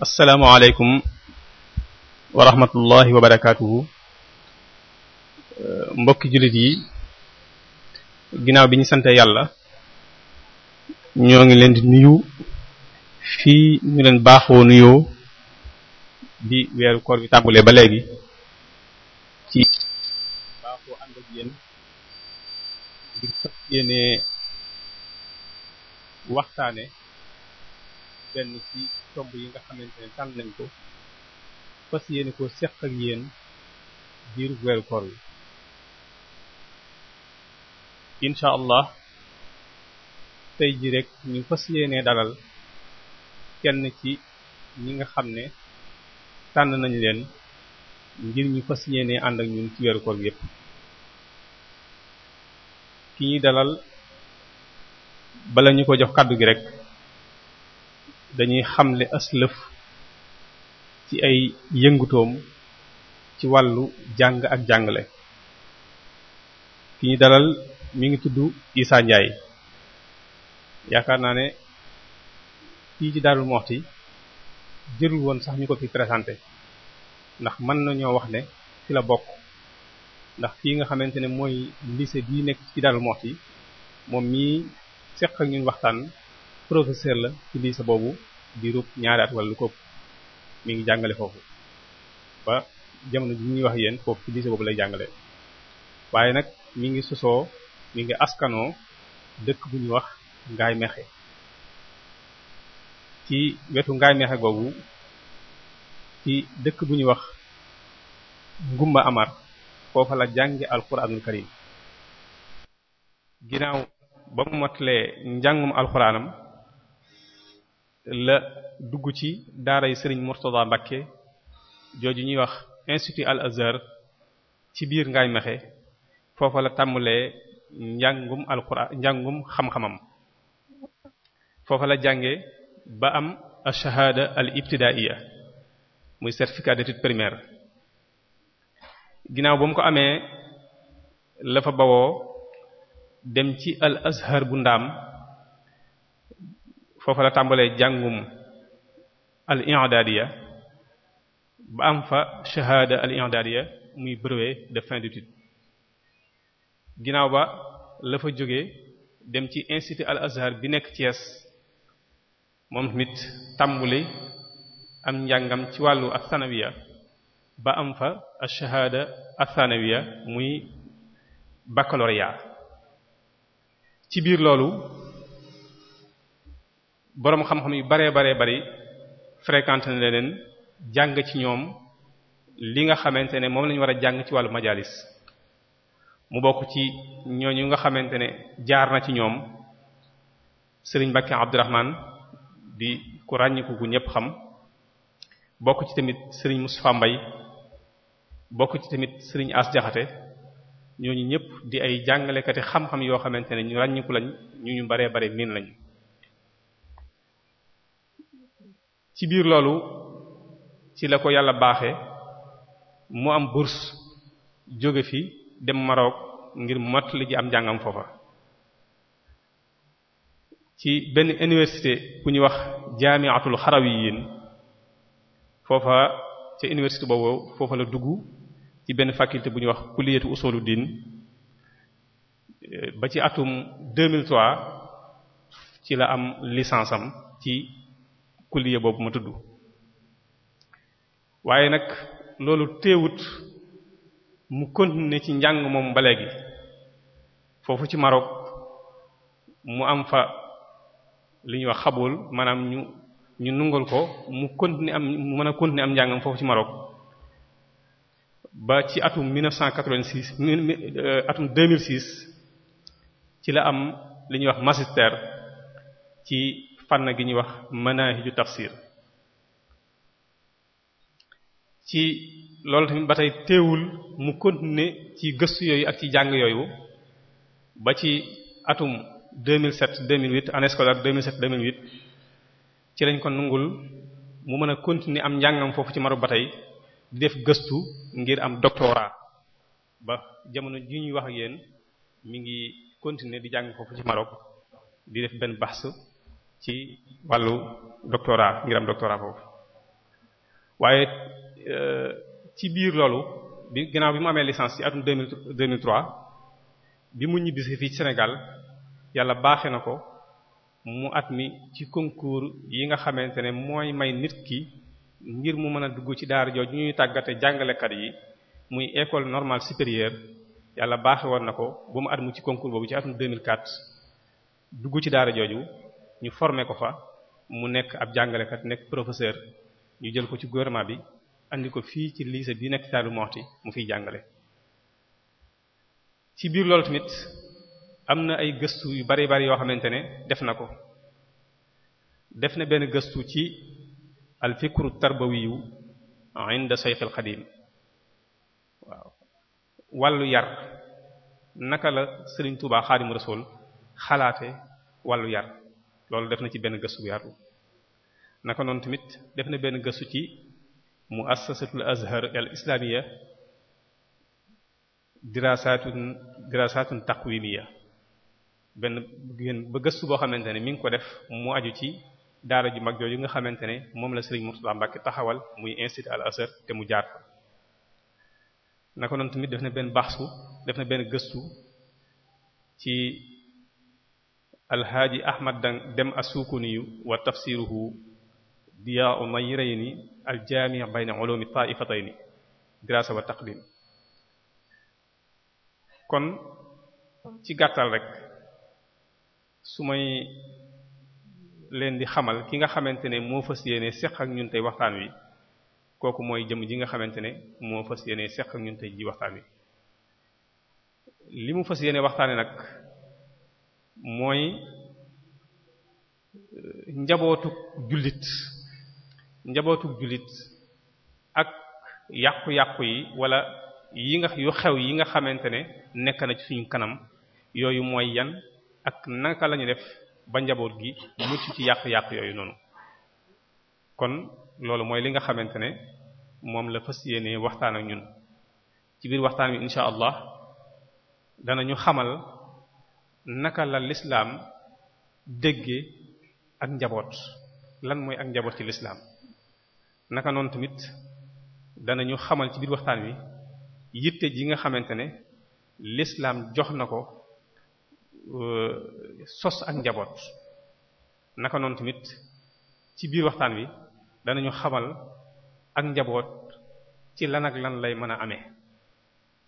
asalaamaaleykum wa rahmatullahi wa euh, mbokki jullit yi ginnaaw bi ñu sante yàlla ñoo ngi leen di nuyu fii ñu leen baaxoo nuyoo bi weeru koor bi tàmbulee ba léegi ci baaxoo waxtaane tomb yi nga xamante ne tànn nañ ko fas yéene ko seq ak yéen diir weeru koor wi incha allah tey ji rek ñu fas yéene dalal kenn ci ñi nga xam ne tànn nañ leen ngir ñu fas yéene ànd ak ñun ci weeru koor yépp ki ñuy dalal bala ñu ko jox kàddu gi rek dañuy xamle aslëf ci ay yëngutoom ci wàllu jàng ak jàngale ki ñu dalal mi ngi tudd Issa Ndiaye yaakaar naa ne fii ci Darou Moukhty jërul woon sax ñu ko fi présenté ndax mën nañoo wax ne fi la bokk ndax fii nga xamante ne mooy lycée bii nekk ci Darou Moukhty moom mii seq ak ñun waxtaan professeur la ci lycée boobu diirub ñaari at wala lu ko mi ngi jàngale foofu ba jamono ji ñuy wax yéen foofu ci boobu lay jàngale waaye nag mi ngi sosoo mi ngi askanoo dëkk bu ñuy wax ngaay mexe ci wetu ngaay meexe googu ci dëkk bu ñuy wax ngumba amar foofa la jànge alquranul karim ginnaaw ba mu motalee njàngum alxuraanam la dugg ci daara yi Serigne Mourtada Mbacké jooju ñuy wax institut Al Azhar ci biir Ngaye Mekhe foofa la tàmbalee njàngum alquran njàngum xam-xamam foofa la jànge ba am ash-shahada al ibtidaiya muy certificat d'études primaires ginnaaw ba mu ko amee la fa bawoo dem ci Al Azhar bu ndaam foofa la tàmbalee jàngum al i'dadiya ba am fa shahada al i'dadiya muy brevet de fin d'études ginnaaw ba la fa jógee dem ci institut al azhar bi nekk Thiès moom tamit tàmbali am njàngam ci wàllu asanawiya ba am fa ash-shahada asanawiya muy baccalauréat ci biir loolu boroom xam-xam yu baree baree bari fréquenté na leen jàng ci ñoom li nga xamante ne moom lañu war a jàng ci wàllu majalis mu bokk ci ñooñu nga xamante ne jaar na ci ñoom Serigne Mbacké Abdourahmane di ku ràññiku ku ñëpp xam bokk ci tamit Serigne Moustapha bokk ci tamit Serigne As Diakhaté ñooñu ñëpp di ay jàngalekati xam-xam yoo xamante ne ñu ràññiku lañ ñu ñu baree bare miin lañ ci biir loolu ci la ko yàlla baaxe mu am bourse jóge fi dem Maroc ngir mott li ji am njàngam foofa ci benn université bu ñuy wax jaamiatul xarawiyin foofa ca université boobu foofa la dugg ci benn faculté bu ñuy wax kulliyatu usuluddin ba ci atum 2003 ci la am licence ci kulliya boobu ma tudd waaye nag loolu teewut mu continuer ci njàng moom ba léegi foofu ci Maroc mu am fa li ñuy wax xabul maanaam ñu ñu nungal ko mu continuer am mu mën a continuer am njàngam foofu ci Maroc ba ci atum 1986 euh, atum 2006 ci la am li ñuy wax magistère ci fànn gi ñuy wax manahiju tafsir ci loolu tamit ba tey teewul mu continuer ci gëstu yooyu ak ci jàng yooyu ba ci atum 2007 2008 année scolaire 2007 2008 ci lañ ko nungul mu mën a continuer am njàngam foofu ci Maroc ba tey di def gëstu ngir am doctorat ba jamono ji ñuy wax ak yéen mi ngi continuer di jàng foofu ci Maroc di def benn bahs ci wàllu doctorat ngir am doctorat foofu waaye euh, ci biir loolu bi ginnaaw bi mu amee licence ci at deux mille deux bi mu ñibbisi fii ci Sénégal yàlla baaxe na ko mu at mi ci concours yi nga xamante ne mooy may nit ki ngir mu mën a dugg ci daara jooju ñuy tàggate jàngalekat yi muy école normale supérieure yàlla baaxe woon na ko ba mu at mu ci concours boobu ci atum 2004 dugg ci daara jooju ñu formé ko fa mu nekk ab jàngalekat nekk professeur ñu jël ko ci gouvernement bi andi ko fii ci lycée bi nekk Darou Moukhty mu fiy jàngale. ci biir loolu tamit am na ay gëstu yu bari bari yoo xamante ne def na ko def na benn gëstu ci al fikru tarbawiyu inda Shaykh al Xadim waaw wàllu yar naka la Serigne Touba Xaadimu Rasuul xalaate wàllu yar. loolu def na ci benn gëstu bu yaatu naka noonu tamit def na benn gëstu ci mu muassasatul azhar al islamiyya dirasatun dirasatun taqwimiyya benn ba gëstu boo xamante ne mi ngi ko def mu aju ci daara ju mag jooju nga xamante ne moom la Serigne Mourtada Mbacke taxawal muy institut al azhar te mu jaar fa naka noonu tamit def na benn baxsu def na benn gëstu ci alxaaji ahmad dang dem asukuniyu wa tafsiruhu diyaa'u nayrayni aljaami' bayna ulumi taifatayni dirasa wa taqdim kon ci gàttal rek su may leen di xamal ki nga xamante ne moo fas yéene seq ak ñun tey waxtaan wi kooku mooy jëm ji nga xamante ne moo fas yéene seq ak ñun tey ji waxtaan wi li mu fas yéene waxtaane nag mooy euh, njabootuk jullit njabootuk jullit ak yàqu-yàqu yi wala yi nga yu xew yi nga xamante ne nekk na ci suñu kanam yooyu mooy yan ak naka lañu def ba njaboot gi mucc ci yàqu-yàqu yooyu noonu kon loolu mooy li nga xamante ne moom la fas yéene waxtaan ak ñun ci biir waxtaan wi incha allah danañu xamal naka la lislaam dégge ak njaboot lan mooy ak njaboot ci lislaam naka noonu tamit danañu xamal ci biir waxtaan wi yitte ji nga xamante ne lislaam jox na ko euh, sos ak njaboot naka noonu tamit ci biir waxtaan wi danañu xamal ak njaboot ci lan ak lan lay mën a amee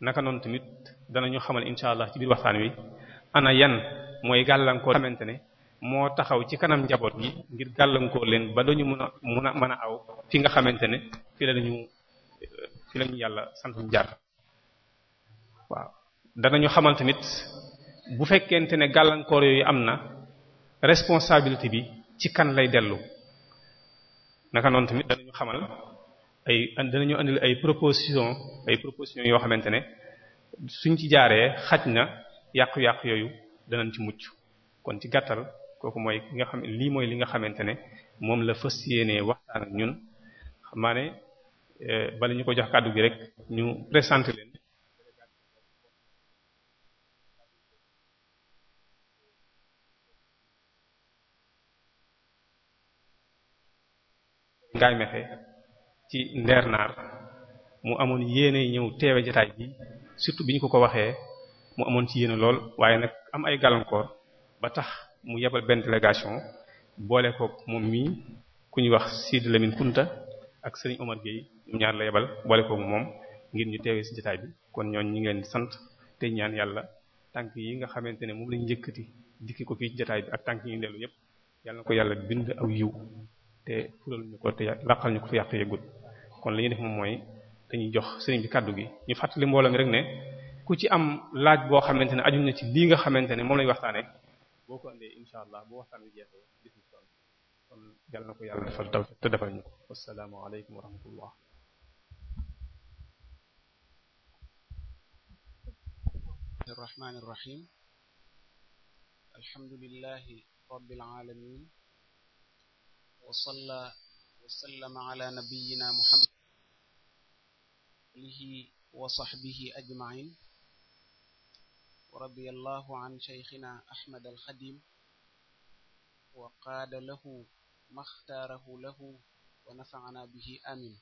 naka noonu tamit danañu xamal incha allah ci biir waxtaan wi ana yan mooy gàllankoor xamante ne moo taxaw ci kanam njaboot gi ngir gàllankoor leen ba dañu mën a mën a mën a aw fi nga xamante ne fi la ñu fi la ñu yàlla sant ñu jaar waaw ñu xamal tamit bu fekkente ne gàllankoor yooyu am na responsabilité bi ci kan lay dellu naka noon tamit danañu xamal ay danañu andil ay proposition ay proposition yoo xamante ne suñ ci jaaree xaj na yàqu-yàqu yooyu danañ ci mucc kon ci gàttal kooku mooy ki nga xam lii mooy li nga xamante ne moom la fas yéenee waxtaan ak ñun xam naa ne euh, bala ñu ko jox kàddu gi rek ñu présenter leen. ngaay ci ndeer naar mu amoon yéene ñëw teewe jataay bi surtout bi ñu ko ko waxee mu amoon ci yéen lool waaye nag am ay gàllankoor ba tax mu yebal benn délégation boole ko moom mii ku ñuy wax Sidi Lamine Kunta ak Serigne Omar Gueye ñoom ñaar la yebal boole ko moom ngir ñu teewee ci jotaay bi kon ñooñu ñu ngi di sant te ñaan yàlla tànk yi nga xamante ne moom lañu njëkkati dikki ko fii jotaay bi ak tànk yi ñu dellu yépp yàlla ko yàlla bind aw yiw te fulal ñu ko te laqal ñu ko fi yàq yeggut kon li ñu def moom mooy dañuy jox Serigne gi ku ci am laaj boo xamante ne aju na ci lii nga xamante ne moom lañu waxtaanee boo ko andee insha allah bu waxtaan bi jeexee bis bi kon kon yàlla na ko yàlla defal taw te defal ñu ko wassalaamu aleykum wa rahmatullah الرحمن الرحيم الحمد لله رب العالمين وصلى وسلم على نبينا محمد آله وصحبه أجمعين ورضي الله عن شيخنا أحمد الخديم وقاد له ما اختاره له ونفعنا به آمين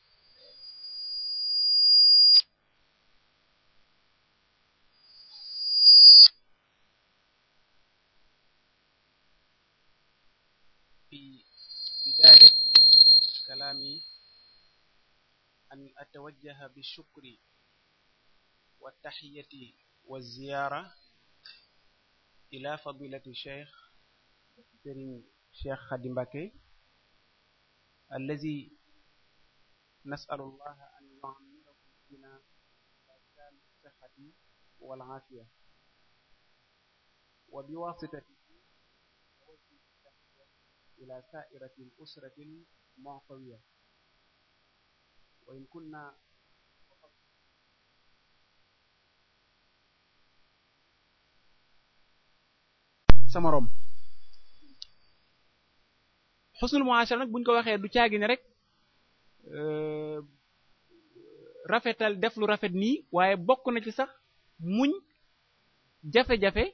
في بداية كلامي أن أتوجه بالشكر والتحية wa ziyaara ila fadilati cheikh sëriñ cheikh Khady Mbacké allazi nasalullaha an yuammilakum bina bakan sihati wal afiya wa biwasitatihi wajhi ila sairati al usrati al mu'tawiya wa in kunna sa moroom xusnul mu'ashara nag buñ ko waxee du caagi ne rek euh, rafetal def lu rafet nii waaye bokk na ci sax muñ jafe-jafe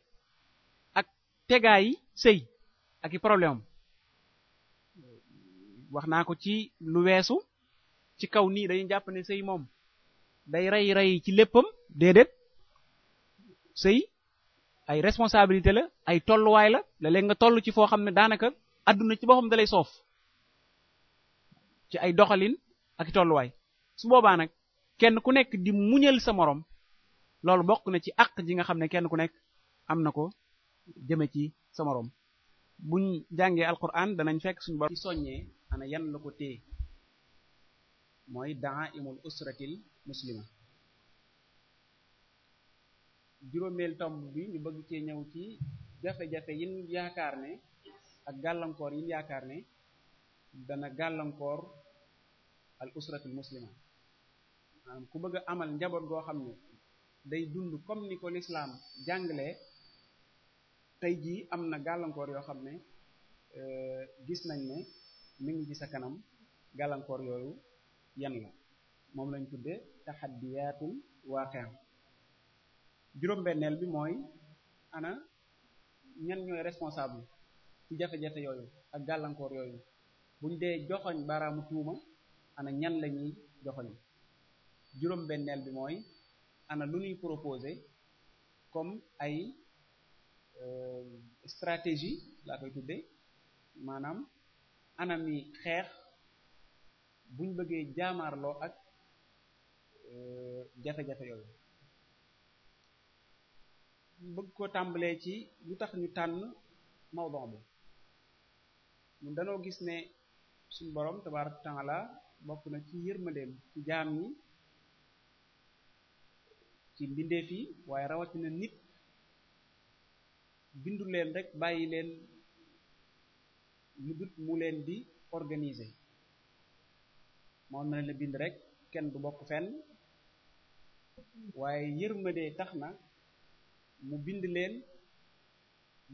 ak tegaay sëy ak i problème am wax naa ko ci lu weesu ci kaw nii dañuy jàpp ne sëy moom day rey rey ci léppam déedéet sëy ay responsabilité la ay tolluwaay la léeg nga tollu ci foo xam ne daanaka àdduna ci boppam dalay soof ci ay doxalin ak tolluwaay su boobaa nag kenn ku nekk di muñal sa moroom loolu bokk na ci àq ji nga xam ne kenn ku nekk am na ko jëme ci sa moroom buñ jàngee alquran danañ fekk suñu borom ci soññee ana yan la ko téye mooy daa imul usratil muslima juróomeel tomb bi ñu bëgg cee ñëw ci jafe-jafe yin yaakaar ne ak gàllankoor yin yaakaar ne dana gàllankoor al usratul muslima maanaam ku bëgg a amal njaboot goo xam ne day dund comme ni ko lislaam jàngale tey jii am na gàllankoor yoo xam ne euh, gis nañ ne ngi ci sa gàllankoor yooyu yan la moom lañ tudde taxaddiyatul waaqea juróom-benneel bi mooy ana ñan ñooy responsable ci jafe-jafe yooyu ak gàllankoor yooyu buñ dee joxoñ baraamu tuuma ana ñan la ñuy joxoñ juróom-benneel bi mooy ana lu ñuy proposé comme ay euh, stratégie laa koy tuddee maanaam anam yi xeex buñ bëggee jaamaarloo ak euh, jafe-jafe yooyu bëgg ko tàmbalee ci lu tax ñu tànn mawdon bi ñun danoo gis ne suñu borom tabaaraka taala bokk na ci yërmandeem ci jaam ñi ci mbindeef yi waaye rawatina nit binduleen leen rek bàyyi leen lu mu leen di organiser moom na la bind rek kenn du bokk fenn waaye yërmande tax na mu bind leen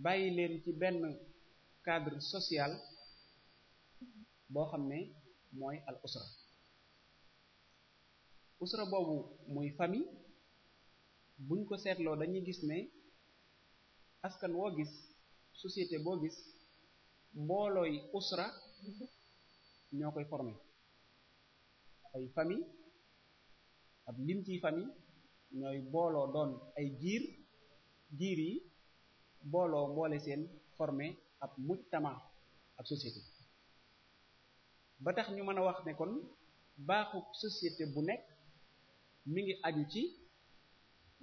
bàyyi leen ci benn cadre social boo xam ne mooy al usra usra boobu muy famille buñ ko seetloo dañuy gis ne askan woo gis société boo gis mboolooy usra ñoo koy formé ay famille ab lim ciy famille ñooy booloo doon ay giir giir yi booloo mboole seen former ab mujtama ab société ba tax ñu mën a wax ne kon baaxu société bu nekk mi ngi aju ci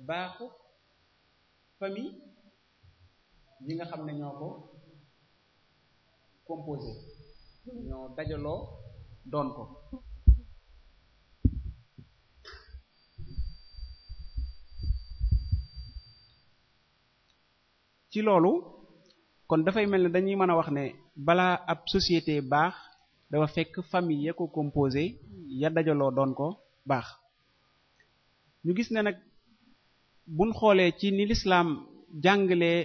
baaxu famille yi nga xam ne ñoo ko composé ñoo dajaloo doon ko ci loolu kon dafay mel ne dañuy mën a wax ne balaa ab société baax dafa fekk famille ya ko composé ya dajaloo doon ko baax ñu gis ne nag buñ xoolee ci ni lislaam jàngalee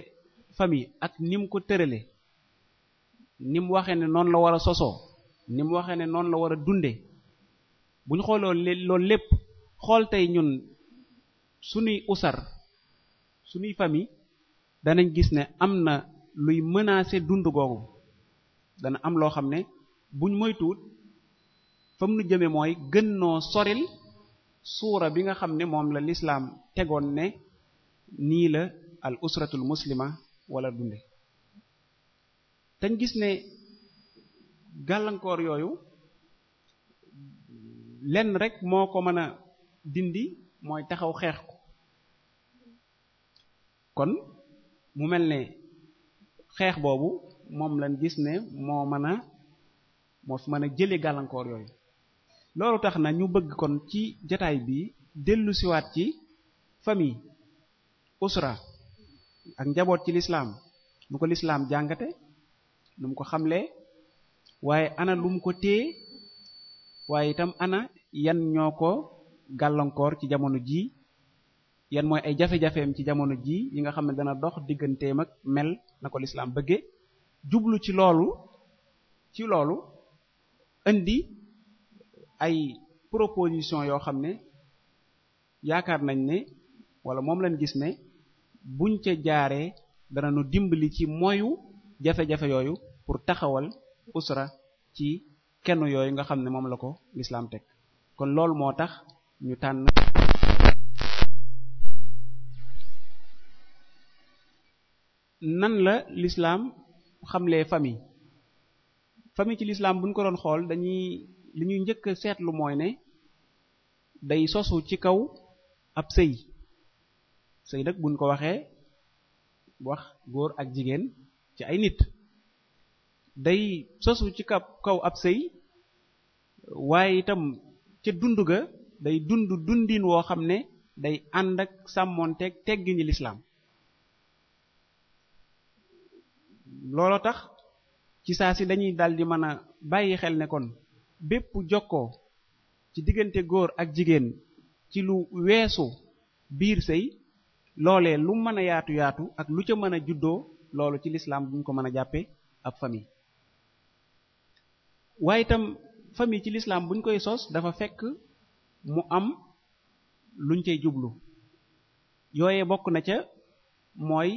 famille ak ni ko tërale ni mu waxee ne noonu la war a sosoo ni mu waxee ne noonu la war a dunde bu ñu xooloo loolu lépp xool tey ñun suñuy usar suñuy famille danañ gis ne am na luy mënaase dund googu dana am loo xam ne buñ moytuwut fa mu nu jëme mooy gën noo soril suura bi nga xam ne moom la lislaam tegoon ne nii la al usratul muslima wala dunde dañ gis ne gàllankoor yooyu lenn rekk moo ko mën a dindi mooy taxaw xeex ko kon mu mel ne xeex boobu moom lañ gis ne moo mën a moo fi mën a jële gàllankoor yooyu loolu tax na ñu bëgg kon ci jataay bi dellu siwaat ci famille usra ak njaboot ci lislaam nu ko lislaam jàngate nu mu ko xamle waaye ana lu mu ko téye waaye itam ana yan ñoo ko gàllankoor ci jamono ji yan mooy ay jafe-jafeem ci jamono jii yi nga xam ne dana dox digganteem ak mel na ko lislaam bëggee jublu ci loolu ci loolu indi ay proposition yoo xam ne yaakaar nañ ne wala moom lañ gis ne buñ ca jaaree dana nu dimbali ci moyu jafe-jafe yooyu pour taxawal usra ci kenn yooyu nga xam ne moom la ko lislaam teg kon loolu moo tax ñu tànn nan la lislaam xamlee famille famille ci l'islam buñ ko doon xool dañuy li ñuy njëkk a seetlu mooy ne day sosu ci kaw ab sëy sëy nag buñ ko waxee wax góor ak jigéen ci ay nit day sosu ci kaw kaw ab sëy waaye itam ca dund ga day dund dundin woo xam ne day ànd ak sàmmoonteeg teggini lislaam looloo tax ci saa si dañuy dal di mën a bàyyi xel ne kon bépp jokkoo ci diggante góor ak jigéen ci lu weesu biir sëy loolee lu mën a yaatu yaatu ak lu ca mën a juddoo loolu ci lislaam buñ ko mën a jàppe ab famille waaye itam famille ci lislaam buñ koy sos dafa fekk mu am luñ cay jublu yooye bokk na ca mooy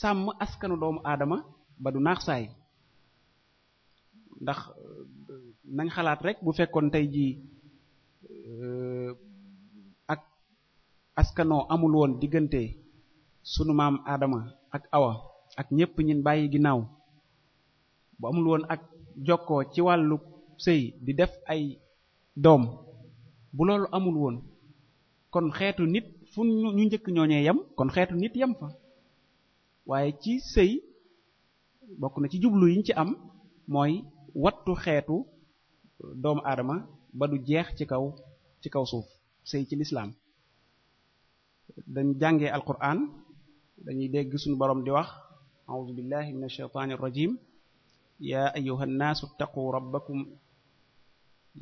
sàmm askanu doomu aadama ba du naax saay ndax euh, nañ xalaat rek bu fekkoon tey jii euh, ak askanoo amul woon diggante sunu maam aadama ak Awa ak ñépp ñin bàyyi ginnaaw bu amul woon ak jokkoo ci wàllu sëy di def ay doom bu loolu amul woon kon xeetu nit fu ñu njëkk ñooñee yem kon xeetu nit yem fa waaye ci sëy bokk na ci jublu yi ci am mooy wattu xeetu euh, doomu aadama ba du jeex ci kaw ci kaw suuf sëy ci lislaam dañ jàngee alquran dañuy dégg suñu borom di wax a'udhu billahi minash shaitanir rajim ya ayyuhan nasu ittaqu rabbakum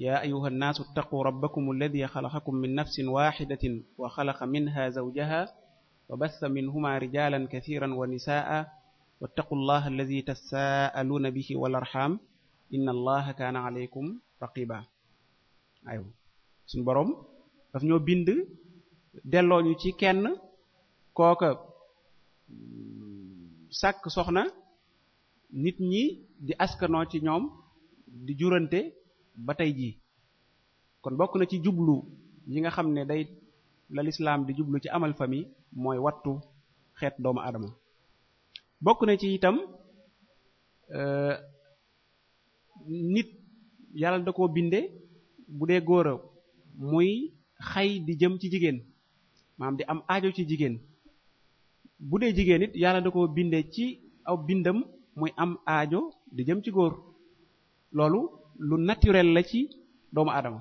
ya ayyuhan nasu ittaqu rabbakum alladhi khalaqakum min nafsin wahidatin wa khalaqa minha zawjaha wa bassa minhuma rijalan kathiran wa nisaa wattaqu llah alladi tasaaluuna bihi wal arxam inna allaha kaana aleykum raqiba aywa suñu boroom daf ñoo bind delloo ñu ci kenn kooka sàkk soxna nit ñi di askanoo ci ñoom di jurante ba tey jii kon bokk na ci jublu yi nga xam ne day la lislaam di jublu ci amal famille mooy wattu xeet doomu aadama bokk na ci itam euh, nit yàlla da koo binde bu dee góora a muy xay di jëm ci jigéen maanaam di am aajo ci jigéen bu dee jigéen it yàlla da koo bindee ci aw bindam muy am aajo di jëm ci góor loolu lu naturel la ci doomu aadama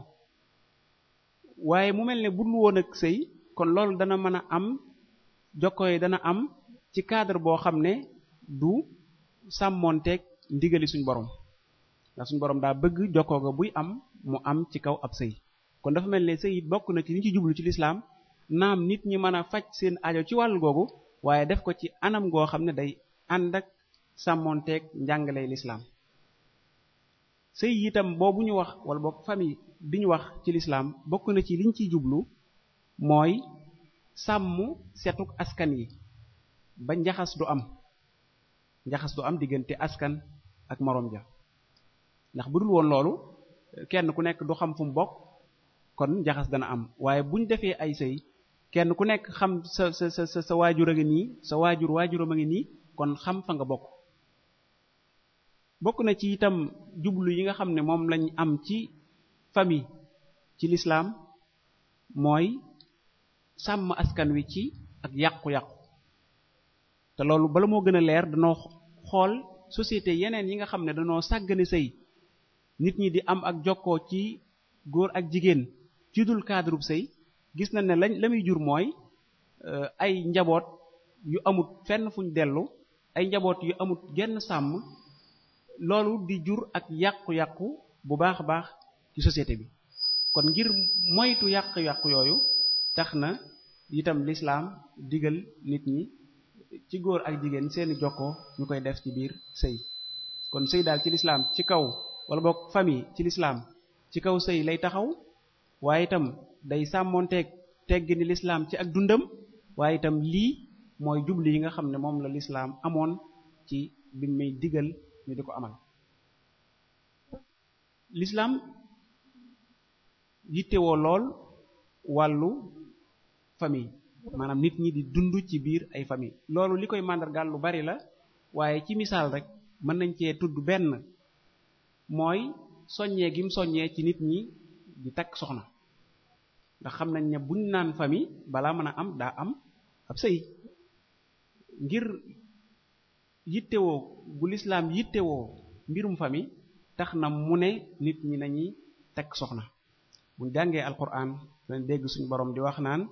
waaye mu mel ne bu dul woon ak sëy kon loolu dana mën a am jokko yi dana am ci cadre boo xam ne du sàmmoonteeg ndigali suñu borom ndax suñ borom daa bëgg jokkoo buy am mu am ci kaw ab sëy kon dafa mel ne sëy bokk na ci li ñu ci jublu ci lislaam naam nit ñi mën a faj seen aajo ci wàllu googu waaye def ko ci anam goo xam ne day ànd sàmmoonteeg njàngaley lislaam sëy itam boobu ñu wax wala boog famille bi ñu wax ci lislaam bokk na ci liñ ciy jublu mooy sàmm setuk askan yi ba njaxas du am njaxas du am diggante askan ak moroom ja ndax bu dul woon loolu kenn ku nekk du xam fu mu bokk kon njaxas dana am waaye bu ñu defee ay sëy kenn ku nekk xam sa sa sa sa waajur a ngi nii sa waajur waajuram a ngi nii kon xam fa nga bokk bokk na ci itam jublu yi nga xam ne moom lañ am ci famille ci lislaam mooy sàmm askan wi ci ak yàqu-yàqu te loolu bala moo gën a leer danoo xool société yeneen yi nga xam ne danoo sàggane sëy nit ñi di am ak jokkoo ci góor ak jigéen ci dul cadre sëy gis nañ ne lañ lamuy jur mooy euh, ay njaboot yu amut fenn fuñ dellu ay njaboot yu amut genn sàmm loolu di jur ak yàqu-yàqu bu baax a baax ci société bi kon ngir moytu yàq-yàqu yooyu tax na itam lislaam digal nit ñi ci góor ak jigéen seeni jokkoo ñu koy def ci biir sëy kon sëy daal ci lislaam ci kaw wala boog famille ci lislaam ci kaw sëy lay taxaw waaye itam day sàmmoonteeg teggini lislaam ci ak dundam waaye itam lii mooy jubli yi nga xam ne moom la lislaam amoon ci bi muy digal ñu di ko amal lislaam yittewoo lool wàllu famille maanaam nit ñi di dund ci biir ay famille loolu li koy màndargaal lu bari la waaye ci misaal rek mën nañ cee tudd benn mooy soññee gim soññee ci nit ñi di takk soxna ndax xam nañ ne buñ naan famille balaa mën a am daa am ab sëy ngir yittewoo bu lislaam yittewoo mbirum famille tax na mu ne nit ñi nañuy takk soxna buñ jàngee alquran dañ dégg suñu borom di wax naan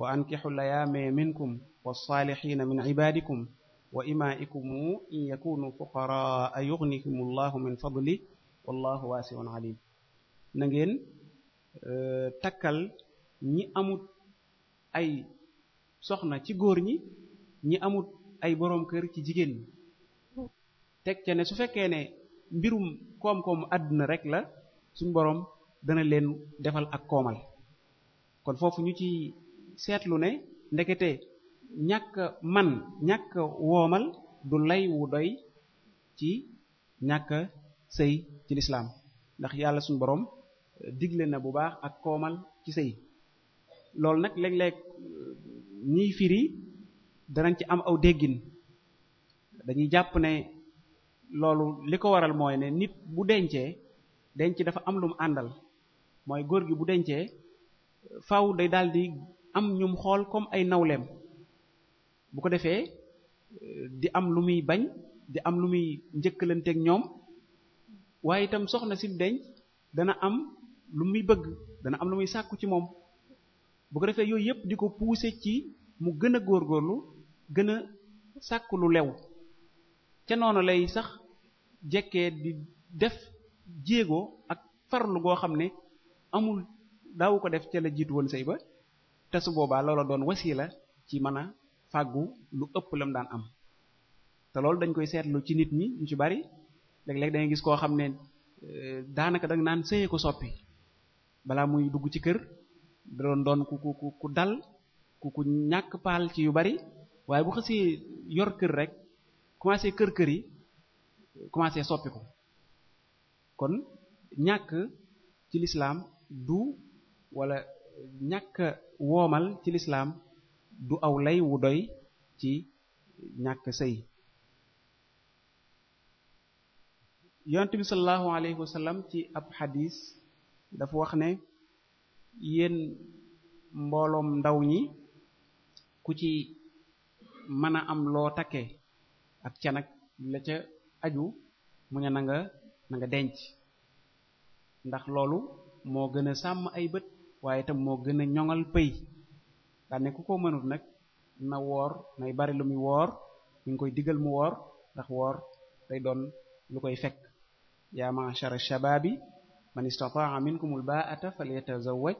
wa ankixu layaame minkum walsalixina min cibadikum wa imaa'ikumu in yakunu fuqaraa yugnikum allahu min fadli wallahu waasiun alim na ngeen e, takkal ñi amut ay soxna ci góor ñi ñi amut ay boroom kër ci jigéen ñi teg ca ne su fekkee ne mbirum koom-koomu àdduna rek la suñ boroom dana leen defal ak koomal kon foofu ñu ci seetlu ne ndekete ñàkk man ñàkk woomal du lay wu doy ci ñàkk sëy ci lislaam ndax yàlla suñu boroom euh, digle na bu baax ak koomal ci sëy loolu nag léeg-léeg euh, ñiy firi danañ ci am aw déggin dañuy jàpp ne loolu li ko waral mooy ne nit bu dencee denc dafa am lu mu àndal mooy góor gi bu dencee faaw day daal am ñum xool comme ay nawleem bu ko defee di am lu muy bañ di am lu muy njëkkalanteeg ñoom waaye itam soxna si denc dana am lu muy bëgg dana am lu muy sàkku ci moom bu ko defee yooyu yépp di ko pousser ci mu gën a góorlu gën a sàkku lu lew ca noonu lay sax jekkee di def jéego ak farlu goo xam ne amul daawu ko def ca la jiitu woon sëy ba te su boobaa loola doon wasiila ci mën a fàggu lu ëpp lam daan am te loolu dañ koy seetlu ci nit ñi ñu ci bari léeg-léeg dangay gis koo xam ne euh, daanaka danga naan sëye ko soppi balaa muy dugg ci kër da doon doon ku ku ku dal ku ku ñàkk paal ci yu bari waaye bu xasee yor kër rek commencé kër kër yi commencé soppi kon ñàkk ci lislaam du wala ñàkk woomal ci lislaam du aw lay wu doy ci ñàkk sëy yonent bi sallallahu alayhi wa ci ab xadis dafa wax ne yéen mbooloom ndaw ñi ku ci mën a am loo takke ak ca nag la ca aju mu ne na nga nga denc ndax loolu moo gën a sàmm ay bët waaye itam moo gën a ñoŋal pëy daane ku ko mënut nag na woor nay bari lu muy woor ñu koy digal mu woor ndax woor day lu koy fekk yaa ma'shara shababi man istata'a minkumul ba'ata falyatazawwaj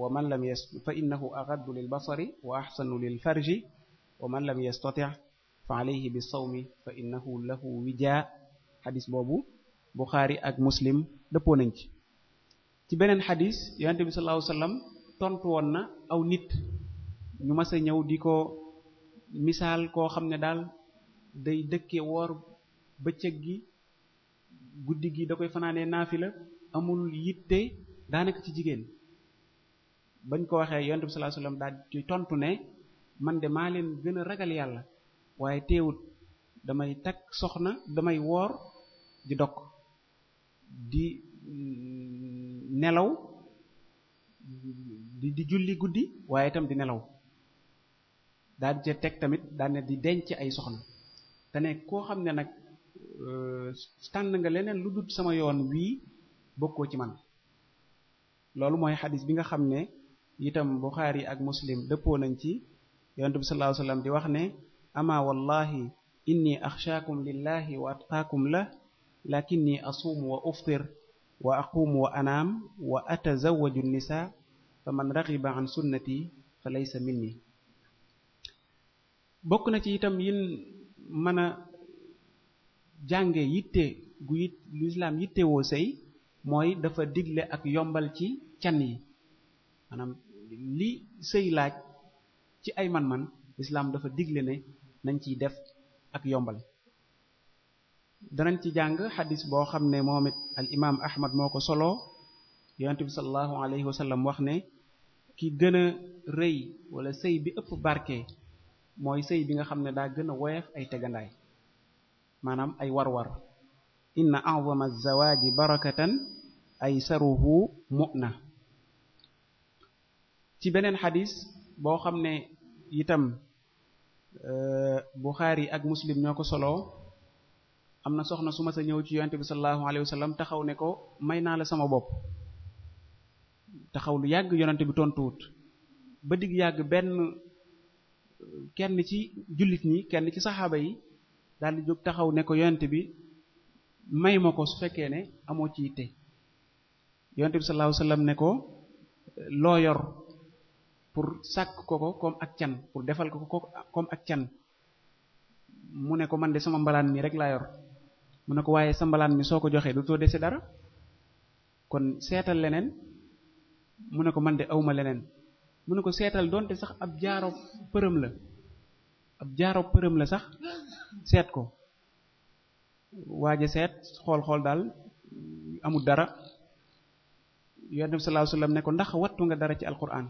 wa man lam yastati fa innahu aghaddu lil basari wa ahsanu lil farji wa man lam yastati' fa alayhi bis sawmi fa innahu lahu wija boobu Bukhari ak Muslim dëppoo nañ ci ci beneen xadis yonente bi sallallahu alayhi tontu woon na aw nit ñu mas a ñëw di ko misaal koo xam ne daal day dëkke woor bëccëg gi guddi gi da koy fanaanee naafila amul yitte daanaka ci jigéen bañ ko waxee yonente bi sallallahu alayhi wasallam daal ci tontu ne man de maa leen gën a ragal yàlla waaye teewut damay takk soxna damay woor di dok di nelaw di di julli guddi waaye itam di nelaw daan cee teg tamit daan ne di denc ay soxna te ne koo xam ne nag euh, tànn nga leneen lu dut sama yoon wii bokkoo ci man loolu mooy xadis bi nga xam ne itam Buxaari ak Muslim dëppoo nañ ci yonent bi sallallahu di wax ne ama wallahi inni axshaakum lillahi wa atqaakum la lakinni asuum wa uftir wa aqumu wa anaam wa atazawaju nisa fa man raxiba an sunnati fa laysa minni bokk na ci itam yin mën a jànge yitte gu yit lu islaam yitte woo sëy mooy dafa digle ak yombal ci can yi maanaam li sëy laaj ci ay man-man lislaam dafa digle ne nañ ciy def ak yombal danañ ci jàng xadis boo xam ne moom it al imaam ahmad moo ko solo yonent bi sallallahu alayhi wa sallam wax ne ki gën a rëy wala sëy bi ëpp barke mooy sëy bi nga xam ne daa gën a woyof ay tegandaay maanaam ay war-war inna a'zama az-zawaaji barakatan aysaruhu na ci beneen xadis boo xam ne itam euh, Buxaari ak Muslim ñoo ko solo am na soxna su ma sa ñëw ci yonent bi sallallahu alayhi wa sallam taxaw ne ko may naa la sama bopp taxaw lu yàgg yonent bi tontuwut ba digg yàgg benn kenn ci jullit ñi kenn ci saxaaba yi daal di jóg taxaw ne ko yonent bi may ma ko su fekkee ne amoo ci yitte yonent bi sallallahu alayhi ne ko loo yor pour sàkk ko ko comme ak can pour defal ko ko comme ak can mu ne ko man de sama mbalaan mi rek laa yor mu ne ko waaye sa mbalaan mi soo ko joxee du too dese dara kon seetal leneen mu ne ko man de awma leneen mu ne ko seetal donte sax ab jaaro përëm la ab jaaro përëm la sax seet ko waaje seet xool-xool daal amul dara yonent bi sallallahu alayhi wasallam ne ko ndax wattu nga dara ci alquran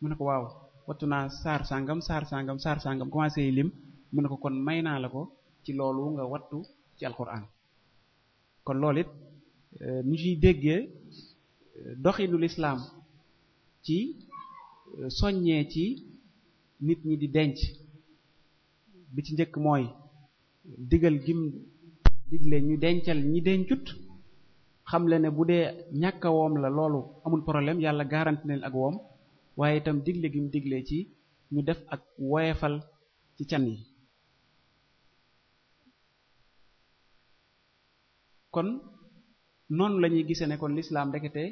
mu ne ko waaw wattu naa saar sàngam saar sàngam saar sàngam commencé lim mu ne ko kon may naa la ko ci loolu nga wattu ci alquran kon loolu it euh, ñu ciy déggee euh, doxinu lislaam ci euh, soññee ci nit ñi di denc bi ci njëkk mooy digal gim digle ñu dencal ñi dencut xamle ne bu dee ñàkk a la loolu amul problème yàlla garanti nañ ak woom waaye itam digle gim digle ci ñu def ak woyefal ci can yi kon noonu la ñuy gisee ne kon lislaam ndekete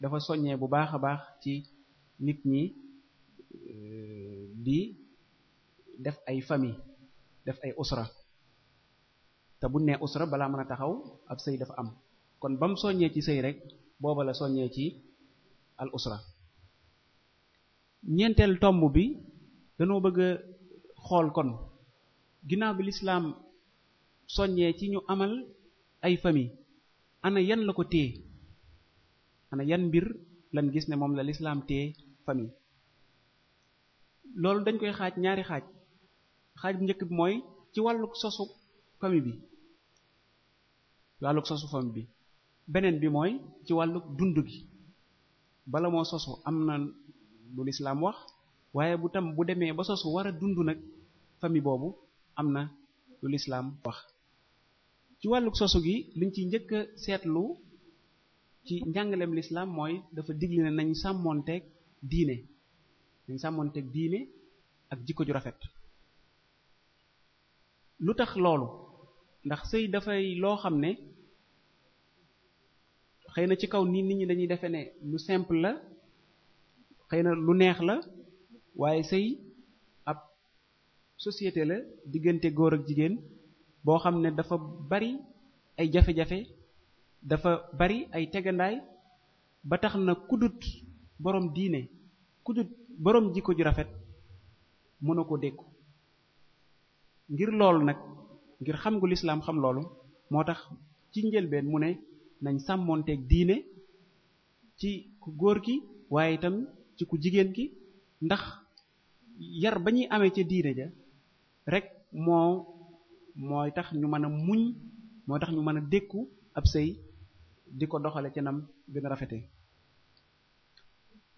dafa soññee bu baax a baax ci nit ñi di def ay famille def ay usra te bu nee usra balaa mën a taxaw ab sëy dafa am kon ba soññee ci sëy rek booba la soññee ci al usra ñeenteel tomb bi dañoo bëgg xool kon ginnaaw bi lislaam soññee ci ñu amal ay famille ana yan la ko téye ana yan mbir lan gis ne moom la lislaam téye famille loolu dañ koy xaaj ñaari xaaj xaaj bu njëkk bi mooy ci wàllu sosu famille bi wàllu sosu bi beneen bi mooy ci wàllu dund gi bala moo sosu am na lu lislaam wax waaye bu tam bu demee ba sosu war a dund nag famille boobu am na lu lislaam wax ci wàllu sosu gi liñ ci njëkk seetlu ci njàngaleem lislaam mooy dafa digle ne nañ sàmmoonteeg diine nañ sàmmoonteeg ak jikko ju rafet lu tax loolu ndax sëy dafay loo xam ne xëy na ci kaw nii nit ñi dañuy defe ne lu simple la xëy na lu neex la waaye sëy ab société la diggante góor ak jigéen boo xam ne dafa bari ay jafe-jafe dafa bari ay tegandaay ba tax na kudut borom diine kudut borom jikko ju rafet mën a ko dékku ngir loolu nag ngir xam gu lislaam xam loolu moo tax ci njëlbeen mu ne nañ sàmmoonteeg diine ci ku góor ki waaye itam ci ku jigéen ki ndax yar ba ñuy amee ca diine ja rekk moo mooy tax ñu mën a muñ mooy tax ñu mën a dékku ab sëy di ko doxale ci nam gën a rafetee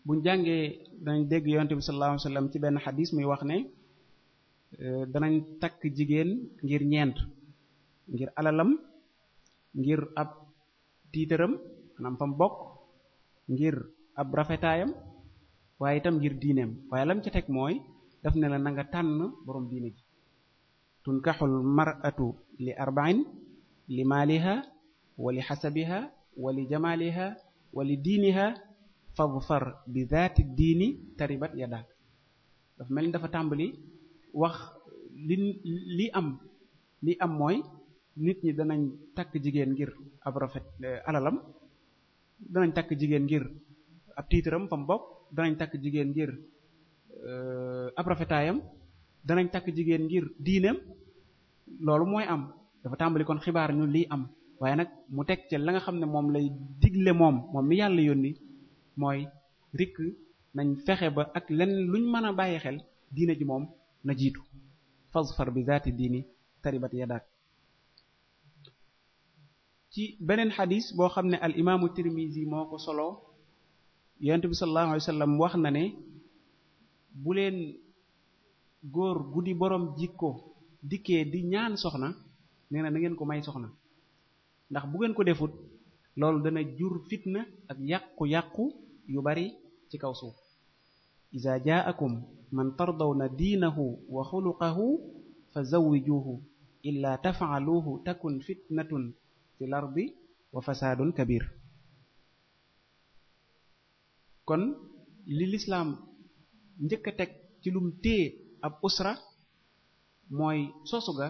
buñ jàngee danañ dégg yonte bi sallallahu ci benn xadis muy wax ne euh, danañ takk jigéen ngir ñeent ngir alalam ngir ab tiitaram maanaam fam bokk ngir ab rafetaayam waaye itam ngir diineem waaye lam ca teg mooy daf ne la na tànn borom diine ji tunkaxul mar'atu li arba'in li maaliha wa li xasabiha wa li jamaaliha wa li diiniha fadfar bi zaati diini taribat yadaak dafa mel ni dafa tàmbali wax li li am li am mooy nit ñi danañ takk jigéen ngir ab rafet eh, alalam danañ takk jigéen ngir ab tiitaram fam bokk danañ takk jigéen ngir eh, ab rafetaayam danañ takk jigéen ngir diineem loolu mooy am dafa tàmbali kon xibaar ñu lii am waaye nag mu teg ca la nga xam ne moom lay digle moom moom mi yàlla yónni mooy rikk nañ fexe ba ak lenn luñ mën a bàyyi xel diine ji moom na jiitu fasfar bi zaati diini taribat yadaak ci beneen xadis boo xam ne al imaamu tirmisi moo ko solo yonent bi sallallahu alayhi wa wax na ne bu góor guddi borom ko dikkee di ñaan soxna nee na na ngeen ko may soxna ndax bu ngeen ko defut loolu dana jur fitna ak yàqu-yàqu yu bari ci kaw suuf iza jaakum man tardawna diinahu wa xuluqahu fa zawwijuhu illa tafaaluuhu takun fitnatun fi lardi wa fasaadun kabir kon li lislaam njëkk a teg ci lum téye ab usra mooy sosu ga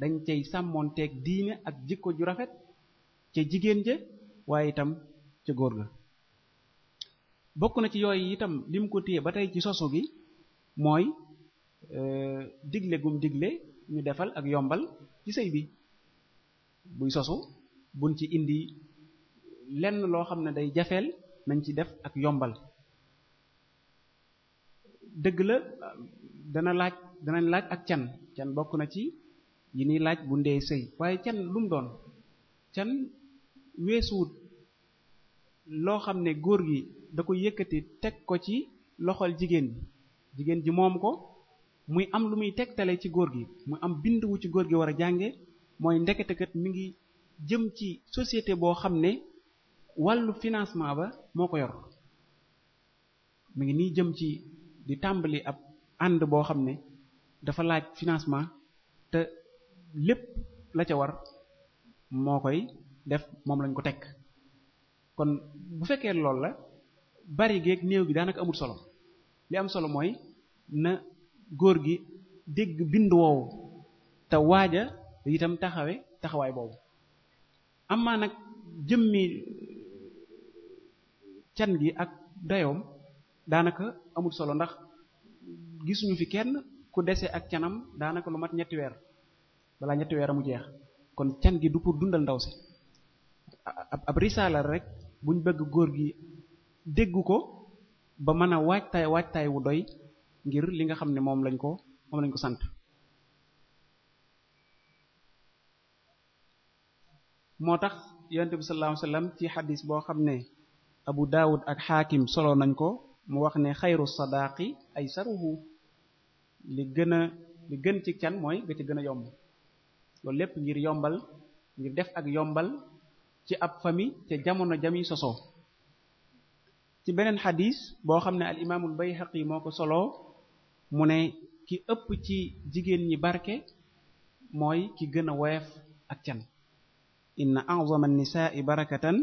dañ sàmmoon sàmmoonteeg diine ak jikko ju rafet cee jigéen ja waaye itam ca góor la bokk na ci yooyu itam lim ko téye ba tey ci sosu gi mooy e, digle gum digle ñu defal ak yombal ci sëy bi buy sosu buñ ci indi lenn loo xam ne day jafeel nañ ci def ak yombal dëgg la dana laaj danañ laaj ak can can bokk na ci yi ni laaj bu ndee sëy waaye can lu mu doon can weesu loo xam ne góor gi da ko yëkkati teg ko ci loxol jigéen bi jigéen ji moom ko muy am lu muy tegtale ci góor gi mu am bind wu ci góor gi war a jànge mooy ndeketekat mu ngi jëm ci société boo xam ne wàllu financement ba moo ko yor mi ngi nii jëm ci di tàmbali ab ànd boo xam ne dafa laaj financement te lépp la ca war moo koy def moom lañ ko teg kon bu fekkee loolu la bari geeg néew bi daanaka amul solo li am solo mooy na góor gi dégg bind woowu te waaja itam taxawe taxawaay boobu ammaa nag jëmmi uh, can gi ak dayoom daanaka amul solo ndax gisuñu fi kenn ku dese ak canam daanaka lu mat ñetti weer balaa ñetti weer mu jeex kon can gi du pour dundal ndaw si ab risaala rek buñ bëgg góor gi déggu ko ba mën a waajtaay waajtaay wu doy ngir li nga xam ne moom lañ ko moom lañ ko sant moo tax yonent bi sallallahu alayhi ci xadis boo xam ne abu daawut ak xaakim solo nañ ko mu wax ne xayru sadaqi ay saruhu li gën a li gën ci can mooy nga ci gën a yomb loolu lépp ngir yombal ngir def ak yombal ci ab famille te jamono jami sosoo ci beneen xadis boo xam ne al xaq yi moo ko solo mu ne ki ëpp ci jigéen ñi barke mooy ki gën a woyof ak can inna a'zama an-nisa'i barakatan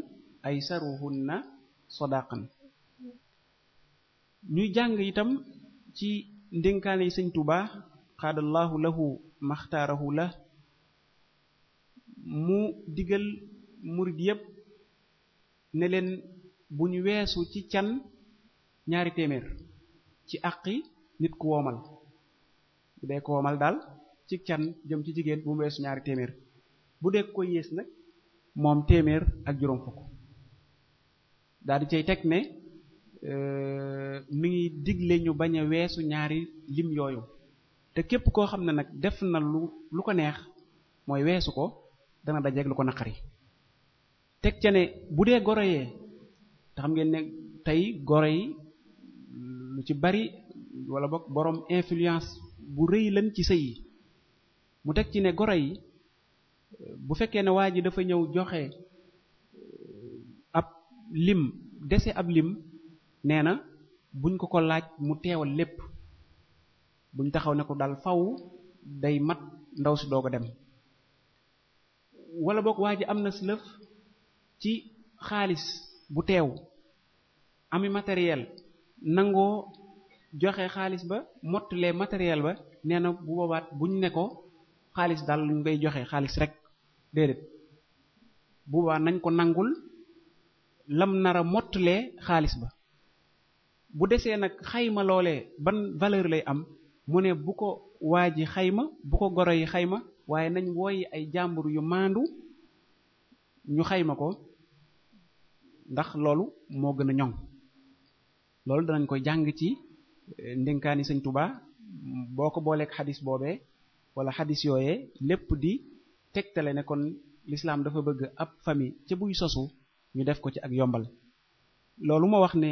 aysaruhunna sadaqan ñuy jàng itam ci ndénkaane yi sëñ Tuubaa xaadallahu lahu maxtaarahu la mu digal murid yépp ne leen bu ñu weesu ci can ñaari téeméer ci àqi nit ku woomal bu dee ko woomal daal ci can jëm ci jigéen bu mu weesu ñaari téeméer bu dee ko yées nag moom téeméer ak juróom fukk daal di cay teg ne Euh, mu ngi digle ñu bañ a weesu ñaari lim yooyu te képp koo xam ne nag def na lu lu ko neex mooy weesu ko dana dajeeg lu ko naqari teg ca ne bu dee goro yee te xam ngeen ne tey goro yi lu ci bari walla bokk boroom influence bu rëy lañ ci sëy yi mu teg ci ne goro yi bu fekkee ne waa ji dafa ñëw joxe euh, ab lim dese ab lim nee na buñ ko ko laaj mu teewal lépp buñ taxaw ne ko daal faw day mat ndaw si doog a dem wala boog waa ji am na si ci xaalis bu teew ami matériel nangoo joxe xaalis ba mottalee matériel ba nee na bu boobaat buñ ne ko xaalis daal luñ ngay joxe xaalis rekk déedéet bu boobaa nañ ko nangul lam nara mottalee xaalis ba bu desee nag xayma loolee ban valeur lay am mu ne bu ko waa ji xayma bu ko goro yi xayma waaye nañ wooyi ay jàmbur yu maandu ñu xayma ko ndax loolu moo gën a ñoŋ loolu danañ koy jàng ci eh, ndénkaani sañ Tuubaa boo ko booleeg xadis boobee wala xadis yooyee lépp di tegtale ne kon lislaam dafa bëgg ab famille ca buy sosu ñu def ko ci ak yombal loolu ma wax ne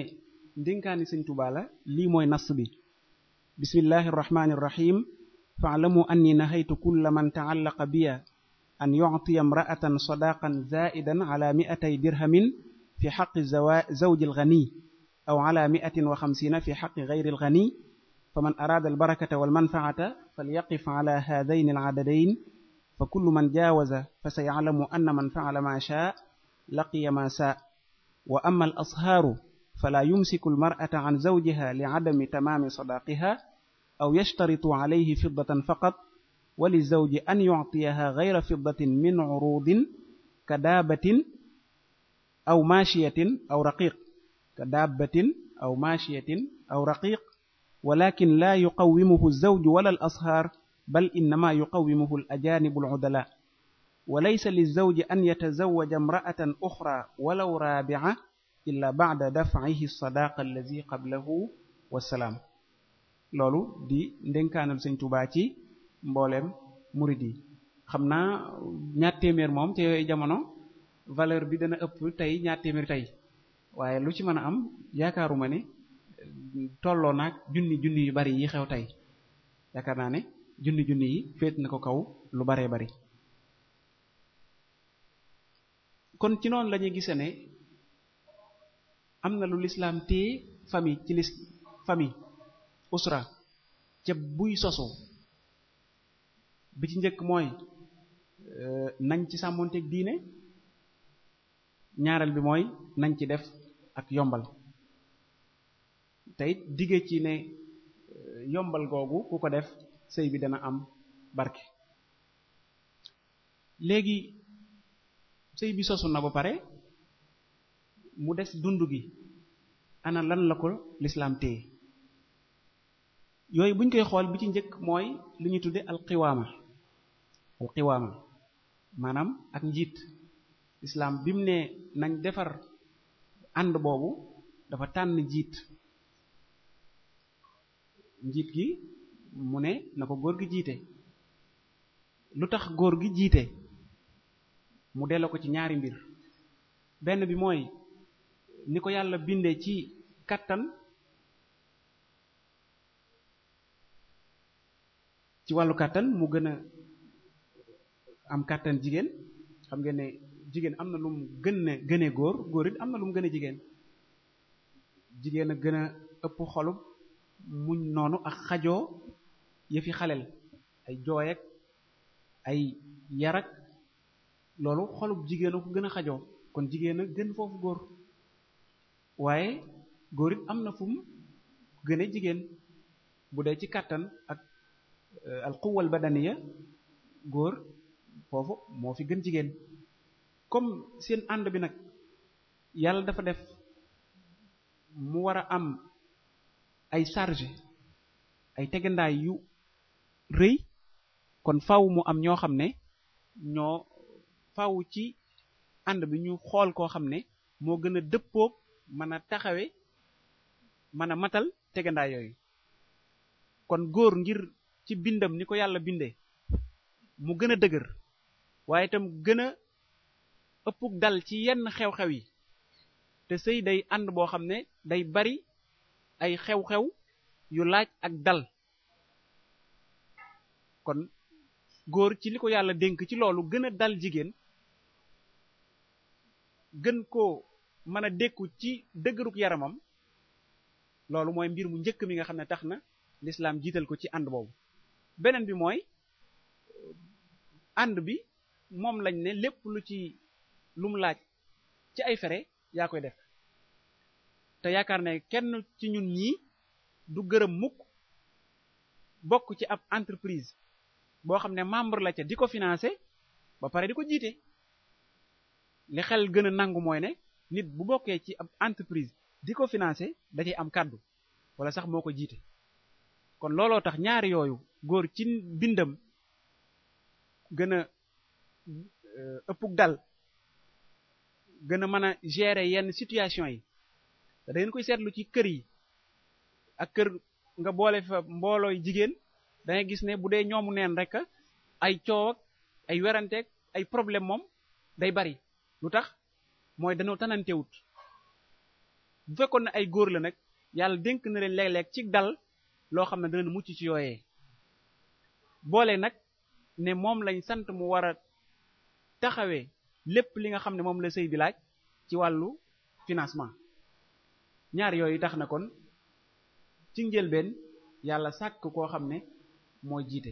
ndénkaani sëñ Tuubaa la lii mooy nas bi bismillahi irrahmani irrahim faalamu anni nahaytu kulla man taallaqa biya an yu'tiya imra'atan sadaqan zaidan ala mi'atay dirhamin fi xaqi zawji alghani aw ala mi'atin wa xamsina fi xaqi gayri alghani faman araada albarakata walmanfaata falyaqif ala haadayn aladadayn fa kullu man jaawaza fa sayalamu anna man faala maa shaa laqiya maa saa wa amma al ashaaru fala yumsiku almar'ata an zawjiha li adami tamaami sadaaqiha aw yashtaritu alayhi fiddatan faqat wa li zawji an yu'tiyaha ghayra fiddatin min urudin ka daabatin aw maashiyatin aw raqiq ka daabatin aw maashiyatin aw raqiq walakin la yuqawwimuhu alzawju wala al ashaar bal innama yuqawwimuhu al ajaanibu al udala wa laysa lilzawji an yatazawaja imra'atan uxra walaw raabi'a illa ba'da daf'ihi sadaqa allazi qablahu wasalaam loolu di ndénkaanal sëñ Tuubaa ci mbooleem murid yi xam naa ñaar téeméer moom ci yooyu jamono valeur bi dana ëpp tey ñaar téeméer tey waaye lu ci mën a am yaakaaruma ne tolloo nag junni junni yu bari yi xew tey yaakaar naa ne junni junni yi féet na ko kaw lu baree bari kon ci noonu lañuy gise ne am na lu lislaam téye famille ci lis famille usra ca buy sosu bi ci njëkk mooy euh, nañ ci sàmmonteeg diine ñaareel bi mooy nañ ci def ak yombal tey digge ci ne euh, yombal googu ku ko def sëy bi dana am barke léegi sëy bi sosu na ba pare mu des dund gi ana lan la ko lislaam téye yooyu bu ñu koy xool bi ci njëkk mooy lu ñu tuddee alqiwaama alqiwaama maanaam ak njiit lislaam bi mu ne nañ defar ànd boobu dafa tànn njiit njiit gi mu ne na ko góor gi jiite lu tax góor gi jiite mu delloo ko ci ñaari mbir benn bi mooy ni ko yàlla bindee ci kàttan ci wàllu kàttan mu gën a am kàttan jigéen xam nga ne jigéen am na lu mu gën a gënee góor góor am na lu mu gën a jigéen jigéen a gën a ëpp xolub muñ noonu ak xajoo yëfi xalel ay jooy ay yarak loolu xolub jigéen a gën a xajoo kon jigéen a gën foofu góor waaye góor it am na fum gëna jigéen bu dee ci kàttan ak euh, al badaniya góor foofu moo fi gën jigéen comme seen ànd bi nag yàlla dafa def mu war a am ay charge ay tegandaay yu rëy kon faaw mu am ñoo xam ne ñoo faaw ci ànd bi ñu xool koo xam ne moo gën a dëppoog mën a taxawe mana matal tegandaay yooyu kon góor ngir ci bindam ni ko yàlla bindee mu gën a dëgër waaye tam gën a ëppug dal ci yenn xew-xew yi te sëy day ànd boo xam ne day bari ay xew-xew yu laaj ak dal kon góor ci li ko yàlla dénk ci loolu gën a dal jigéen gën ko mën a dékku ci dëgëruk yaramam loolu mooy mbir mu njëkk mi nga xam ne tax na lislaam jiital ko ci ànd boobu beneen bi mooy ànd bi moom lañ ne lépp lu ci lum laaj ci ay fere yaa koy def te yaakaar na kenn ci ñun ñii du gërëm mukk bokk ci ab entreprise boo xam ne membre la ca di ko financé ba pare di ko jiite li xel gën a nangu mooy ne nit bu bokkee ci ab entreprise di ko financer da am kàddu wala sax moo ko jiite kon looloo tax ñaari yooyu góor ci bindam gën a euh, ëppug dal gën a mën a gérer yenn situation yi da ngeen koy seetlu ci kër yi ak kër nga boole fa mboolooy jigéen da gis ne bu dee ñoomu neen rek ay coow ay weranteeg ay problème moom day bari lu tax mooy dañoo tanantewut bu fekkoon ne ay góor la nag yàlla dénk na leen léeg-léeg ci dal loo xam ne danañ mucc ci yooyee boole nag ne moom lañ sant mu war a taxawee lépp li nga xam ne moom la sëy bi laaj ci wàllu financement ñaar yooyu tax na kon ci njëlbeen yàlla sàkk koo xam ne moo jiite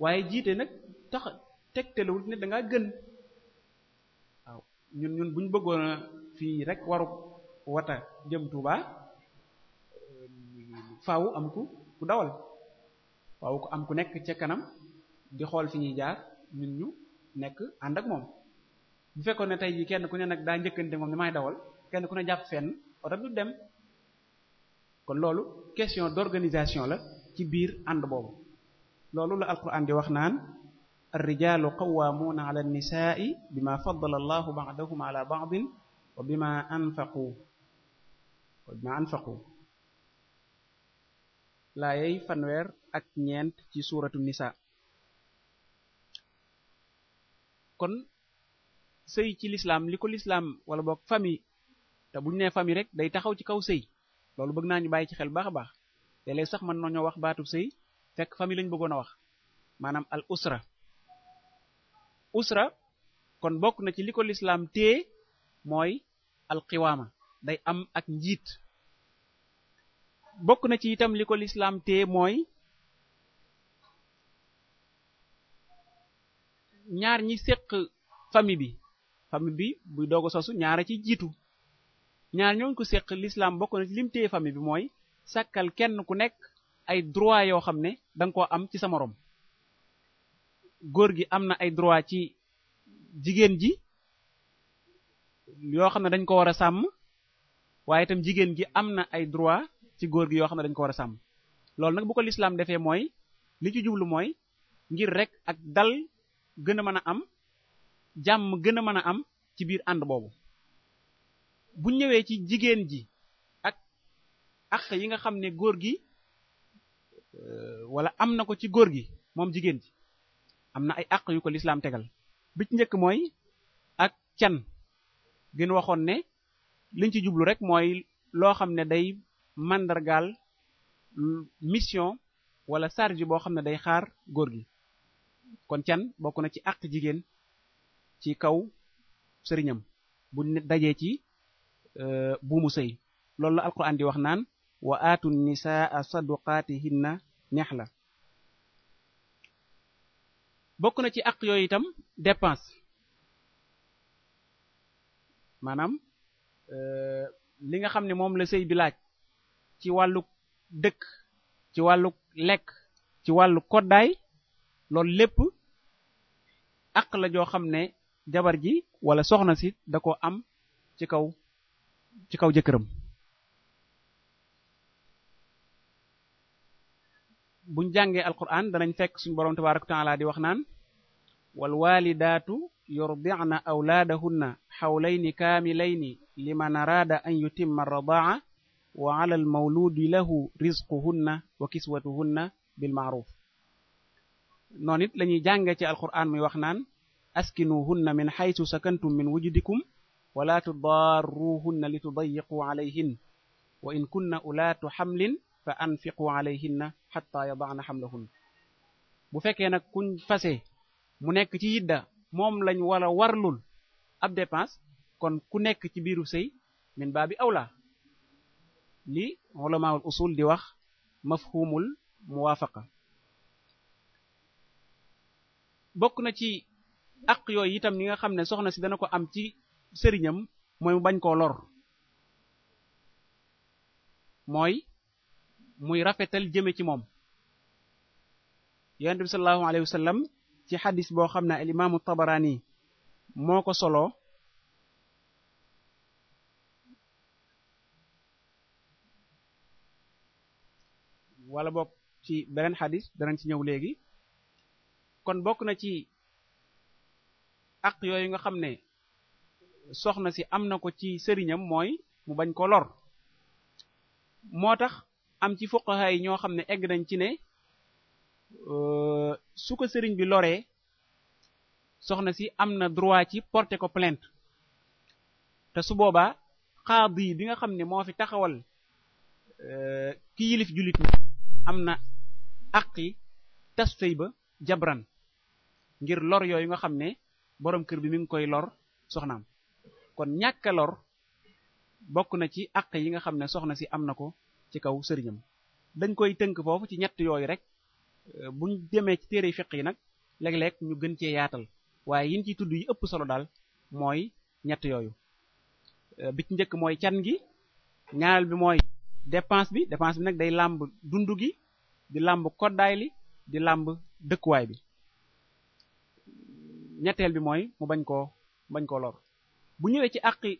waaye jiite nag tax tegtalewul ne da ngaa gën ñun ñun bu ñu bëggoon fii rek waru wata jëm Touba euh, faaw am ku ku dawal faaw ko am ku nekk ca kanam di xool fi ñuy jaar ñun ñu nekk ànd ak moom bu fekkoon ne tey jii kenn ku ne nag daa njëkkante moom ne may dawal kenn ku ne jàpp fenn oto du dem kon loolu question d'organisation la ci biir ànd boobu loolu la alquran di wax naan الرجال قوامون على النساء بما فضل الله بعضهم على بعض وبما أنفقوا وبما أنفقوا laayey fanweer ak ñeent ci suuratu nisa kon sëy ci lislaam li ko lislaam wala boog famille te buñu ne famille rek day taxaw ci kaw sëy loolu bëgg naa ñu bàyyi ci xel baax a baax te léeg sax man nañoo wax baatu sëy fekk famille lañ bëggoon a wax maanaam al usra usra kon bokk na ci li ko lislaam téye mooy alqiwaama day am ak njiit bokk na ci itam li ko lislaam téye mooy ñaar ñi séq famille bi famille bi buy doog a sosu ñaara ci jiitu ñaar ñooñu ko séq lislaam bokk na ci lim téye famille bi mooy sàkkal kenn ku nekk ay droit yoo xam ne danga ko am ci sa moroom góor gi am na ay droit ci jigéen ji yoo xam ne dañ ko war a sàmm waaye tam jigéen gi am na ay droit ci góor gi yoo xam ne dañ ko war a sàmm loolu nag bu ko lislaam defee mooy li ci jublu mooy ngir rek ak dal gën a mën a am jàmm gën a mën a am ci biir ànd boobu bu ñëwee ci jigéen ji ak ak yi nga xam ne góor gi euh, wala am na ko ci góor gi moom jigéen ji am na ay àq yu ko lislaam tegal bi njëkk mooy ak can gën waxoon ne liñ ci jublu rek mooy loo xam ne day mandargaal mission wala charge boo xam ne day xaar góor gi kon can bokk na ci àq jigéen ci kaw sëriñam bu dajee ci euh, buumu sëy loolu la alquran wax naan wa aatu nisaa na neex la bokk na ci àq yooyu itam dépense maanaam euh, li nga xam ne moom la sëy bi laaj ci wàllu dëkk ci wàllu lekk ci wàllu koddaay loolu lépp àq la joo xam ne jabar ji wala soxna si da ko am ci kaw ci kaw jëkkëram buñ jàngee alquran danañ fekk suñu borom tabaraka taala di wax naan wal walidaatu yurdi'na awlaadahunna xawlayni kaamilayni liman araada an yutimma radaa wa ala al mawludi lahu rizquhunna wa kiswatuhunna bil ma'ruf noonu it la ñuy jàngee ci alquran muy wax naan askinuhunna min xaytu sakantum min wujudikum wala tudarruhunna li tudayiqu alayhin wa in kunna fa anfiqu alayhinna xam yadaana xamlahun bu fekkee nag kuñ fase mu nekk ci yidda moom lañ wala warlul ab dépense kon ku nekk ci biiru sëy min baabi awla li ulamaul usul di wax mafhumul muwaafaqa bokk na ci aq yooyu itam ñi nga xam ne soxna si dana ko am ci sëriñam mooy mu bañ koo lor mooy muy rafetal jëme ci moom yonent bi sallallahu alayhi wa ci xadis boo xam ne al imaamu tabaraani moo ko soloo wala bokk ci beneen xadis danañ ci ñëw léegi kon bokk na ci ak yooyu nga xam ne soxna si am na ko ci sëriñam mooy mu bañ ko lor moo tax am ci fuqaha yi ñoo xam ne egg nañ ci ne euh, su ko sëriñ bi loree soxna si am na droit ci porter ko plainte te su boobaa xaadi bi nga xam ne moo fi taxawal euh, ki yilif jullit ñi am na aqi tas sëy ba jabran ngir lor yooyu nga xam ne boroom kër bi mu ngi koy lor soxnaam kon ñàkka lor bokk na ci aq yi nga xam ne soxna si am na ko ci kaw sëriñam dañ koy tënk foofu ci ñett yooyu rek euh, buñ demee ci téere yi fiq yi nag léeg-léeg ñu gën cee yaatal waaye yin ci tudd yi ëpp solo daal mooy ñett yooyu euh, bi ci njëkk mooy can gi ñaareel bi mooy depanse bi dépense bi nag day làmb dund gi di làmb koddaay li di làmb dëkkuwaay bi ñetteel bi mooy mu bañ koo bañ koo lor bu ñëwee ci àqi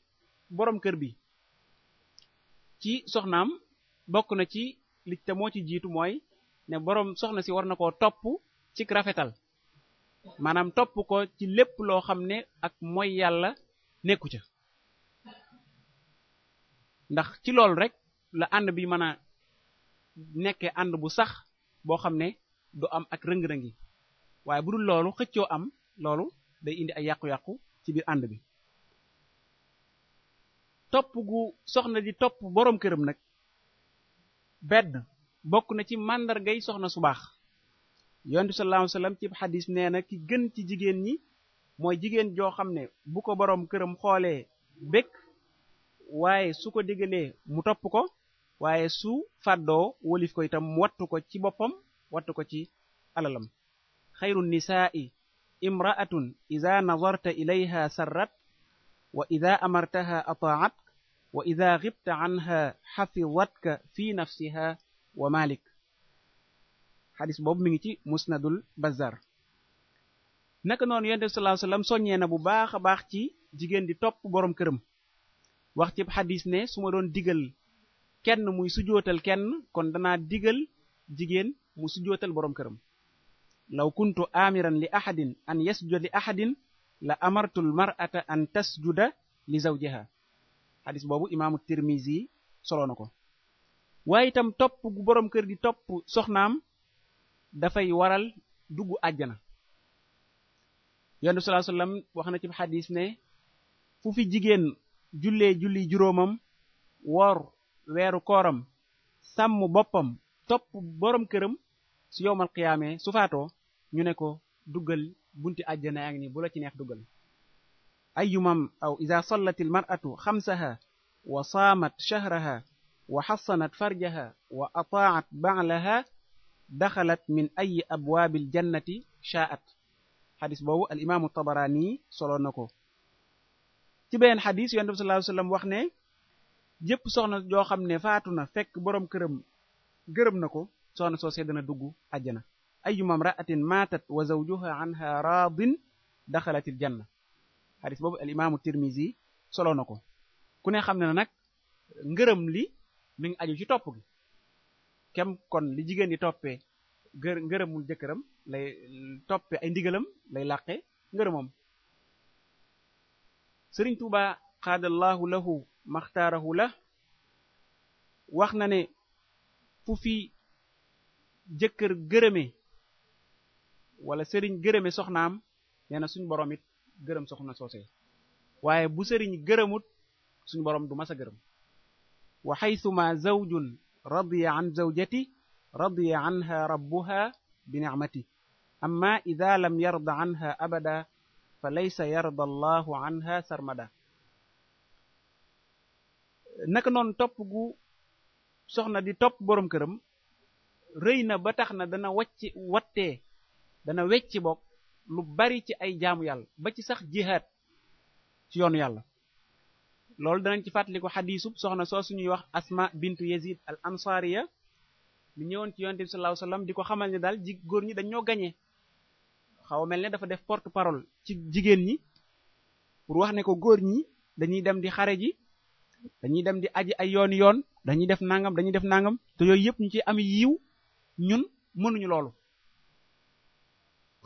borom kër bi ci soxnaam bokk na ci li moo ci jiitu mooy ne borom soxna si war na koo topp ci rafetal maanaam topp ko ci lépp loo xam ne ak mooy yàlla nekku ca ndax ci loolu rek la ànd bi mën a nekkee ànd bu sax boo xam ne du am ak rëng-rëngi waaye bu dul loolu xëccoo am loolu day indi ay yàqu-yàqu ci biir ànd bi topp gu soxna di topp boroom këram nag benn bokk na ci màndargay soxna su baax yonent bi sallallahu alayhi ci xadis nee na ki gën ci jigéen ñi mooy jigéen joo xam ne bu ko boroom këram xoolee békk waaye su ko digalee mu topp ko waaye su fàddoo wolif ko itam mu wattu ko ci boppam wattu ko ci alalam xayru nisaa'i imra'atun ida nazarta ilayha sarrat wa ida amartaha ata'at wa ida xibta anha xafidatka fi nafsiha wa malik xadis boobu mi ngi ci musnadul bazar naka noonu yonent bi sallallahu alayhi wasallam soññee na bu baax a baax ci jigéen di topp boroom këram wax ci xadis ne su ma doon digal kenn muy sujootal kenn kon danaa digal jigéen mu sujootal boroom këram law kuntu amiran li ahadin an yasjuda li ahadin la amartu al an tasjuda li zawjiha xadis boobu imaamu Tirmizi yi soloo na ko waaye itam topp gu borom kër gi topp soxnaam dafay waral dugg àjjana yonent bi sallallahu wasallam wax na ci xadis ne fu fi jigéen jullee julli juróomam woor weeru kooram sàmm boppam topp boroom këram su yowmal qiyaamee su faatoo ñu ne ko duggal bunti àjjana yaa ngi nii bu la ci neex duggal ayumam aw ida sallat almar'atu xamsaha wa saamat shahraha wa xasanat farjaha wa ataat baalaha daxalat min ay abwaabil jannati shaat xadis boobu al imaamu tabaraani solo na ko ci beneen xadis yonent bi sallallahu alayhi wasallam wax ne jëpp soxna joo xam ne faatu na fekk boroom këram gërëm na ko soxna soo see dana dugg àjjana ayuma imraatin maatat wa zawjuha anha raadin daxalatil janna xadis boobu al imaamu tirmisi solo na ko ku ne xam ne nag ngërëm li mi ngi aju ci topp gi kem kon li jigéen di toppee gër ngërëmul jëkkëram lay toppee ay ndigalam lay làqe ngërëmam sëriñ tuuba xaadallahu lahu maxtaarahu la wax na ne fu fi jëkkër gërëme wala sëriñ gërëme soxnaam nee na suñ borom gërëm soxna soosee waaye bu sëriñ gërëmut suñu borom du mas a gërëm wa xaytuma zawjun radiya an zawjati radiya anha rabbuha bi nicmati amma ida lam yarda anha abada fa laysa yarda allahu anha sarmada naka noonu topp gu soxna di topp borom këram rëy na ba tax na dana wacc wattee dana wecci bokk lu bari ci ay jaamu yàlla ba ci sax jihaad ci yoonu yàlla loolu danañ ci fàttaliku xadiisub soxna soo suñuy wax asmaa bintu yazid al ansariya mi ñëwoon ci yonte bi sallallahu alayhi wasallam di ko xamal ne daal ji góor ñi dañoo gañee xaw a ne dafa def porte parole ci jigéen ñi pour wax ne ko góor ñi dañuy dem di xare ji dañuy dem di aji ay yoon yoon dañuy def nangam dañuy def nangam te yooyu yëpp ñu ci am yiw ñun mënuñu loolu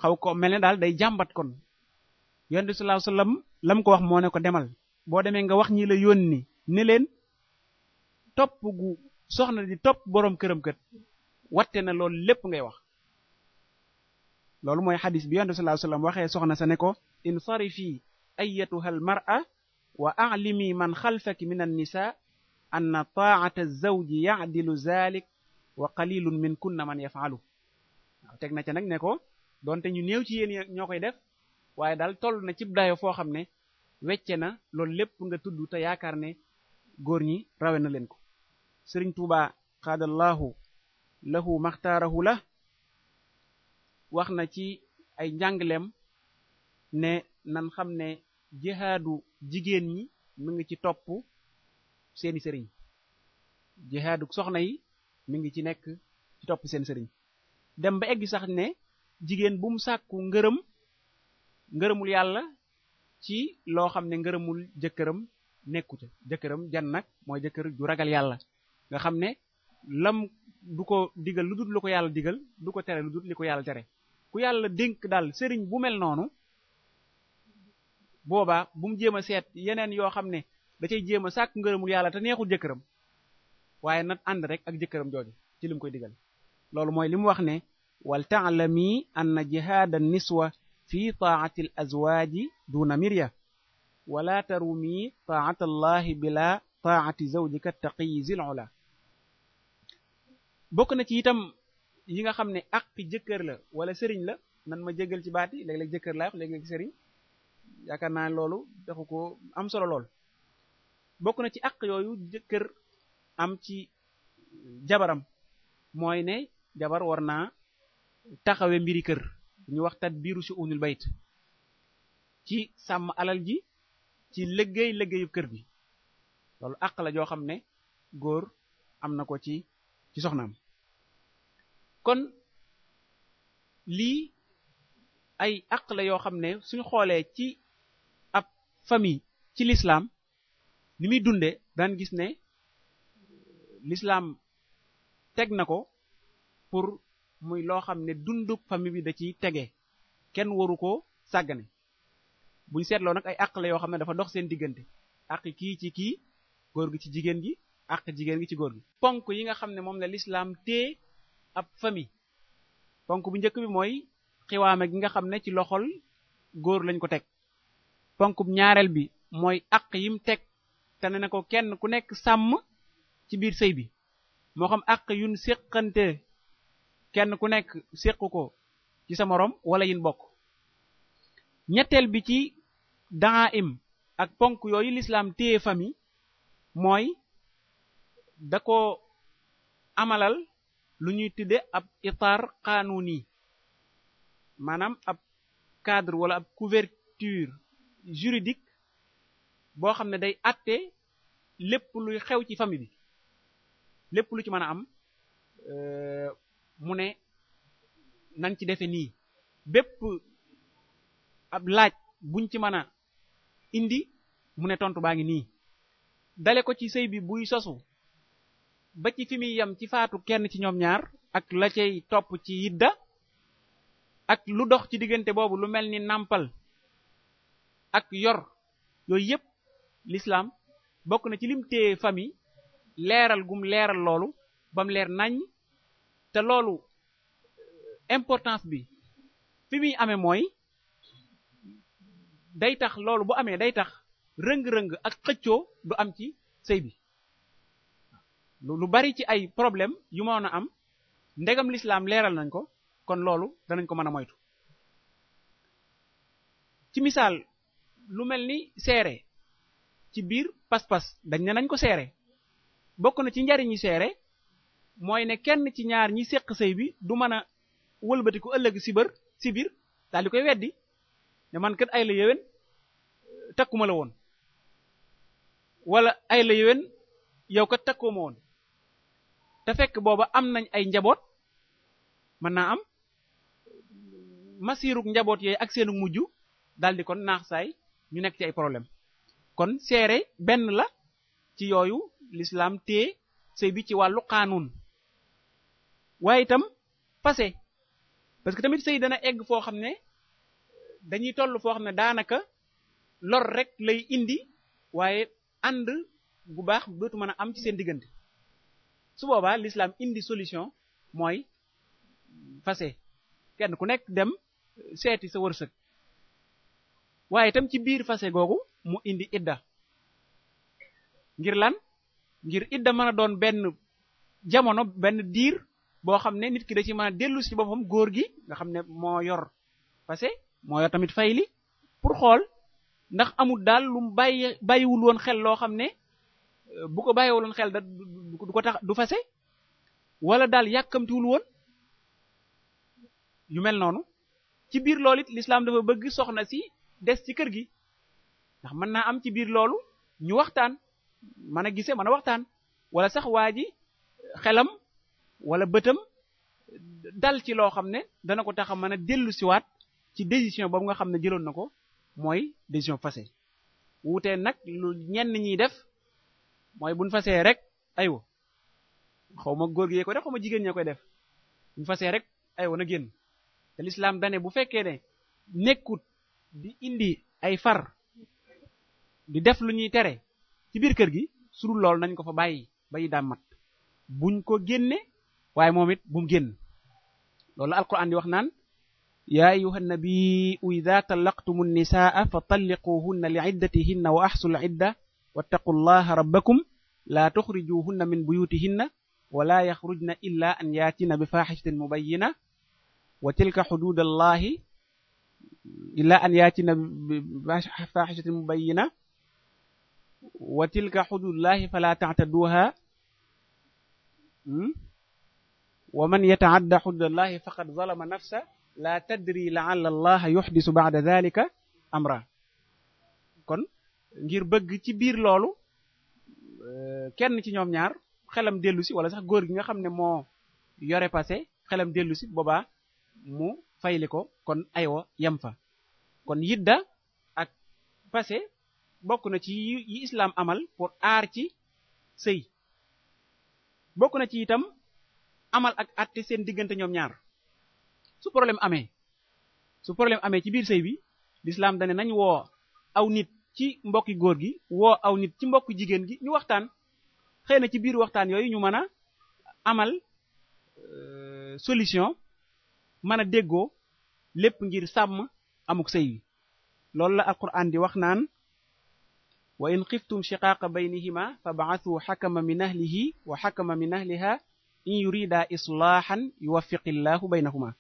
xaw ko mel ne daal day jàmbat kon yonent bi lam ko wax moo ne ko demal boo demee nga wax ñi la yónni ne leen topp gu soxna di topp boroom këram kët watte na loolu lépp ngay wax loolu mooy xadiis bi yonent bi sallallahu alayhi wasallam waxee soxna sa ne ko insarifi ayyatuha al mar'a wa a'limi man xalfaki min an-nisa anna ta'ata az-zawji ya'dilu zalik wa qalilun min kunna man yaf'alu waaw teg na ca nag ne ko donte ñu néew ci yéen ñoo koy def waaye daal toll na cib dayo foo xam ne wecce na loolu lépp nga tudd te yaakaar ne góor ñi rawe na leen ko sëriñ Tuubaa xaadallahu lahu maxtaarahu la wax na ci ay njàngleem ne nan xam ne jihaadu jigéen ñi mu ngi ci topp seeni sëriñ jihaadu soxna yi mu ngi ci nekk ci topp seen sëriñ dem ba egg sax ne jigéen bu mu sàkku ngërëm ngërëmul yàlla ci loo xam ne ngërëmul jëkkëram nekku ca jëkkëram jan nag mooy jëkkër ju ragal yàlla nga xam ne lam du ko digal lu dul lu ko yàlla digal du ko tere lu dul li ko yàlla tere ku yàlla dénk daal sëriñ bu mel noonu boobaa bu mu jéem a seet yeneen yoo xam ne da cay jéem a sàkku ngërëmul yàlla te neexul jëkkëram waaye nag ànd rek ak jëkkëram jooju ci li mu koy digal loolu mooy li mu wax ne wal taalami anna jihaada niswa fi taati al azwaaji duna mirya wala tarumi taata allahi bila taati zawjika taqiyi zil ula bokk na ci itam yi nga xam ne aqi jëkkër la wala sëriñ la nan ma jégal ci baati léeg-léeg jëkkër laa wax léeg-léeg sëriñ yaakaar naa loolu taxu ko am solo lool bokk na ci aq yooyu jëkkër am ci jabaram mooy ne jabar war naa taxawe mbiri kër ñu wax biiru ci unul bayt ci sàmm alal ji ci liggéey liggéeyu kër bi loolu àq la joo xam ne góor am na ko ci soxnaam kon lii ay àq la yoo xam ne suñ xoolee ci ab famille ci lislaam ni muy dunde daan gis ne lislaam teg na ko pour muy loo xam ne dunduk famille bi da ciy tege kenn waru ko sàggane buñ seetloo nag ay àq la yoo xam ne dafa dox seen diggante àq kii ci kii góor gi ci jigéen gi àq jigéen gi ci góor gi ponk yi nga xam ne moom la lislaam tee ab famille ponk bu njëkk bi mooy xiwaame gi nga xam ne ci loxol góor lañ ko teg ponk bu ñaareel bi mooy àq yim teg te ne na ko kenn ku nekk sàmm ci biir sëy bi moo xam àq yuñ séqante kenn ku nekk séqu ko ci sa morom wala yin bokk ñetteel bi ci daa im ak ponk yooyu lislaam téye fami mooy da ko amalal lu ñuy tudde ab itaar qanuni maanaam ab cadre wala ab couverture juridique boo xam ne day atte lépp luy xew ci famille bi lépp lu ci mën a am euh, mu ne nañ ci defe nii bépp ab laaj buñ ci mën a indi mu ne tontu baa ngi nii dale ko ci sëy bi buy sosu ba ci fi muy ci faatu kenn ci ñoom ñaar ak la cay topp ci yidda ak lu dox ci diggante boobu lu mel ni nàmpal ak yor yooyu yépp lislaam bokk na ci lim téye fami leeral gum leeral loolu bam leer nañ te loolu importance bi fi muy amee mooy day tax loolu bu amee day tax rëng-rëng ak xëccoo du am ci sëy bi lu bari ci ay problème yu mën a am ndegam lislaam leeral nañ ko kon loolu danañ ko mën a moytu ci misaal lu mel ni seere ci biir pas-pas dañ ne nañ ko seere bokk na ci njariñi seere mooy ne kenn ci ñaar ñi séq sëy bi du mën a wëlbatiku ëllëg si bër daal di koy weddi ne man kat ay la yéwén euh, takkuma la woon wala ay la yéwén yow kat takkoo ma woon te fekk booba am nañ ay njaboot mën naa am masiruk njaboot yooyu ak seenu mujj daldi di kon naax saay ñu nekk ci ay problème kon seere benn la ci yooyu l'islam tee sëy bi ci wàllu xaanuun waaye itam passé parce que tamit sëy dana egg foo xam ne dañuy toll foo xam ne daanaka lor rek lay indi waaye ànd bu baax dootu mën a am ci seen diggante su boobaa l'islam indi solution mooy fase kenn ku nekk dem seeti sa wërsëg waaye itam ci biir fase googu mu indi idda ngir lan ngir idda mën doon benn jamono benn diir boo xam ne nit ki da ci mën dellu si boppam góor gi nga xam ne moo yor parce que moo yor tamit fay li pour xool ndax amul daal lu mu bàyyi bàyyiwul woon xel loo xam ne euh, bu ko bàyyiwul woon xel da du ko tax du fase wala daal yàkkamtiwul woon yu mel noonu ci biir loolu it l'islam dafa bëgg soxna si des ci kër gi ndax mën naa am ci biir loolu ñu waxtaan mën a gisee mën a waxtaan wala sax waa ji xelam wala bëtam dal ci loo xam ne dana ko tax a mën a dellu siwaat ci décision boobu nga xam ne jëloon na ko mooy décision fase wutee nag lu ñenn ñiy def mooy buñ fasee rek aywa xaw ma góor gi yee koy def xaw ma jigéen ñee koy def buñ fasee rek aywa na génn te lislaam dane bu fekkee ne nekkut di indi ay far di def lu ñuy tere ci biir kër gi surul lool nañ ko fa bàyyi bayi dàmmat buñ ko génnee waaye moom it bu mu génn loolu la alquran di wax naan yaa ayuha nabiu ida talaqtumu nisaa fa talliquhunna li iddatihinna wa axsul idda wattaqu llaha rabbakum laa tuxrijuhunna min buyutihinna wala yaxrujna illa an yaatina bi faaxishatin mubayina wa tilka xuduud allahi illa an yaatina bi faaxishatin mubayina wa tilka xuduudullahi fala taataduha hmm? wa man yataadda xuddallahi faqad zalama nafsa la tadri laala allaha yuxdisu baada dalika amra kon ngir bëgg ci biir loolu euh, kenn ci ñoom ñaar xelam dellu si wala sax góor gi nga xam ne moo yore passé xelam dellusi si boobaa mu fayli ko kon aywa yem fa kon yidda ak passé bokk na ci yi islam amal pour aar ci sëy bokk ci itam amal ak àtte seen diggante ñoom ñaar su problème amee su problème amee ci biir sëy bi lislaam dane nañ woo aw nit ci mbokki góor gi woo aw nit ci mbokki jigéen gi ñu waxtaan xëy na ci biir waxtaan yooyu ñu mën a amal euh, solution mën a déggoo lépp ngir sàmm amuk sëy wi loolu la alquran di wax naan wa in xiftum shiqaaqa baynihima fa ba'athu xakama min ahlihi wa xakama min ahliha in yurida islaahan yuwaffiqillaahu baynahuma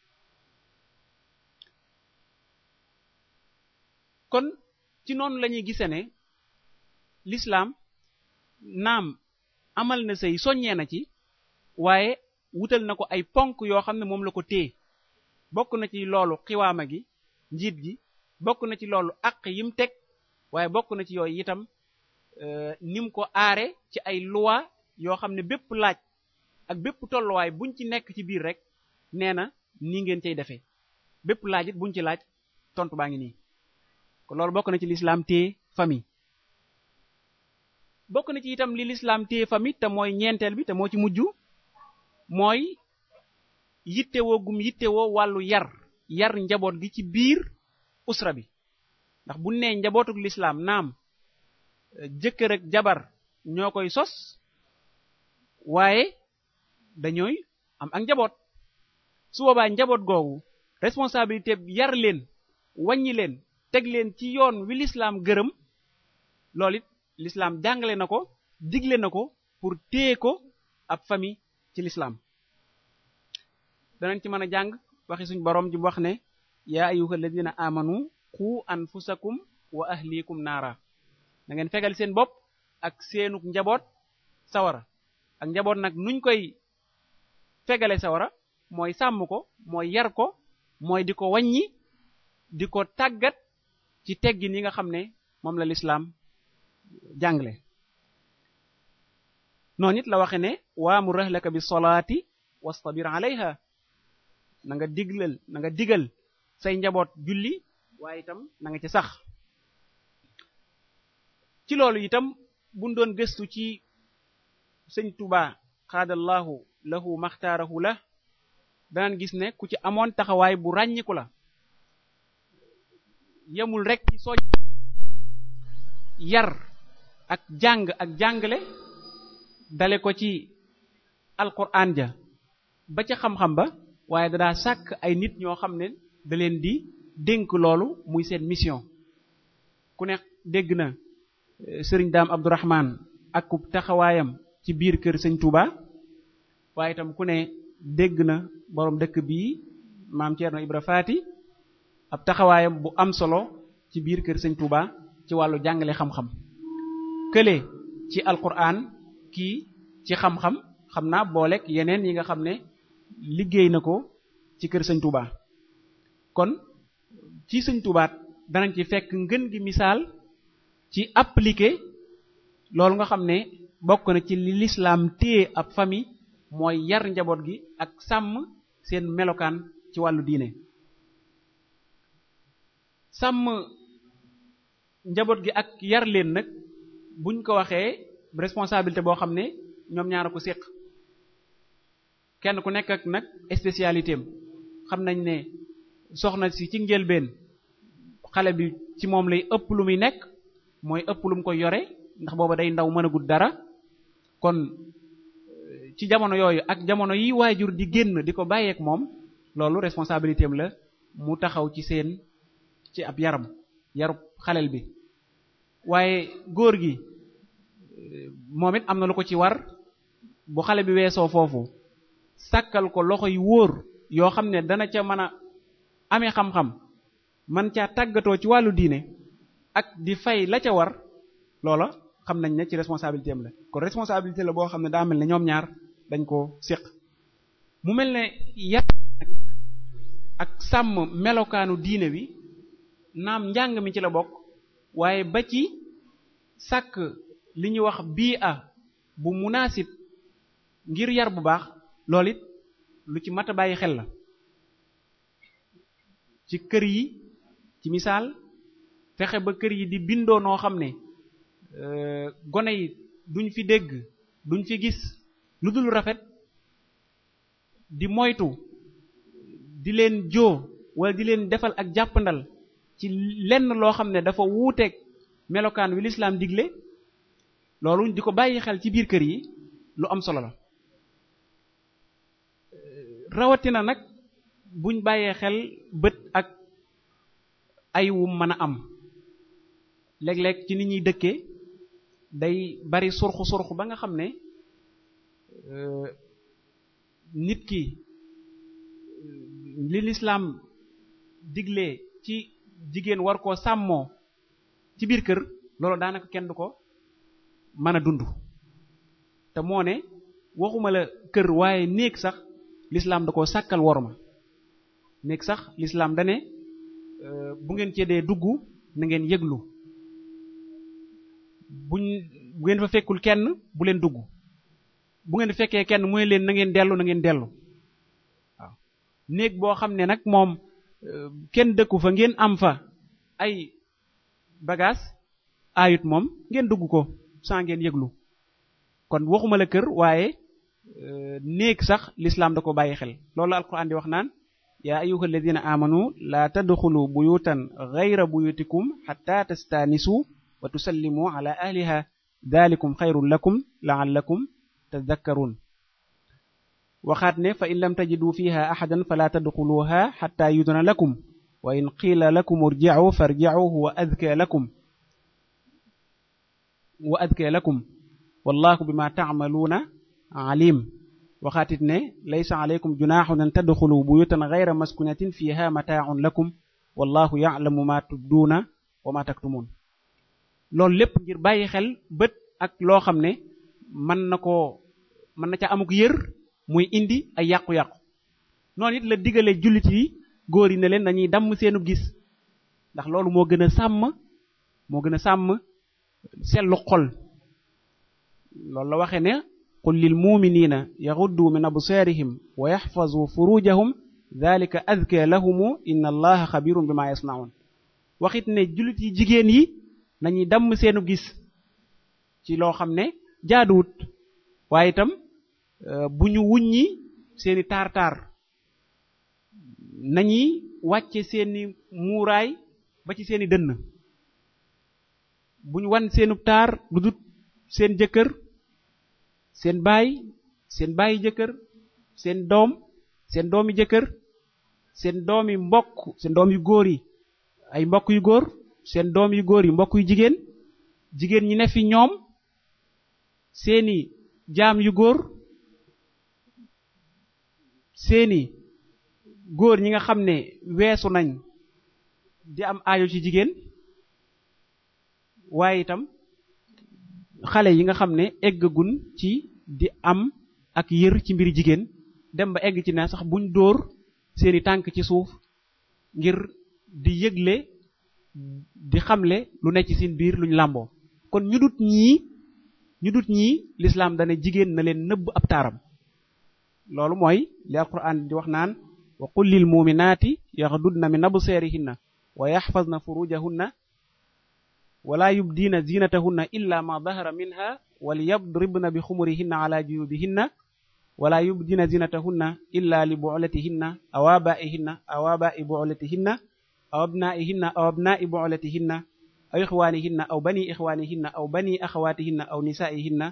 kon ci noonu lañuy gise ne lislaam naam amal na sëy soññee na ci waaye wutal na ko ay ponk yoo xam ne moom la ko téye bokk na ci loolu xiwaama gi njiit gi bokk na ci loolu àq yim teg waaye bokk na ci yooyu itam euh, nim ko aare ci ay loi yoo xam ne bépp laaj ak bépp tolluwaay buñ ci nekk ci biir rek nee na nii ngeen cay defee bépp laaj buñ ci laaj tontu baa ngi nii loolu bokk na ci lislaam téye famille bokk na ci itam li lislaam téye famille te mooy ñeenteel bi te moo ci mujj mooy yittewoo gum yittewoo wàllu yar yar njaboot gi ci biir usra bi ndax bu nee njabootuk lislaam naam jëkkër ak jabar ñoo koy sos waaye dañooy am ak njaboot su boobaa njaboot googu responsabilité yar leen wàññi leen teg leen ci yoon wi lislaam gërëm loolu it lislaam jàngale na ko digle na ko pour téye ko ab famille ci lislaam danañ ci mën a jàng waxi suñ boroom ji wax ne yaa la ladina amanu qu anfusakum wa ahlikum naara da ngeen fegal seen bopp ak seenuk njaboot sawara ak njaboot nag nuñ koy fegale sawara mooy sàmm ko mooy yar ko mooy di ko wàññi di ko tàggat ci teggin yi nga xam ne moom la lislaam jàngle noonu it la waxe ne waamur rahlaka bi solaati wastabir alayha na nga diglal na nga digal say njaboot julli waaye itam nanga ci sax ci loolu itam buñ doon gëstu ci sëñ Tuubaa xaadallahu lahu maxtaarahu la danaan gis ne ku ci amoon taxawaay bu ràññiku la yemul rekk ci soñ yar ak jàng ak jàngale dale ko ci alquran ja ba ca xam-xam ba waaye dadaa sàkk ay nit ñoo xam ne daleen di dénk loolu muy seen mission ku ne dégg na eh, sëriñ daam abdourahman ak ku taxawaayam ci biir kër sëñ Touba waaye itam ku ne dégg na boroom dëkk bii maam Thierno Ibra Faati ab taxawaayam bu am solo ci biir kër sëñ Touba ci wàllu jàngale xam-xam kële ci alquran kii ci xam-xam xam naa booleeg yeneen yi nga xam ne liggéey na ko ci kër sëñ Touba kon ci sëñ Touba danañ ci fekk ngën gi misaal ci appliquer loolu nga xam ne bokk na ci li l'islam téye ab famille mooy yar njaboot gi ak sàmm seen melokaan ci wàllu diine sàmm njaboot gi ak yar leen nag buñ ko waxee responsabilité boo xam ne ñoom ñaar a ko séq kenn ku nekk ak nag spécialité am xam nañ ne soxna si ci njëlbeen xale bi ci moom lay ëpp lu muy nekk mooy ëpp lum mu koy yore ndax booba day ndaw mën gudd dara kon ci jamono yooyu ak jamono yi waajur di génn di ko bàyyeek moom loolu responsabilité am la mu taxaw ci seen ci ab yaram yarub xaleel bi waaye góor gi moom it am na lu ko ci war bu xale bi weesoo foofu sàkkal ko loxo yu wóor yoo xam ne dana ca mën a amee xam-xam man caa tàggatoo ci wàllu diine ak di fay la ca war loola xam nañ ne ci responsabilité la kon responsabilité la boo xam ne daa mel ne ñoom ñaar dañ ko séq mu mel na yar ak sàmm melokaanu diine wi naam njàng mi ci la bokk waaye ba ci sàkk li ñuy wax bii a bu munaasib ngir yar bu baax loolit lu ci mat bàyyi xel la ci kër yi ci misaal fexe ba kër yi di bindoo noo xam ne euh, gone yi duñ fi dégg duñ fi gis lu dul rafet di moytu di leen joo walla di leen defal ak jàppandal ci lenn loo xam ne dafa wuuteeg melokaan wi lislaam digle loolu di ko bàyyi xel ci biir kër yi lu am solo la rawatina nag buñ bàyyee xel bët ak ay wum mën a am léeg-léeg ci nit ñuy dëkkee day bari surxu surxu ba nga xam ne Euh, nit ki euh, li lislaam digle ci jigéen war koo sàmmoo ci biir kër loolu daanaka kenn du ko mën a dund te moo ne waxuma la kër waaye néeg sax lislaam da koo sàkkal worma néeg sax lislaam da ne euh, bu ngeen cee dee dugg nangeen ngeen yëglu bu ngeen fa fekkul kenn bu leen dugg bu ngeen fekkee kenn muy leen na ngeen dellu na ngeen dellu waaw néeg boo xam ne nag moom euh, kenn dëkku fa ngeen am fa ay bagage ayut moom ngeen dugg ko sans ngeen yéglu kon waxuma la kër waaye euh, néeg sax l'islam da ko bàyyi xel loolu alquran di wax naan yaa ayuha alladina amanu laa tadxulu buyutan gayra buyutikum xata tastanisu wa tusallimu ala ahliha dalikum xayrun lakum laallakum tadakkarun waxaat ne fa in lam tajidu fiha ahadan fala tadxuluha xatta yudna lakum wa in qiila lakum urjicu farjicu huwa adka lakum wa adka lakum wallahu bima taamaluuna alim waxaatit ne laysa alaykum junaaxun an tadxulu buyutan gayra maskunatin fiha mataacun lakum wallahu yalamu ma tubduuna wa ma taktumun loolu lépp ngir bàyyi xel bët ak loo xam ne mën na ko mën na ca amuk yér muy indi ay yàqu-yàqu noonu it la digale jullit yi góor yi ne leen nañuy damm seenub gis ndax loolu moo gën a sàmm moo gën a sàmm sellu xol loolu la waxee ne qul lil muminina yaxuddu min absaarihim wa yaxfazu furujahum dalika adka lahumu inna allaha xabirun bi ma yasnaun waxit ne jullit yi jigéen yi nañuy damm seenu gis ci loo xam ne jaaduwut waaye itam euh, bu ñu wuññi seeni taar taar nañuy wàcce seeni muuraay ba ci seeni dënn bu ñu wan seenu taar lu seen jëkkër seen baay seen baayi jëkkër seen doom seen doomi jëkkër seen doom yi mbokk seen doom yu góor yi ay mbokk yu góor seen doom yu góor yi mbokk yu jigéen jigéen ñi ne fi ñoom seeni jaam yu góor seeni góor ñi nga xam ne weesu nañ di am aajo ci jigéen waaye itam xale yi nga xam ne eggagun ci di am ak yër ci mbir jigéen dem ba egg ci na sax buñ dóor seeni tànk ci suuf ngir di yëgle di xamle lu nekk ci seen biir luñ làmboo kon ñu dut ñii ñu dut ñii lislaam dana jigéen na leen nëbb ab loolu mooy li alquran di wax naan wa qul lil muminaati yaxdudna min absaarihinna wa yaxfazna furujahunna wala yubdiina illa ma dahara minha wal yadribna bi xumurihinna ala juyubihinna wala yubdiina ziinatahunna illa li bu'latihinna aw abaaihinna aw aw ixwaanihinna aw bani ixwaanihinna aw bani axawaatihinna aw nisaa'ihinna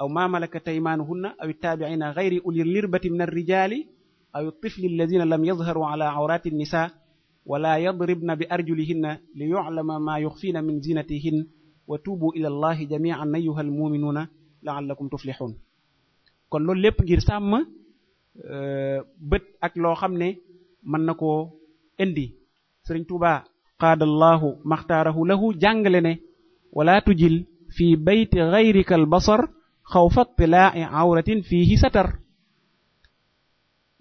aw maa malakat aymaanuhunna aw ittaabi'iina gayri ulil irbati min arrijaali aw tifli alladina lam yadharu ala awraati nisaa wala yadribna bi arjulihinna li yu'lama maa yuxfiina min zinatihin wa tuubu ila allahi jamian ayuha almuminuuna laallakum tuflixuun kon loolu lépp ngir sàmm euh, bët ak loo xam ne mën na koo indi sëriñ Tuubaa qaadallahu maxtaarahu lahu jàngale ne wala tujil fi bayti gayrika al basar xawfa tilaa'i awratin fiihi satar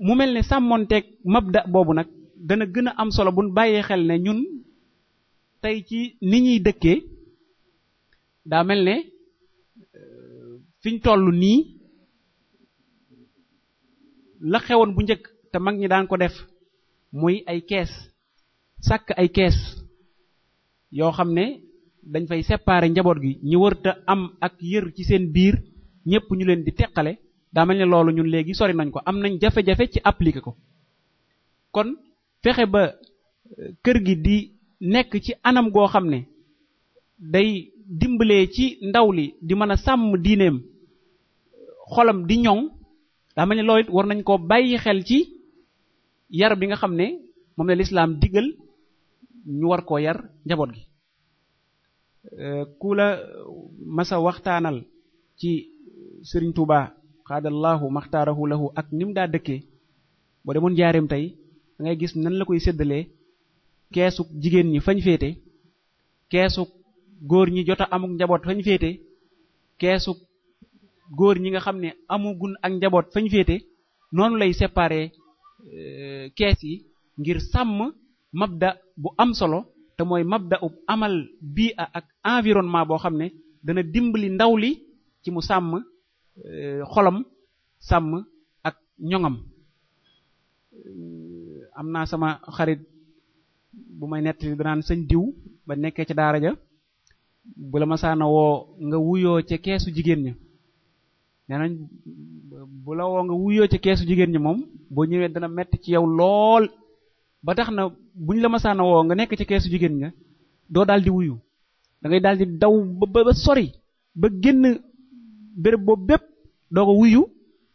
mu mel ne sàmmonteeg mabda boobu nag dana gën a am solo buñ bàyyee xel ne ñun tey ci ni ñuy dëkkee daa mel ne euh, fiñ toll nii la xewoon bu njëkk te mag ñi daan ko def muy ay kees sàkk ay kees yoo xam ne dañ fay séparer njaboot gi ñu wërta am ak yër ci seen biir ñépp ñu leen di teqale daa ne loolu ñun léegi sori nañ ko am nañ jafe-jafe ci appliquer ko kon fexe ba euh, kër gi di nekk ci anam goo xam ne day dimbalee ci ndaw li di mën a sàmm diineem xolam di ñoŋ daa mel ne loolu war nañ koo bàyyi xel ci yar bi nga xam ne moom la lislaam digal ñu war koo yar njaboot gi euh, ku la masa waxtaanal ci sëriñ Tuubaa xaadallahu maxtaarahu lahu ak ni mu daa dëkkee boo demoon jaareem tey da gis nan la koy séddalee keesuk jigéen ñi fañ féete keesuk góor ñi jot a amuk njaboot fañ féete keesuk góor ñi nga xam ne amugun ak njaboot fañ féete noonu lay séparer euh, kees yi ngir sàmm mabda bu am solo te mooy mabda ub amal bii ak environnement boo xam ne dana dimbali ndaw li ci mu sàmm euh, xolam sàmm ak ñoŋam euh, am naa sama xarit bu may nettali danaan sëñ diw ba nekkee ci daara ja bu la masaana woo nga wuyoo ca keesu jigéen ña nee nañ bu la woo nga wuyoo ca keesu jigéen ñi moom boo ñëwee dana metti ci yow lool ba tax na buñ la masaana woo nga nekk ci keesu jigéen ña doo daal di wuyu dangay ngay daal di daw ba ba sori ba génn béréb boobu bépp doo ko wuyu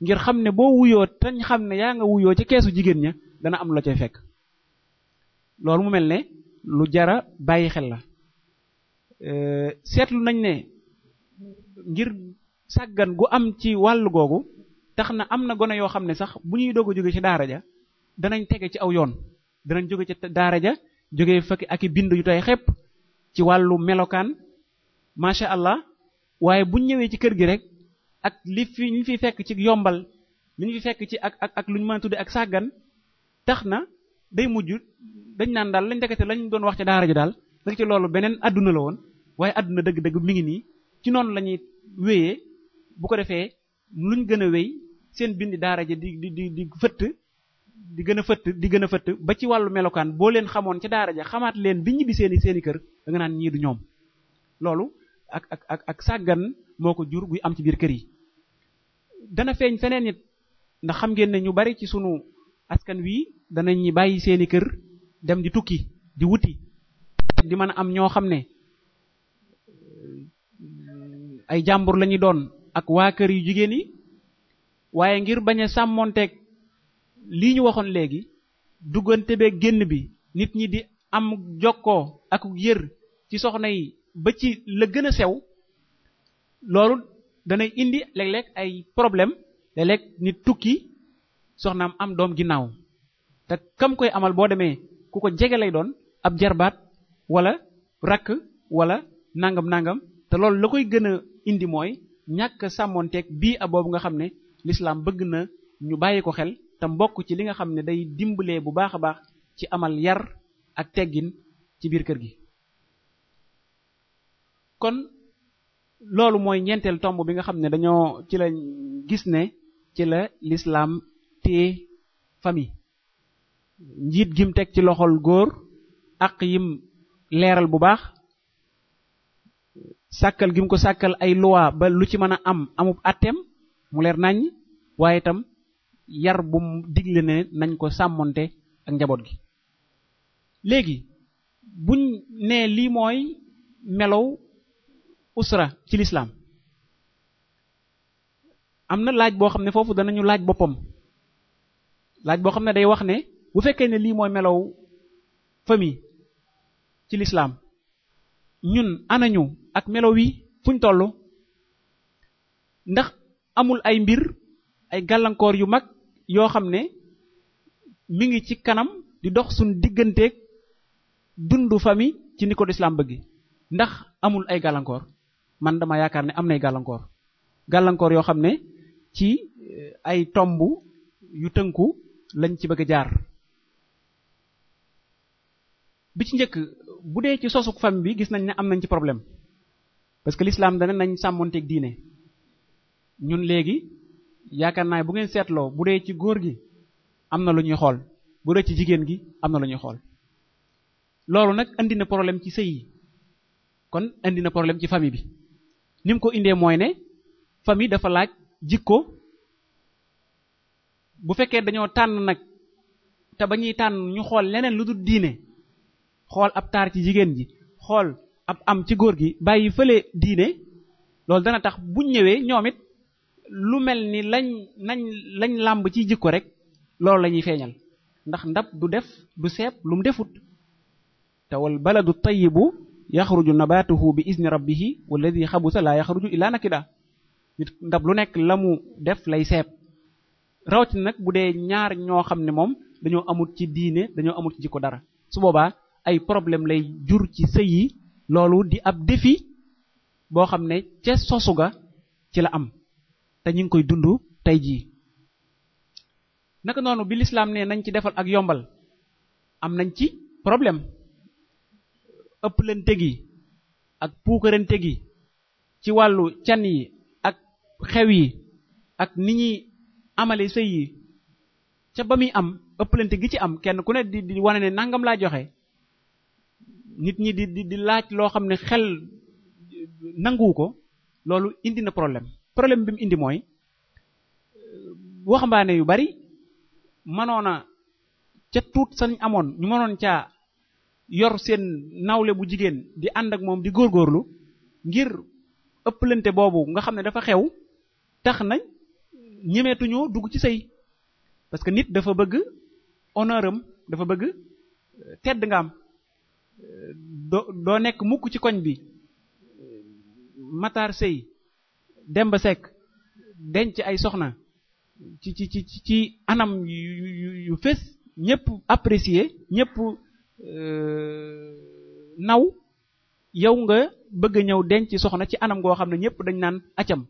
ngir xam ne boo wuyoo tañ xam ne yaa nga wuyoo ci keesu jigéen ña dana am la cay fekk loolu mu mel ne lu jara bàyyi xel la seetlu nañ ne ngir sàggan gu am ci wàll googu tax na am na gone yoo xam ne sax bu ñuy doog ko jóge ci daara ja danañ tege ci aw yoon danañ jóge ca daara ja jóge fakki ak i bind yu tey xëpp ci wàllu melokaan macha allah waaye buñ ñëwee ci kër gi rek ak li fi ñu fi fekk ci yombal li ñu fi fekk ci ak ak ak lu ñu mën a tudde ak sàggan tax na day mujj dañ naan daal lañ ndekete lañ doon wax ca daara ja daal rek ci loolu beneen àdduna la woon waaye àdduna dëgg-dëgg mi ngi nii ci noonu la ñuy wéyee bu ko defee luñ gën a wéy seen bind daara ja di di di di fëtt di gën a fëtt di gën a fëtt ba ci wàllu melokaan boo leen xamoon ca daara ja xamaat leen bi ñibbi seeni seeni kër da nga naan ñii du ñoom loolu ak ak ak sàggan moo ko jur guy am ci biir kër yi dana feeñ feneen it ndax xam ngeen ñu bari ci sunu askan wi danañ ñi bàyyi seeni kër dem di tukki di wuti di mën a am ñoo xam ne ay jàmbur lañuy doon ak waa kër yu jigéen yi waaye ngir bañ a lii ñu waxoon léegi duggante bee génn bi nit ñi di am jokkoo ak yër ci soxna yi ba ci la gën a sew loolu danay indi léeg-léeg ay problème léeg-léeg nit tukki soxnaam am doom ginnaaw te kam koy amal boo demee ku ko jege lay doon ab jarbaat walla rakk wala nangam nangam te loolu la koy gën a indi mooy ñàkk sàmmoonteeg bii a boobu nga xam ne lislaam bëgg na ñu bàyyi ko xel tam mbokk ci li nga xam ne day dimbalee bu baax a baax ci amal yar ak teggin ci biir kër gi kon loolu mooy ñeenteel tomb bi nga xam ne dañoo ci la gis ne ci la lislaam téye famille njiit gim teg ci loxol góor ak yim leeral bu baax sàkkal gi mu ko sàkkal ay loi ba lu ci mën a am amub atteem mu leer nàññ waaye itam yar bu mu digle ne nañ ko sàmmoonte ak njaboot gi léegi buñ nee lii mooy melow usra ci lislaam am na laaj boo xam ne foofu danañu laaj boppam laaj boo xam ne day wax ne bu fekkee ne lii mooy melow famille ci lislaam ñun anañu ak melow wi fuñ toll ndax amul ay mbir ay gàllankoor yu mag yoo xam ne mu ngi ci kanam di dox suñ digganteeg dundu famille ci ni ko lislaam bëgg ndax amul ay gàllankoor man dama yaakaar ne am nay gàllankoor gàllankoor yoo xam ne ci eh, ay tomb yu tënku lañ ci bëgg jaar bi ci njëkk bu dee ci sosuk famille bi gis nañ ne am nañ ci problème parce que l'islam dana nañ sàmmonteeg diine ñun léegi yaakaar naa bu ngeen seetloo bu dee ci góor gi am na lu ñuy xool bu dee ci jigéen gi am na lu ñuy xool loolu nag indi na problème ci sëy yi kon indi na problème ci famille bi nim ko indee mooy ne famille dafa laaj jig ko bu fekkee dañoo tànn nag te ba ñuy tànn ñu xool leneen lu dul diine xool ab taar ci jigéen ji xool ab am ci góor gi bàyyi fële diine loolu dana tax buñ ñëwee ñoom it lu mel ni lañ nañ lañ làmb ci jikko rek loolu lañuy ñuy feeñal ndax ndab du def du seeb lu mu defut te wal baladu tayyibu yaxruju nabatuhu bi izni rabbihi walladi xabusa laa yaxruju illa nakida nit ndab lu nekk la mu def lay seeb rawatina nag bu dee ñaar ñoo xam ne moom dañoo amut ci diine dañoo amut ci jikko dara su boobaa ay problème lay jur ci sëy yi loolu di ab defi boo xam ne ca sosu ci la am te ñu ngi koy dund tey jii naka noonu bi lislaam ne nañ ci defal ak yombal am nañ ci problème ëpplante gi ak puukarante gi ci wàllu can yi ak xew yi ak ni ñuy amale sëy yi ca ba muy am ëpplante gi ci am kenn ku ne di di wane ne nangam laa joxe nit ñi di di laaj loo xam ne xel nanguwu ko loolu indi na problème problème bi mu indi mooy waxambaane yu bari mënoon a ca tuut sañ amoon ñu manoon caa yor seen nawle bu jigéen di ànd ak moom di góorgóorlu ngir ëpplante boobu nga xam ne dafa xew tax nañ ñemeetuñoo dugg ci sëy parce que nit dafa bëgg honneur dafa bëgg euh, tedd nga am euh, doo doo nekk mukk ci koñ bi euh, mataar sëy Demba Seck denc ay soxna ci ci ci ci anam yu yu fés ñëpp apprécier euh, naw yow nga bëgg a ñëw denc soxna ci anam goo xam ne ñëpp dañ naan acam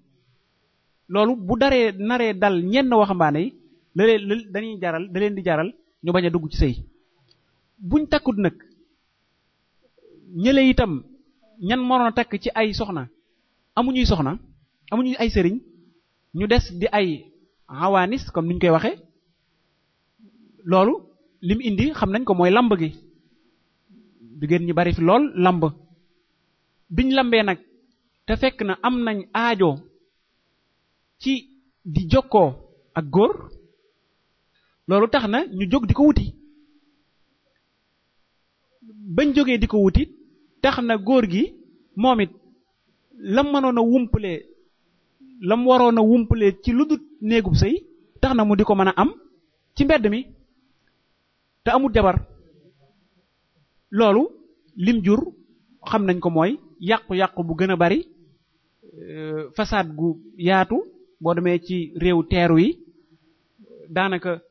loolu bu daree naree dal ñenn waxambaane yi la leen dañuy jaral da di jaral ñu bañ dugg ci sëy buñ takkut nag ñële itam ñan moroon takk ci ay soxna amuñuy soxna amuñu ay sëriñ ñu des di ay awaanis comme ni koy waxee loolu li indi xam nañ ko mooy lamb gi jigéen ñi bari fi lool lamb biñ lambee nag te fekk na am nañ aajo ci di jokkoo ak góor loolu tax na ñu jóg di ko wuti bañ jógee di ko wuti tax na góor gi moom it la mënoon a la waroon a wumpalee ci lu dul néegub sëy tax na mu di ko mën a am ci mbedd mi te amul jabar loolu lim jur xam nañ ko mooy yàqu-yàqu bu gën a bari euh, fasaad gu yaatu boo demee ci réew teeru yi daanaka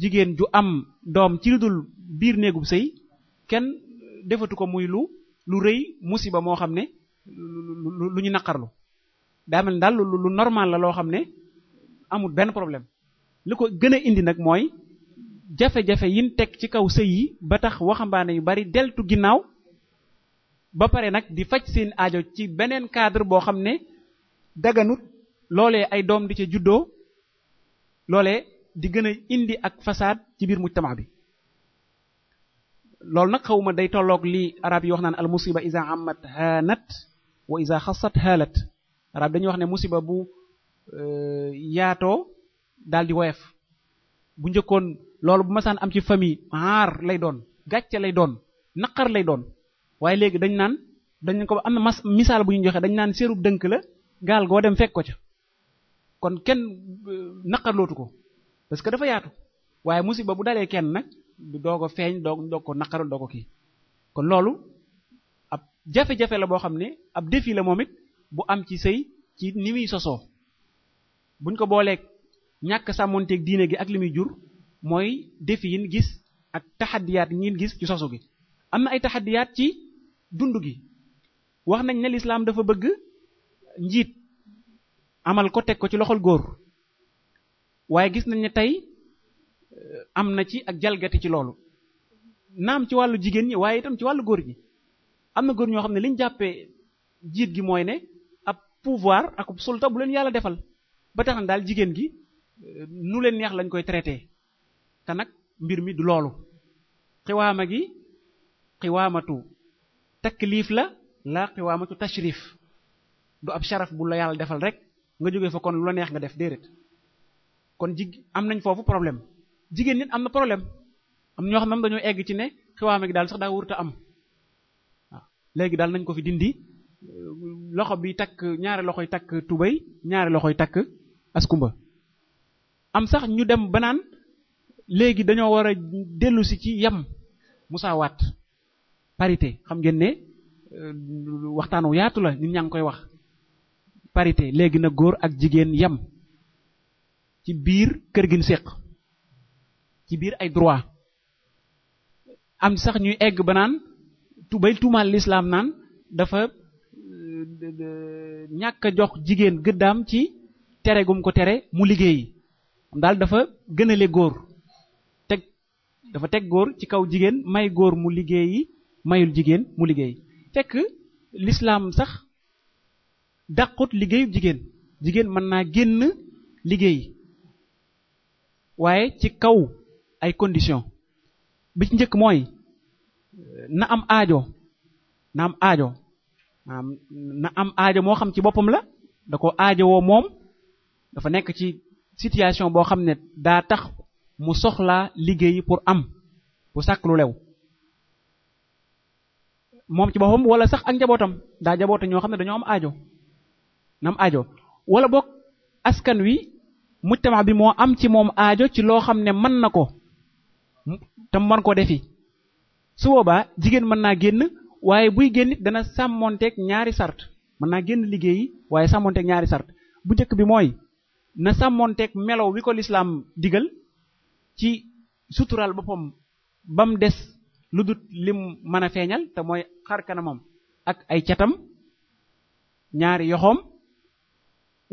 jigéen ju am doom ci lu dul biir néegub sëy kenn defatu ko muy lu lu rëy musiba moo xam ne lu ñu naqarlu daa mel daal lu normal la loo xam ne amul benn problème li ko gën a indi nag mooy jafe-jafe yin teg ci kaw sëy yi ba tax waxambaane yu bari deltu ginnaaw ba pare nag di faj seen aajo ci beneen cadre boo xam ne daganut loolee ay doom di ca juddoo loolee di gën a indi ak fasaad ci biir mujtama bi loolu nag xawma day tolloog li arab yi wax naan al musiba iza amat hanat wa isa xasat xaalat arab dañuy wax ne musiba bu euh, yaatoo daal di woyef bu njëkkoon loolu bu masaan am ci famille aar lay doon gàcce lay doon naqar lay doon waaye léegi dañ naan dañ ko am na mas misaal bu ñu joxe dañ naan seerub dënk la gaal goo dem fekk ko ca kon kenn euh, naqarlootu ko parce que dafa yaatu waaye musiba bu dalee kenn nag doo ko feeñ doog doog ko naqaral doo ko kon loolu jafe-jafe la boo xam ne ab defi la moom it bu am ci sëy ci ni muy sosoo buñ ko booleek ñàkk sàmmonteeg diine gi ak li muy jur mooy défi yin gis ak taxadiyaat yin gis ci sosu gi am na ay taxadiyaat ci dund gi wax nañ ne lislaam dafa bëgg njiit amal ko teg ko ci loxol góor waaye gis nañ ne tey euh, am na ci ak jalgati ci loolu naam ci wàllu jigéen ñi waaye itam ci wàllu góor ñi am na góor ñoo xam ne li ñu jàppee jiit gi mooy ne ab pouvoir ak sulta bu leen yàlla defal ba tax na daal jigéen gi euh, nu leen neex lañ koy traité te nag mbir mi du loolu xiwaama gi xiwaamatu taklif la la xiwaamatu tashrif du ab sharaf bu la yàlla defal rek nga jógee fa kon la neex nga def déedéet kon jig am nañ foofu problème jigéen nit am na problème am ñoo xam ne dañoo egg ci ne xiwaama gi daal sax daa wurta am léegi daal nañ ko fi dindi euh, loxo bi takk ñaari loxoy takk tubay ñaari loxoy takk askumba am sax ñu dem banaan léegi dañoo war a dellu si ci yam musaawaat parité xam ngeen ne euh, waxtaanu yaatu la nit ñaa ngi koy wax parité léegi na góor ak jigéen yam ci biir kër gi ñu séq ci biir ay droit am sax ñuy egg banaan bay tuumaal lislaam naan dafa euh, ñàkk jox jigéen gëddaam ci tere gum ko tere mu liggéeyi daal dafa gënale góor teg dafa teg góor ci kaw jigéen may góor mu liggéeyi mayul jigéen mu liggéey fekk lislaam sax dàqut liggéeyu jigéen jigéen mën naa génn liggéey waaye ci kaw ay condition bi ci njëkk mooy na am aajo na am aajo na am aajo moo xam ci boppam la da ko aajowoo moom dafa nekk ci situation boo xam ne daa tax mu soxlaa liggéey pour am pour sàkk lu lew moom ci boppam wala sax ak njabootam daa jaboote ñoo xam ne dañoo am aajo na am aajo wala boog askan wi mujtama bi moo am ci moom aajo ci loo xam ne mën na ko tam mën ko defi su boobaa jigéen mën naa génn waaye buy génn it dana sàmmonteeg ñaari sart mën naa génn liggéeyi waaye sàmmonteeg ñaari sart bu njëkk bi mooy na sàmmonteeg melow wi ko lislaam digal ci sutural boppam ba des lu dut lim mën a feeñal te mooy xar kanamam ak ay catam ñaari yoxoom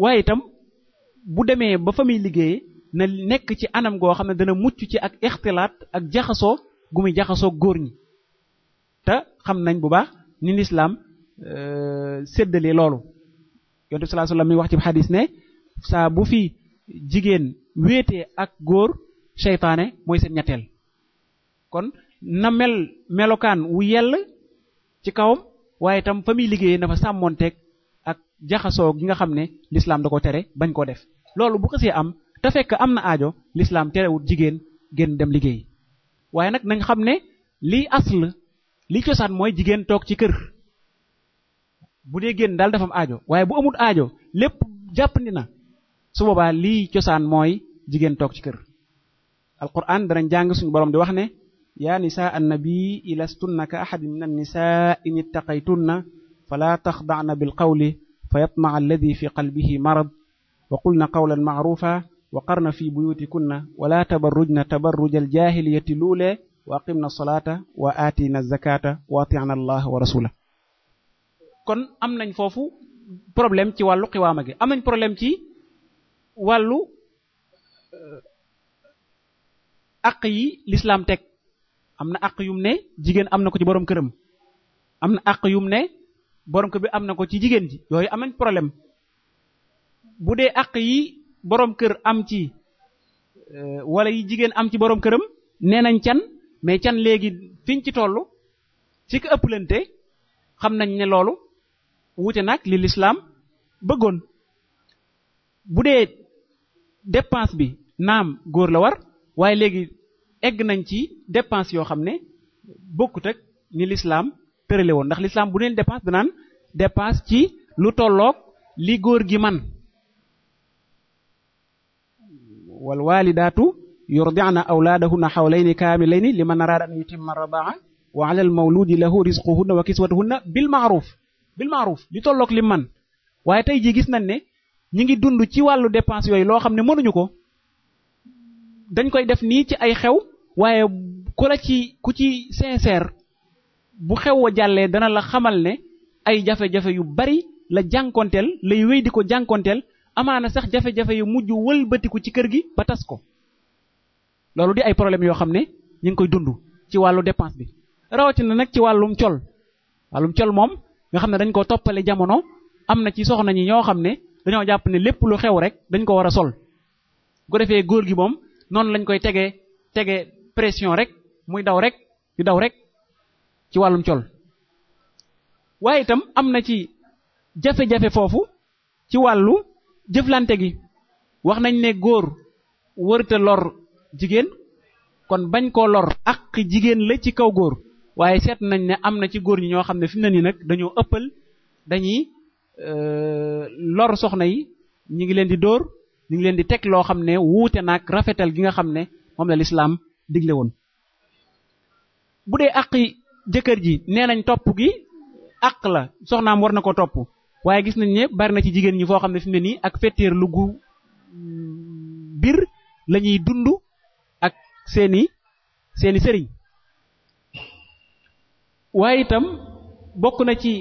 waaye itam bu demee ba fa muy liggéeyee na nekk ci anam goo xam ne dana mucc ci ak ixtilaat ak jaxasoo gu muy jaxasoo góor ñi te xam nañ bu baax ni lislaam euh, séddale loolu yonte bi la alayhi wasallam mi wax ci xadis ne saa bu fi jigéen wéetee ak góor seytaane mooy seen ñetteel kon na mel melokaan wu yell ci kawam waaye tam fa muy liggéeyee na fa sàmmoonteeg ak jaxasoo gi nga xam ne lislaam da ko tere bañ koo def loolu bu xësee am te fekk am na aajo lislaam terewut jigéen génn dem liggéey waaye nag nañ xam ne lii asl li cosaan mooy jigéen toog ci kër bu dee génn daal defam am aajo waaye bu amut aajo lépp jàppandi na su boobaa lii cosaan mooy jigéen toog ci kër alquran danañ jàng suñu borom di wax ne yaa nisaa annabii ilastunna ka ahadin min annisaa in ittaqaytunna fala taxda'na bilqawli fa yatmaca alladi fi qalbihi marad wa qulna qawlan macrufa wa qarna fi buyutikunna wala tabarrujna tabarrujal jaahiliyati luulee wa aqimna salaata wa aatina zakata wa ati'na allah wa rasula kon am nañ foofu problème ci wàllu xiwaama gi am nañ problème ci wàllu aq euh, yi lislaam teg am na aq yum ne jigéen am na ko ci borom këram am na aq yum ne borom bi am na ko ci jigéen ji yooyu am nañ problème bu dee aq yi borom kër am ci euh, wala yi jigéen am ci borom këram nee nañ can mais can léegi fiñ ci toll ci ko ëpplante xam nañ ne loolu wute nag li lislaam bëggoon bu dee dépense bi naam góor la war waaye léegi egg nañ ci dépense yoo xam ne bokkut ak ni lislaam tërale woon ndax lislaam bu neen dépense danaan dépense ci lu tolloog li góor gi man wal walidaatu yurdi'na awlaadahunna hawlayni kaamilayni liman araada an yutimma rabaa wa ala al mawludi lahu rizquhunna wa kiswatuhunna bil ma'ruf bil ma'ruf li tolloog li man waaye tey jii gis nañ ne ñi ngi dund ci wàllu dépense yooyu loo xam ne mënuñu ko dañ koy def nii ci ay xew waaye ku la ci ku ci sincère bu xew a jàllee dana la xamal ne ay jafe-jafe yu bari la jànkonteel lay wéy di ko jànkonteel amaana sax jafe-jafe yu mujj wëlbatiku ci kër gi ba tas ko loolu di ay problème yoo xam ne ñu ngi koy dund ci wàllu dépense bi rawatina nag ci wàllum col wàllum col moom nga xam ne dañ ko toppale jamono am na ci soxna ñi ñoo xam ne dañoo jàpp ne lépp lu xew rek dañ ko war a sol bu ko defee góor gi moom noonu lañ koy tege tege pression rek muy daw rek di daw rek ci wàllum col waaye itam am na ci jafe-jafe foofu ci wàllu jëflante gi wax nañ ne góor wërta lor jigéen kon bañ koo lor ak jigéen la ci kaw góor waaye seet nañ ne am na ci góor ñi ñoo xam ne fi na nii nag dañoo ëppal dañuy euh, lor soxna yi ñu ngi leen di dóor ñu ngi leen di teg loo xam ne wuute naag rafetal gi nga xam ne moom la lislaam digle woon bu dee àqi jëkkër ji nee nañ topp gi àq la soxnaam war na ko topp waaye gis nañ ne bari na ci jigéen ñi foo xam ne fi ne nii ak fetteer lu gu mm, bir la ñuy dund ak seeni seeni sëriñ waaye itam bokk na ci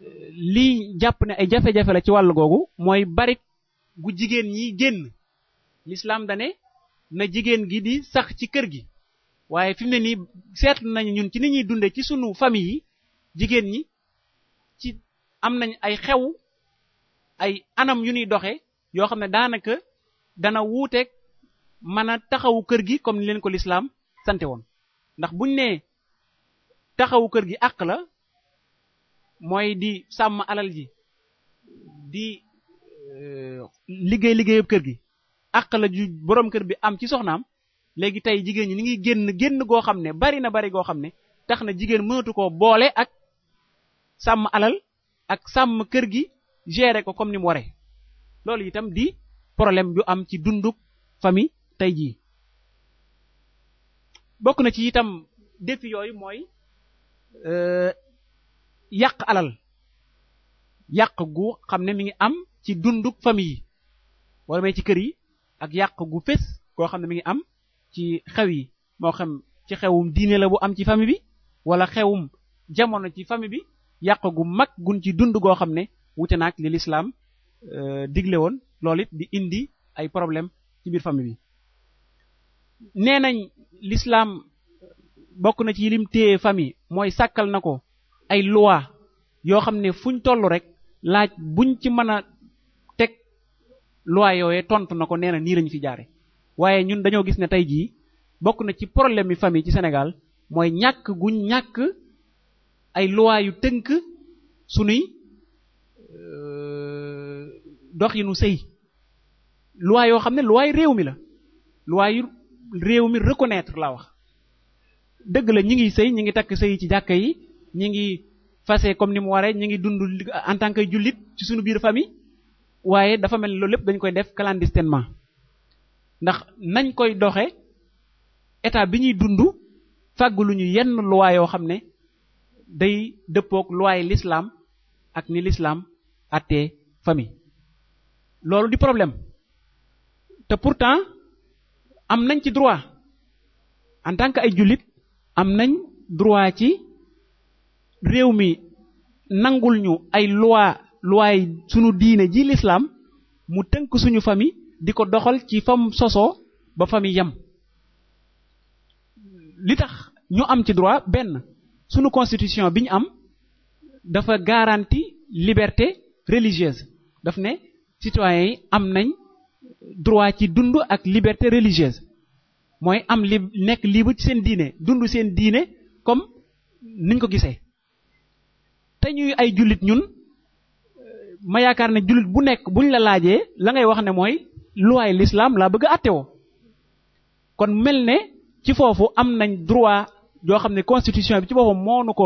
eh, lii jàpp ne ay jafe-jafe la ci wàll googu mooy bari gu jigéen ñi génn lislaam dane na jigéen gi di sax ci kër gi waaye fi mu nii seetl nañu ñun ci ni ñuy dunde ci sunu famille yi jigéen ñi ci am nañ ay xew ay anam yu ñuy doxe yoo xam ne daanaka dana wuuteeg mën a taxawu kër gi comme ni leen ko lislaam sante woon ndax buñ nee taxawu kër gi àq la mooy di sàmm alal ji di euh, liggéey liggéeyub kër gi àq la ju borom kër bi am ci soxnaam léegi tey jigéen ñi ni ngi génn génn goo xam ne bari na bari goo xam ne tax na jigéen mënatu koo boole ak sàmm alal ak sàmm kër gi gérer ko comme ni mu waree loolu itam di problème yu am ci dunduk famille tey jii bokk na ci itam défi yooyu mooy euh, yàq alal yàq gu xam ne mi ngi am ci dunduk famille yi boo demee ci kër yi ak yàq gu fés koo xam ne mi ngi am ci xew yi moo xam ci xewum diine la bu am ci famille bi wala xewum jamono ci famille bi yàq gu mag gun ci dund goo xam ne wute naag li lislaam euh, digle woon loolu it di indi ay problème ci biir famille bi nee nañ lislaam bokk na ci lim téye famille mooy sàkkal na ko ay loi yoo xam ne fuñ toll rek laaj buñ ci mën a teg loi yooyee tontu na ko nee na nii lañ fi jaare waaye ñun dañoo gis ne tey jii bokk na ci problème yi famille ci Sénégal mooy ñàkk guñ ñàkk ay loi yu tënk sunuy euh, dox yi nu sëy loi yoo xam ne loi réew mi la loi yu réew mi reconnaître laa wax dëgg la ñi ngi sëy ñi ngi takk sëy ci jàkka yi ñi ngi fase comme ni mu waree ñi ngi dund en tant que jullit ci suñu biir famille waaye dafa mel ni loolu lépp dañ koy def clandestinement ndax nañ koy doxe état bi ñuy dund fàggu lu ñu yenn loi yoo xam ne day dëppoog luwaay lislaam ak ni lislaam àttee famille loolu di problème te pourtant am nañ ci droit en tant que ay jullit am nañ droit ci réew mi nangul ñu ay loi luwaay sunu diine ji lislaam mu tënk suñu famille di ko doxal ci fam sosoo ba famille yam li tax ñu am ci droit benn sunu constitution bi ñu am dafa garantie liberté religieuse daf ne citoyens yi am nañ droit ci dund ak liberté religieuse mooy am li nekk libre ci seen diine dund seen diine comme niñ ko gisee te ñuy ay jullit ñun ma yaakaar na jullit bu nekk buñ la laajee la ngay wax ne mooy luwaay lislaam laa bëgg a àtte woo kon mel ne ci foofu am nañ droit yoo xam ne constitution bi ci boppam moo nu ko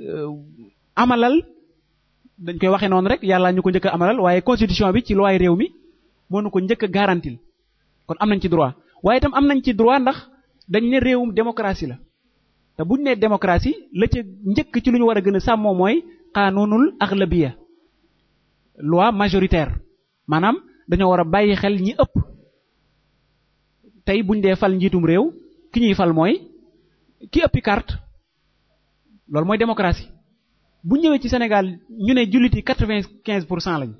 euh, amalal dañ koy waxee noonu rek yàlla ñu ko njëkk a amalal waaye constitution bi ci loi réew mi moo nu ko njëkk a garantil kon am nañ ci droit waaye itam am nañ ci droit ndax dañ ne réewum démocratie la te buñ ne démocratie la ca njëkk ci lu ñu war a gën a sàmmoo mooy xaanunul axlabiya loi majoritaire maanaam dañoo war a bàyyi xel ñi ëpp tey buñ dee fal njiitum réew ki ñuy fal mooy ki ëppi carte loolu mooy démocratie bu ñëwee ci Sénégal ñu ne jullit yi quatre-vingt-quinze pour cent lañu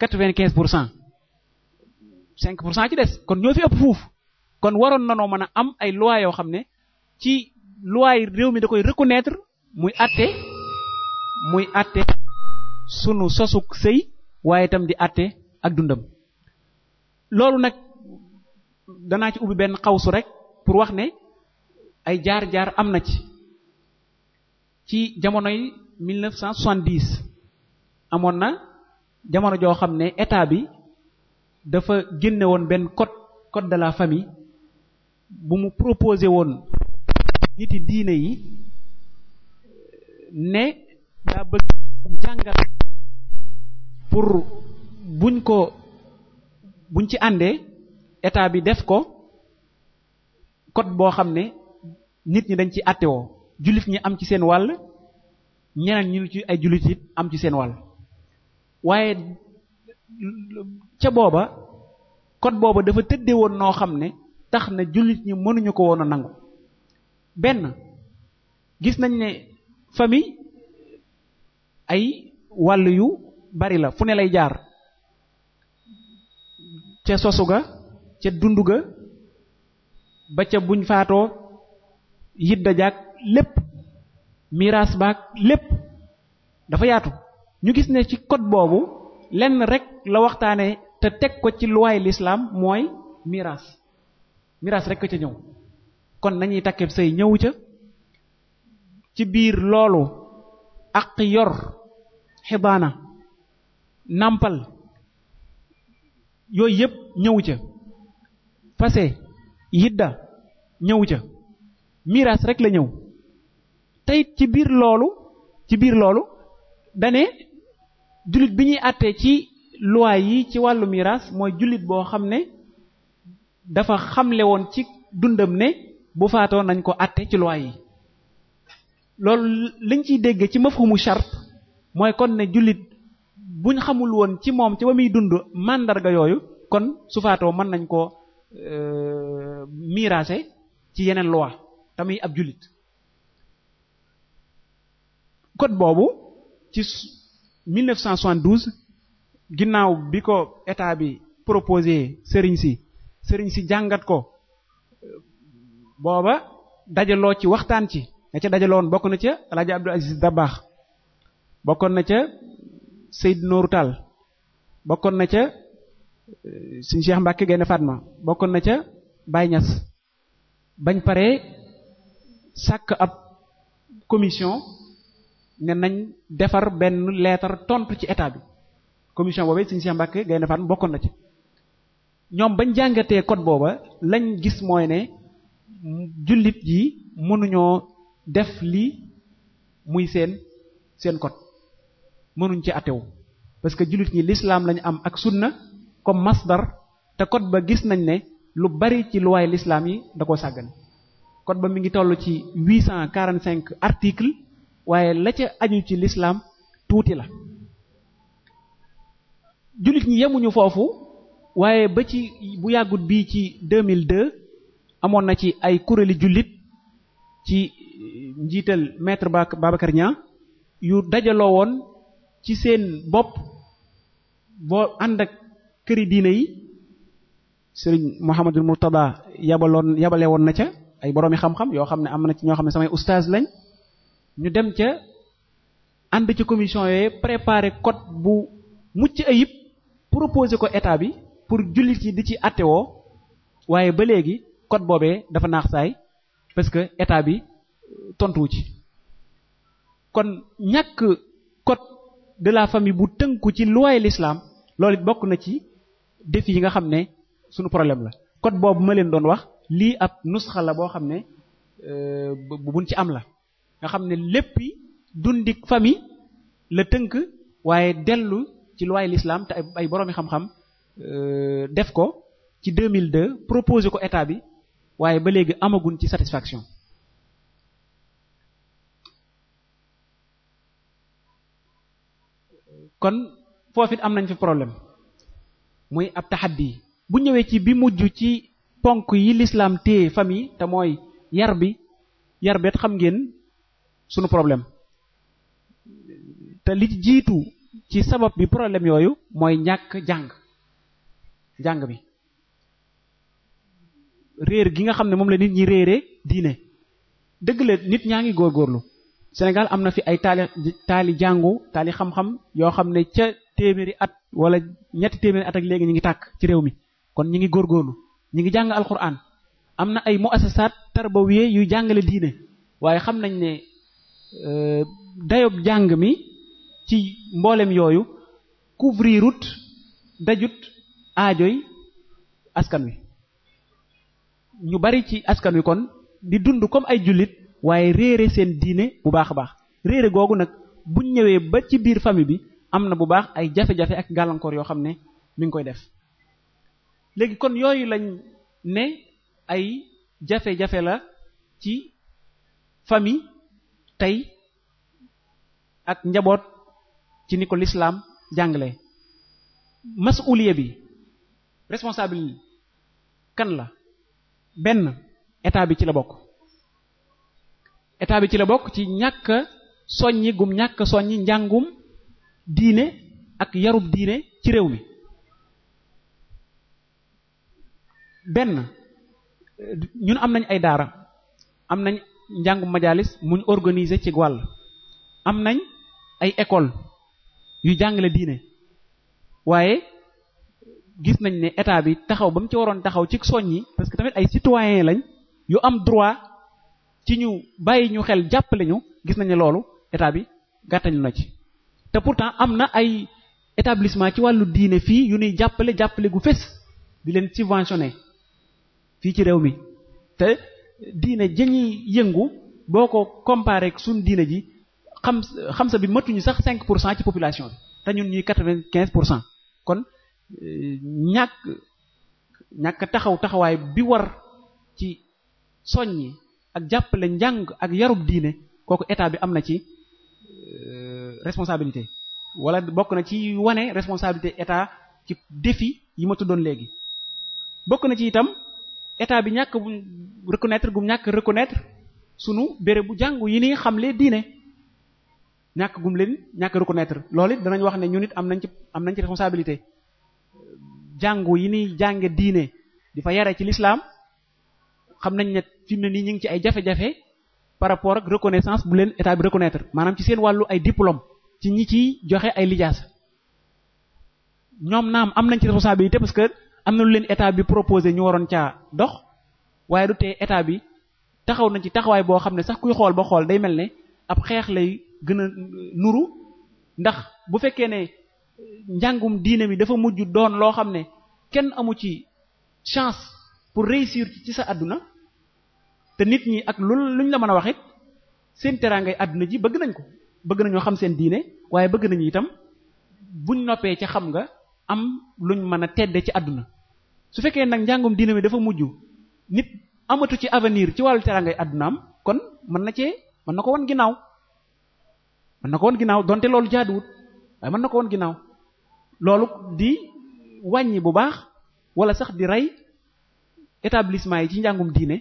quatre-vingt-quinze pour cent cinq pour ci des kon ñoo fi ëpp fuuf kon waroon nanoo mën a am ay loi yoo xam ne ci loi réew mi da koy reconnaître muy àtte muy àtte sunu sosuk sëy waaye itam di àtte ak dundam loolu nag danaa ci ubbi benn xawsu rek pour wax ne ay jaar-jaar am na ci ci jamonoy 1970 amoon na jamono joo xam ne état bi dafa génne woon benn code code de la famille bu mu proposé woon niti diine yi euh, ne daa bëgg jàngal pour buñ ko buñ ci àndee état bi def ko code boo xam ne nit ñi dañ ci attewoo jullit ñi am ci seen wàll ñeneen ñu ci ay jullit it am ci seen wàll waaye ca booba code booba dafa tëdde woon noo xam ne tax na jullit ñi mënuñu ko woon a nangu benn gis nañ ne fami ay wàll yu bari la fu ne lay jaar ca sosu ca dund ga ba ca buñ faatoo yidda jaag lépp miraas baag lépp dafa yaatu ñu gis ne ci code boobu lenn rekk la waxtaane te teg ko ci luwaay lislaam mooy miraas miraas rek ko ca ñëw kon nañuy takkeeb say ñëw ca ci biir loolu ak yor xibaana nàmpal yooyu yépp ñëw ca fase yidda ñëw ca miraas rek la ñëw tey ci biir loolu ci biir loolu dane jullit bi ñuy àttee ci loi yi ci wàllu miraas mooy jullit boo xam ne dafa xamle woon ci dundam ne bu faatoo nañ ko àtte ci loi yi loolu liñ ciy dégg ci mafhumu shart mooy kon ne jullit buñ xamul woon ci moom ci ba muy dund màndarga yooyu kon su faatoo mën nañ ko euh, miraase ci yeneen loi tamuy ab jullit code boobu ci 1972 ginnaaw bi ko état bi proposé sëriñ si sëriñ si jàngat ko euh, booba dajaloo ci waxtaan ci nga ca dajaloon bokk na ca El Hadj Abdou baax Dabakh bokkoon na ca Seydou Nourou Tall bokkoon na ca euh, Sëriñ Cheikh Mbacke Gaynde Fatma bokkoon na ca Baye bañ paree sàkk ab commission ne nañ defar benn leetar tontu ci état bi commission boobu suñu si Mbacke Gaynde Fatma bokkoon na ci ñoom bañ jàngatee code booba lañ gis mooy ne jullit yi mënuñoo def lii muy seen seen code mënuñ ci atewu parce que jullit yi lislaam lañu am ak sunna comme masdar te code ba gis nañ ne lu bari ci luwaay lislaam yi da koo sàggane code ba mi ngi toll ci huit cent quarante cinq waaye la ca aju ci lislaam tuuti la jullit ñi yemuñu foofu waaye ba ci bu yàggut bii ci deux mille deux amoon na ci ay kuréeli jullit ci njiital maître ba Babacar yu dajaloo woon ci seen bopp boo ànd ak këri diine yi Serigne Mouhamadul Murtada yabaloon yabale woon na ca ay boroomi xam-xam yoo xam ne am na ci ñoo xam ne samay oustaz lañ ñu dem ca ànd ci commission yooyu préparer code bu mucc ayib proposé ko état bi pour jullit yi di ci attewoo waaye ba léegi code boobee dafa naax saay parce que état bi tontuwu ci kon ñàkk code de la famille bu tënku ci loi lislaam loolu it bokk na ci défi yi nga xam ne sunu problème la code boobu ma leen doon wax lii ab nusxa la boo xam ne euh, buñ ci am la nga xam ne léppi dundik famille la tënk waaye dellu ci loi l'islam te ay boroomi xam-xam euh, def ko ci 2002 proposé ko état bi waaye ba léegi amaguñ ci satisfaction kon foofit am nañ fi problème muy ab taxaddi bu ñëwee ci bi mujj ci ponk yi lislaam téye famille te mooy yar bi yar bet xam ngeen sunu problème te li jiitu ci sabab bi problème yooyu mooy njàkk jàng jàng bi réer gi nga xam ne moom la nit ñi réere diine dëgg la nit ñaa ngi góorlu Sénégal am na fi ay taali taali jàngu taali xam-xam yoo xam ne ca téeméeri at wala ñetti téeméeri at ak léegi ñu ngi tàkk ci réew mi kon ñu ngi góorgóorlu ñu ngi jàng alquran am na ay muassasat tarbawiye yuy jàngale diine waaye xam nañ ne euh, dayob jàng mi ci mbooleem yooyu couvrirut dajut aajoy askan wi ñu bari ci askan wi kon di dund comme ay jullit waaye réere seen diine bu baax a baax réere googu nag buñ ñëwee ba ci biir famille bi am na bu baax ay jafe-jafe ak gàllankoor yoo xam ne mu ngi koy def léegi kon yooyu lañ ne ay jafe-jafe la ci famille tey ak njaboot ci ni ko lislaam jàngale masuliya bi responsable kan la benn état bi ci la bokk état bi ci la bokk ci ñàkk soññi gum ñàkk soññ njàngum diine ak yarub diine ci réew mi benn ñun am nañ ay daara am nañ njàngu majalis muñ organiser ci wàll am nañ ay école yu jàngale diine waaye gis nañ ne état bi taxaw ba mu ci waroon taxaw ci soññi parce que tamit ay citoyens lañ yu am droit ci ñu bàyyi ñu xel jàppale ñu gis nañ loolu état bi gàttañu na ci te temps am na ay établissement ci wàllu diine fii yu ñuy jàppale jàppale gu fés di leen subventionné fii ci réew mi te diine jëñ yëngu boo ko comparé suñ diine ji xam xam sa bi matuñu sax 5 pour cent ci population bi te ñun ñuy 95 pour cent kon euh, ñàkk ñàkk taxaw taxawaay bi war ci yi ak jàppale njàng ak yarub diine kooku état bi am na ci euh, responsabilité wala bokk na ci wane responsabilité état ci défi yi ma tuddoon léegi bokk na ci itam état bi ñàkk bu gum ñàkk reconnaître sunu bérébu jàngu yi ni xamle diine ñàkk gum leen ñàkk reconnaître loolu it danañu wax ne ñun it am nañ ci am nañ ci responsabilité jàngu yi ni jànge diine di fa yare ci lislaam xam nañ ne fi mu ne nii ñu ngi ci ay jafe-jafe par rapport ak reconnaissance bu leen état bi reconnaître maanaam ci seen wàllu ay diplôme ci ñi ciy joxe ay lijaas ñoom naam am nañ ci responsabilité parce que am na lu leen état bi proposé ñu waroon caa dox waaye du tee état bi taxaw na ci taxawaay boo xam ne sax kuy xool ba xool day mel ne ab xeex lay gën a nuru ndax bu fekkee ne njàngum diine mi dafa mujj doon loo xam ne kenn amu ci chance pour réussir ci sa àdduna te nit ñi ak lu luñ la mën a wax seen teraangay àdduna ji bëgg nañ ko bëgg nañoo xam seen diine waaye bëgg nañu itam buñ noppee ca xam nga am luñ mën a tedde ci àdduna su fekkee nag njàngum diine mi dafa mujj nit amatu ci avenir ci wàllu teraangay àddunaam kon mën na cee mën na ko won ginnaaw mën na ko won ginnaaw donte loolu jaaduwut waaye mën na ko won ginnaaw loolu di wàññi bu baax wala sax di rey établissement yi ci njàngum diine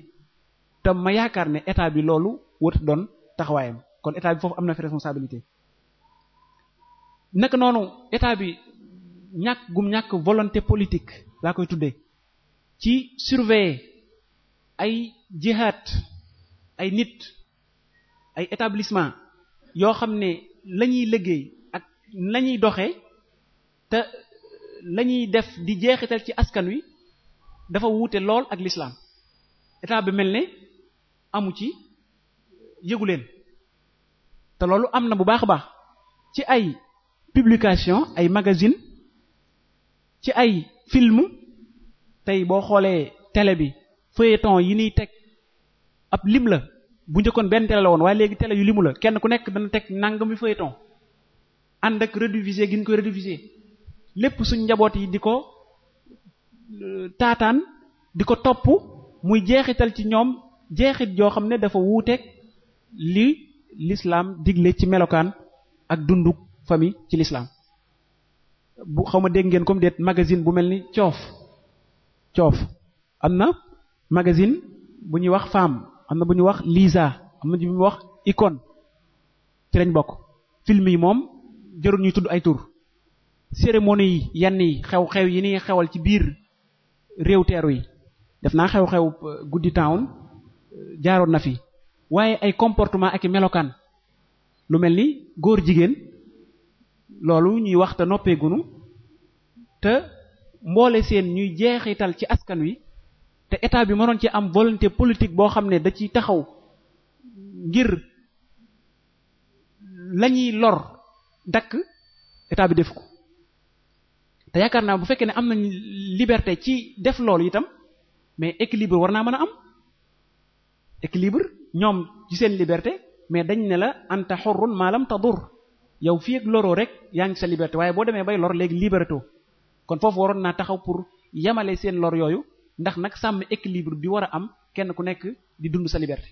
te ma yaakaar ne état bi loolu wër doon taxawaayam kon état bi foofu am na fi responsabilité naka noonu état bi ñàkk gum ñàkk volonté politique laa koy tuddee ci surveiller ay jihaad ay nit ay établissement yoo xam ne la ñuy liggéey ak la ñuy doxee te la ñuy def di jeexital ci askan wi dafa wuute lool ak lislaam état bi mel ne amu ci yëgu te loolu am na bu baax a baax ci ay publication ay magazine ci ay film tey boo xoolee télé bi feuilleton yi niy teg ab lim la bu njëkkoon benn télé la woon waaye léegi télé yu limu la kenn ku nekk dana teg nangami feuilleton ànd ak rediffusé gi ñu koy rediffusé lépp suñ njaboot yi di ko euh, taataan di ko topp muy jeexital ci ñoom jeexit joo xam ne dafa wuuteeg li l'islam digle ci melokaan ak dundu famille ci l'islam bu xaw ma dégg ngeen comme déet magazine bu mel ni coof coof am na magasin bu ñuy wax femme am na bu ñuy wax Lisa am na bu ñuy wax Icône ci lañ bokk film yi moom jarul ñuy tudd ay tur cérémonie yi yenn yi xew-xew yi ni xewal ci biir réew teeru yi def naa xew-xew euh, guddi town euh, jaaroon na fi waaye ay comportement ak melokaan lu mel ni góor jigéen loolu ñuy wax te noppeegunu te mboole seen ñuy jeexital ci askan wi te état bi mënoon ci am volonté politique boo xam ne da taxaw ngir lañuy lor dakk état bi def ko te yaakaar naa bu fekkee ne am nañ liberté ci def loolu itam mais équilibre war naa mën a am équilibre ñoom ci seen liberté mais dañ ne la anta xorrun maalam tadur yow fii ak loroo rek yaa ngi sa liberté waaye boo demee bay lor léegi liberté kon foofu waroon naa taxaw pour yemale seen lor yooyu ndax nag sàmm équilibre bi war a am kenn ku nekk di dund sa liberté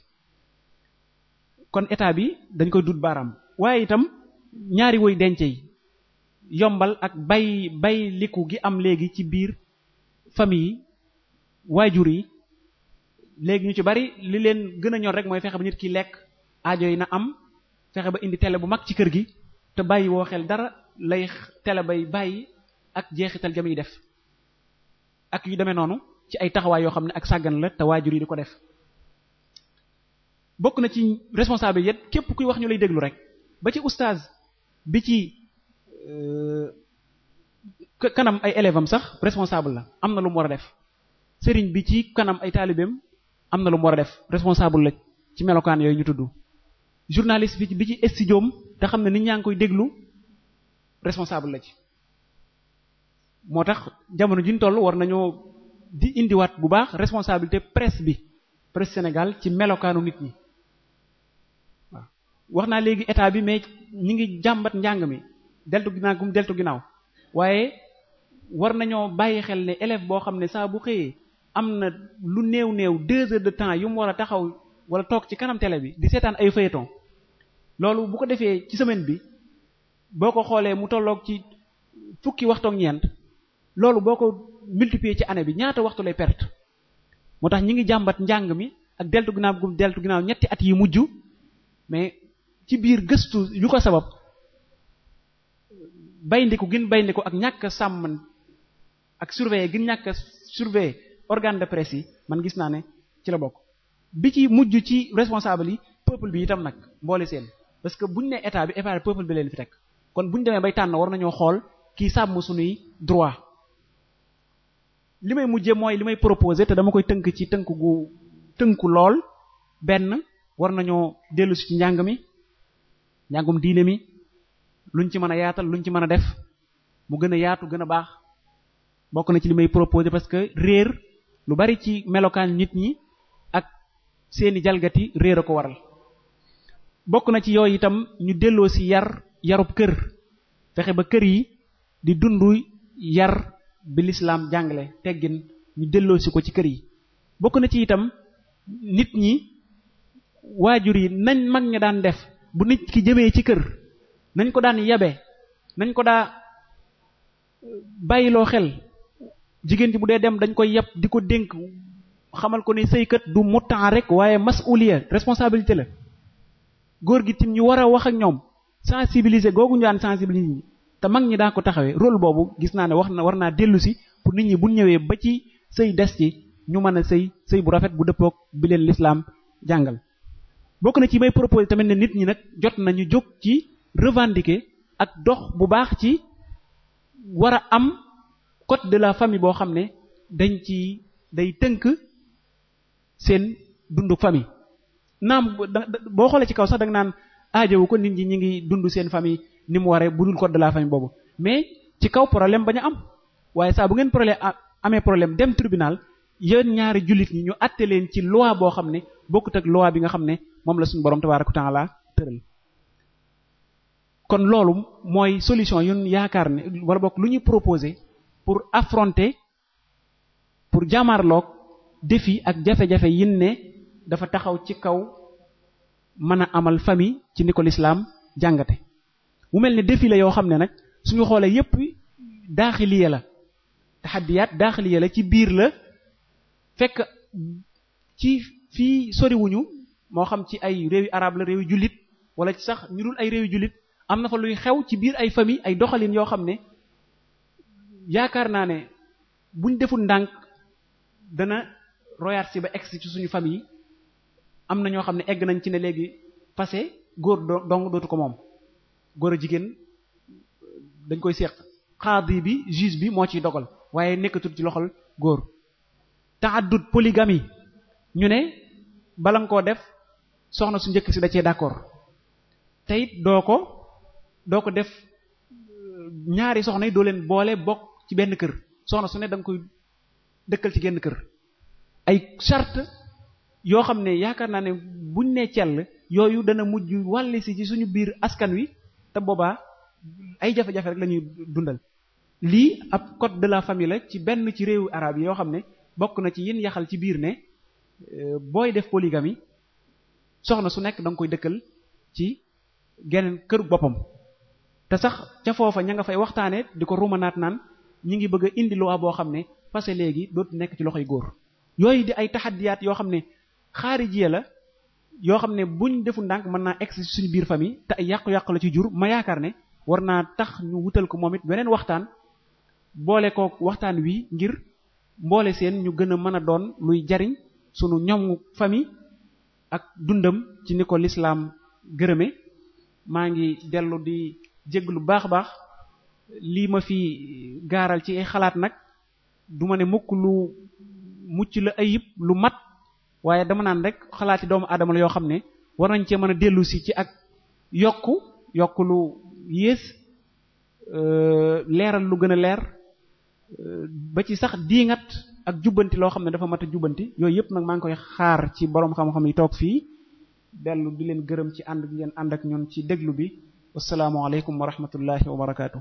kon état bi dañ koy dut baaraam waaye itam ñaari woy denc yi yombal ak bay bay liku gi am léegi ci biir famille yi waajur yi léegi ñu ci bari li leen gën a ñor rek mooy fexe ba nit kiy lekk ajo yi na am fexe ba indi tele bu mag ci kër gi te bàyyi woo xel dara lay télé bay bàyyi ak jeexital jam yi def ak yu demee noonu ci ay taxawaay yoo xam ne ak sàggan la te waajur yi di ko def bokk na ci responsable yet képp kuy wax ñu lay déglu rek ba ci oustaz bi ci euh, kanam ay élève sax responsable la am na lu mu war a def sëriñ bi ci kanam ay taalibeem am na lu mu war a def responsable la ci melokaan yooyu ñu tudd journaliste bi ci bi ci studio te xam ne nit ñaa ngi koy déglu responsable la ci moo tax jamono ji toll war nañoo di indiwaat bu baax responsabilité presse bi presse Sénégal ci melokaanu nit ñi waaw wax naa léegi état bi mais ñi ngi jàmbat njàng mi deltu ginnaaw gum deltu ginnaaw waaye war nañoo bàyyi xel ne élève boo xam ne saa bu xëyee am na lu néew néew deux heures de temps yu mu war a taxaw wala toog ci kanam télé bi di seetaan ay feuilleton loolu bu ko defee ci semaine bi boo ko xoolee mu tolloog ci fukki waxtoog ñeent loolu boo ko multipier ci année bi ñaata waxtu lay perte moo tax ñi ngi jàmbat njàng mi ak deltu ginnaaw gum deltu ginnaaw ñetti at yi mujj mais ci biir gëstu yu ko sabab bayndiku gin bayndiku ak ñàkk sàmm ak surveiller gin ñàkk surveiller organe de presse yi man gis naa ne ci la bokk bi ci mujj ci responsable yi peuple bi itam nag mboole seen parce que buñ ne état bi état peuple bi leen fi teg kon buñ demee bay tànn war nañoo xool kii sàmm suñuy droit li may mujje mooy li may proposer te dama koy tënk ci tënk gu tënku lool benn war nañoo dellusi si ci njàng mi njàngum diine mi luñ ci mën a yaatal luñ ci mën a def mu gën a yaatu gën a baax bokk na ci li may proposer parce que réer lu bari ci melokaan nit ñi ak seeni jalgati réer a ko waral bokk na ci yooyu itam ñu delloo si yar yarub kër fexe ba kër yi di dund yar bi lislaam jàngale teggin ñu delloo si ko ci kër yi bokk na ci itam nit ñi waajur yi nañ mag ña daan def bu nit ki jëmee ci kër nañ ko daan yabe nañ ko daa bàyyiloo xel jigéen ji bu dee dem dañ ko yab di ko dénk xamal ko ne sëykat du muttan rek waaye mas masuliya responsabilité la góor gi tim ñu war a wax ak ñoom sensibiliser googu ñu daan ñi te mag ñi daa ko taxawee rôle boobu gis naa ne wax na war naa dellu si pour nit ñi bu ñëwee ba ci sëy des ci ñu mën a sëy sëy bu rafet bu dëppoog bi leen lislaam jàngal. bokk na ci may proposé tamit ne nit ñi nag jot nañu jóg ci revendiquer ak dox bu baax ci war a am code de la famille boo xam ne dañ ci day tënk seen dundu famille. naam boo xoolee ci kaw sax da nga naan aajowu ko nit ñi ñi ngi dund seen famille. ni mu waree budul code de la famille boobu mais ci kaw problème ba ñu am waaye saa bu ngeen problème amee problème dem tribunal yéen ñaari jullit ñi ñu àtte leen ci loi boo xam ne bokkut ak loi bi nga xam ne moom la suñu borom tabaaraka taala tëral kon loolu mooy solution yun yaakaar ne wala bokk lu ñuy proposé pour affronter pour jàmmarloog défi ak jafe-jafe yin ne dafa taxaw ci kaw mën a amal famille ci ni ko lislaam jàngate mu mel ne défi la yoo xam ne nag suñu xoolee yépp daaxiliya la taxadiyaat daaxiliya la ci biir la fekk ci fii soriwuñu moo xam ci ay réewi arab la réewi jullit wala ci sax ñu dul ay réewi jullit am na fa luy xew ci biir ay famille ay doxalin yoo xam ne yaakaar naa ne buñ deful ndànk dana royaat si ba egsi ci suñu yi am na ñoo xam ne egg nañ ci ne léegi passé góor dong dootu ko moom góor a jigéen dañ koy seq xaadi bi juge bi moo ciy dogal waaye nekkatul ci loxol góor ta'addud polygamie ñu ne bala nga koo def soxna su njëkk si da cee d'accord te it doo ko doo ko def ñaari soxna yi doo leen boole bokk ci benn kër soxna su ne da koy dëkkal ci genn kër ay charte yoo xam ne yaakaar naa ne buñ ne cell yooyu dana mujj wàll si ci suñu biir askan wi te boobaa ay jafe-jafe rek la dundal lii ab code de la famille la ci benn ci réewu araab yi yoo xam ne bokk na ci yin yaxal ci biir ne euh, booy def polygamie soxna su nekk danga koy dëkkal ci geneen kër boppam te sax ca foofa ña nga fay waxtaanee di ko rumanaat naan ñi ngi bëgg indi loi boo xam ne parce que léegi dootu nekk ci loxoy góor yooyu di ay taxadiyaat yoo xam ne xaarijiya la yoo xam ne buñ defu ndànk mën naa egsi suñu biir famille te ay yàqu-yàqu la ci jur ma yaakaar ne war naa tax ñu wutal ko moom it beneen waxtaan boole koo waxtaan wi ngir mboole seen ñu gën a mën a doon luy jariñ suñu ñoom famille ak dundam ci ni ko lislaam gërëme maa ngi dellu di jégg lu baax baax lii ma fi gaaral ci ay xalaat nag duma ne mukk lu mucc la ayib lu mat waaye dama naan rek xalaati doomu aadama la yoo xam ne war nañ cee mën a dellu si ci ak yokk yokku lu yées euh, leeral lu gën a leer euh, ba ci sax ngat ak jubbanti loo xam ne dafa mat a jubbanti yooyu yëpp nag maa ngi koy xaar ci boroom xam-xam yi toog fii dellu di leen gërëm ci ànd gi ngeen ànd ak ñun ci déglu bi asalaamaaleykum wa rahmatullahi wa barakaatu.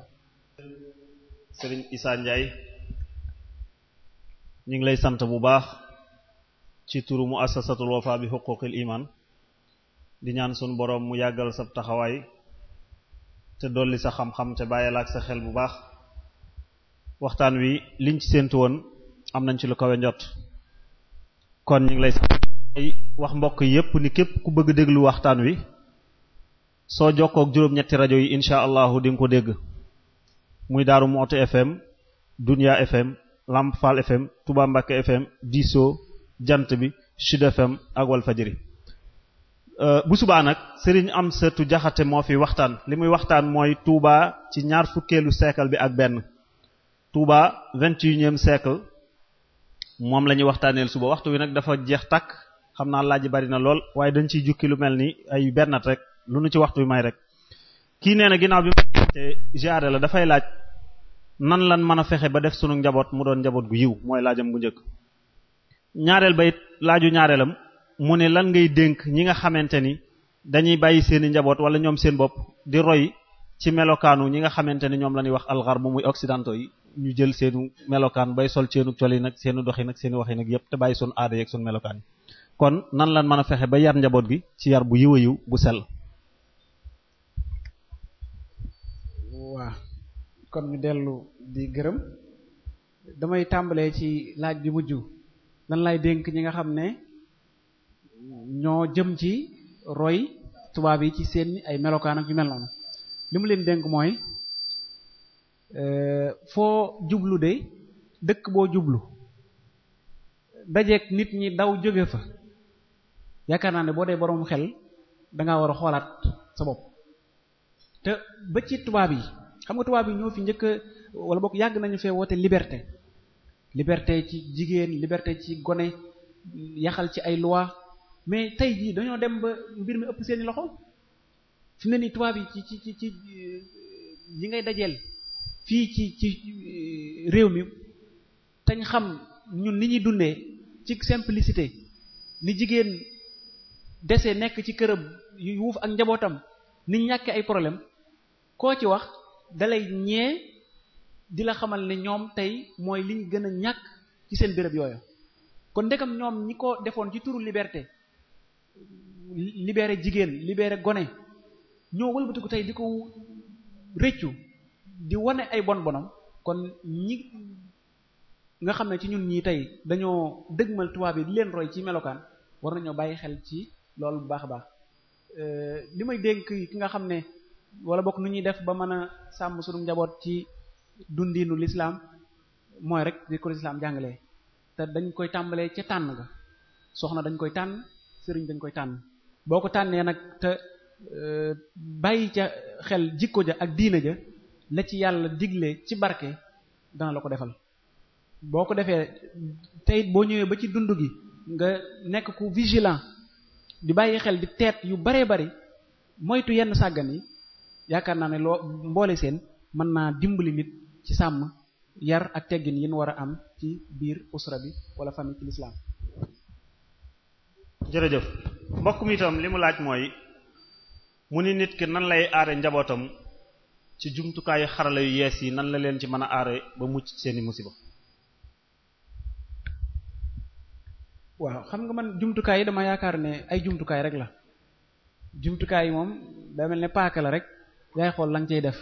Serigne Issa Ndiaye ñu ngi lay sant bu baax. ci turu mu assasatul wafa bi xuquqil iman di ñaan sunu boroom mu yàggal sa taxawaay te dolli sa xam-xam te bàyyil ak sa xel bu baax waxtaan wi liñ ci séentu woon am nañ ci lu kawe njot kon ñu ngi lay wax mbokk yépp ni képp ku bëgg déglu waxtaan wi soo jokkook juróom-ñetti rajo yi incha allahu di nga ko dégg muy Daaru Muxti FM Dunya FM Lamp Fall FM Touba Mbacké FM Diso jant bi Sud FM ak Walfadjri euh, bu subaa nag Serigne Amsatou Diakhaté moo fi waxtaan li muy waxtaan mooy Touba ci ñaar fukkeelu seekal bi ak benn Touba vingt-et-unième siècle moom la ñuy waxtaaneel suba waxtu wi nag dafa jeex takk xam naa laaj bari na lool waaye dañ ciy jukki lu mel ni ay bennat rek lu nu ci waxtu wi may rek kii nee na ginnaaw bi ma te jaare la dafay laaj nan lan mën a fexe ba def sunu njaboot mu doon njaboot gu yiw mooy laajam gu njëkk ñaareel ba it laaju ñaareelam mu ne lan ngay dénk ñi nga xamante ni dañuy bàyyi seen i njaboot wala ñoom seen bopp di roy ci melokaanu ñi nga xamante ne ñoom la ñuy wax alxarbu muy occidentaux yi ñu jël seenu melokaan bay sol seenu col yi nag seenu dox yi nag seeni wax yi nag yépp te bàyyi sunu aada yeeg sunu melokaan yi kon nan lan mën fexe ba yar njaboot gi ci yar bu yiw a yiw bu sell waa kon ñu dellu di gërëm damay tàmbalee ci laaj bi mujj lan lay dénk ñi nga xam ne ñoo jëm ci roy tubaab yi ci seen ay melokaan ak yu mel noonu li mu leen dénk mooy euh, foo jublu de dëkk boo jublu dajeek nit ñi daw jóge fa yaakaar naa ne boo dee boroomu xel danga war a xoolaat sa bopp te ba ci tubaab yi xam nga tubaab yi ñoo fi njëkk wala bokk yàgg nañu fee woote liberté liberté ci jigéen liberté ci gone yaxal ci ay loi mais tey jii dañoo dem ba mbir mi ëpp seeni loxo fi mu ne nii tubaab yi ci ci ci ci euh, yi ngay dajeel fii ci ci euh, réew mi tañ xam ñun ni ñuy dundee ci simplicité ni jigéen dese nekk ci kërab yu wuuf ak njabootam ni ñàkkee ay problème koo ci wax dalay ñee di la xamal ne ñoom tey mooy liñ gën a ñàkk ci seen béréb yooyu kon ndekam ñoom ñi ko defoon ci turu liberté libéré jigéen libéré gone ñoo wëlbatiku tey di ko rëccu di wane ay bon bonam kon ñi nga xam ne ci ñun ñii tey dañoo dëgmal tubaab yi di leen roy ci melokaan war nañoo bàyyi xel ci loolu bu baax a baax euh, li may dénk ki nga xam ne walla bokk nu ñuy def ba mën a sàmm sunu njaboot ci dundiinu lislaam mooy rek di ko lislaam jàngalee te dañ koy tàmbalee ca tànn ga soxna dañ koy tànn sëriñ dañ koy tànn boo ko tànnee nag te e, bàyyi ca xel jikko ja ak diina ja la ci yàlla digle ci barke dana la ko defal boo ko defee tey boo ñëwee ba ci dund gi nga nekk ku vigilant di bàyyi xel di teet yu baree bari moytu yenn sàggan yi yaakaar naa ne loo mboole seen mën naa dimbali nit ci sàmm yar ak teggin yi ñu war a am ci biir usra bi wala famille ci lislaam jërëjëf mbokk mi itam li mu laaj mooy mu ni nit ki nan lay aare njabootam ci jumtukaayu xarala yu yees yi nan la leen ci mën a aare ba mucc seeni musiba waaw xam nga man jumtukaay yi dama yaakaar ne ay jumtukaay rek la jumtukaay yi moom da mel ni paaka la rek yaay xool la nga cay def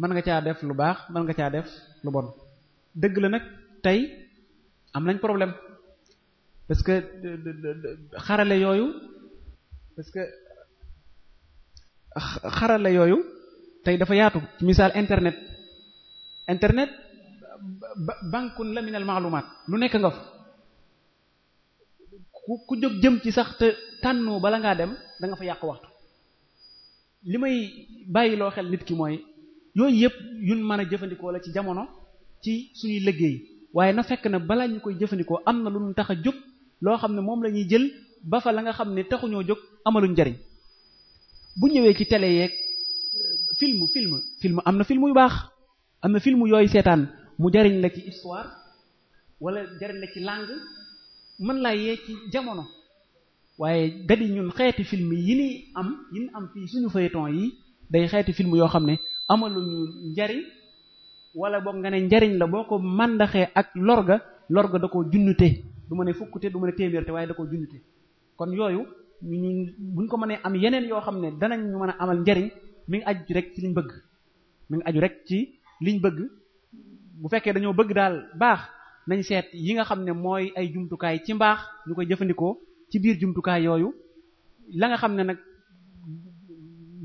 mën nga caa def lu baax mën nga caa def lu bon dëgg la nag tey am nañ problème parce que xarale yooyu parce que xarale yooyu tey dafa yaatu ci misaal internet internet bankun la minal maalumaat lu nekk nga fa ku ku jóg jëm ci sax te tànnu bala ngaa dem da nga fa yàq waxtu li may bàyyiloo xel nit ki mooy yooyu yëpp yuñ mën a jëfandikoo la ci jamono ci suñuy liggéey waaye na fekk na balaa ñu koy jëfandikoo am na lu ñu tax a jóg loo xam ne moom lañuy jël ba fa la nga xam ne taxuñoo jóg amaluñ njariñ bu ñëwee ci tele yeeg euh, film film film am na film yu baax am na film yooyu seetaan mu jariñ la ci histoire wala jariñ la ci langue mën laa yee ci jamono waaye dadi ñun xeeti film yi ni am yi ni am fii suñu feuilleton yi day xeeti film yoo xam ne amaluñu njariñ wala boog nga ne njariñ la boo ko màndaxee ak lorga ga da ko junnute du ma ne fukk te du ma ne téeméer te waaye da koo junnute kon yooyu ñu buñ ko mënee am yeneen yoo xam ne danañ ñu mën a amal njariñ mi ngi aju rek bëgg mi ngi rek ci liñ bëgg bu fekkee dañoo bëgg daal baax nañ yi nga xam ne mooy ay jumtukaay ci mbaax ñu koy jëfandikoo ci biir jumtukaay yooyu la nga xam ne nag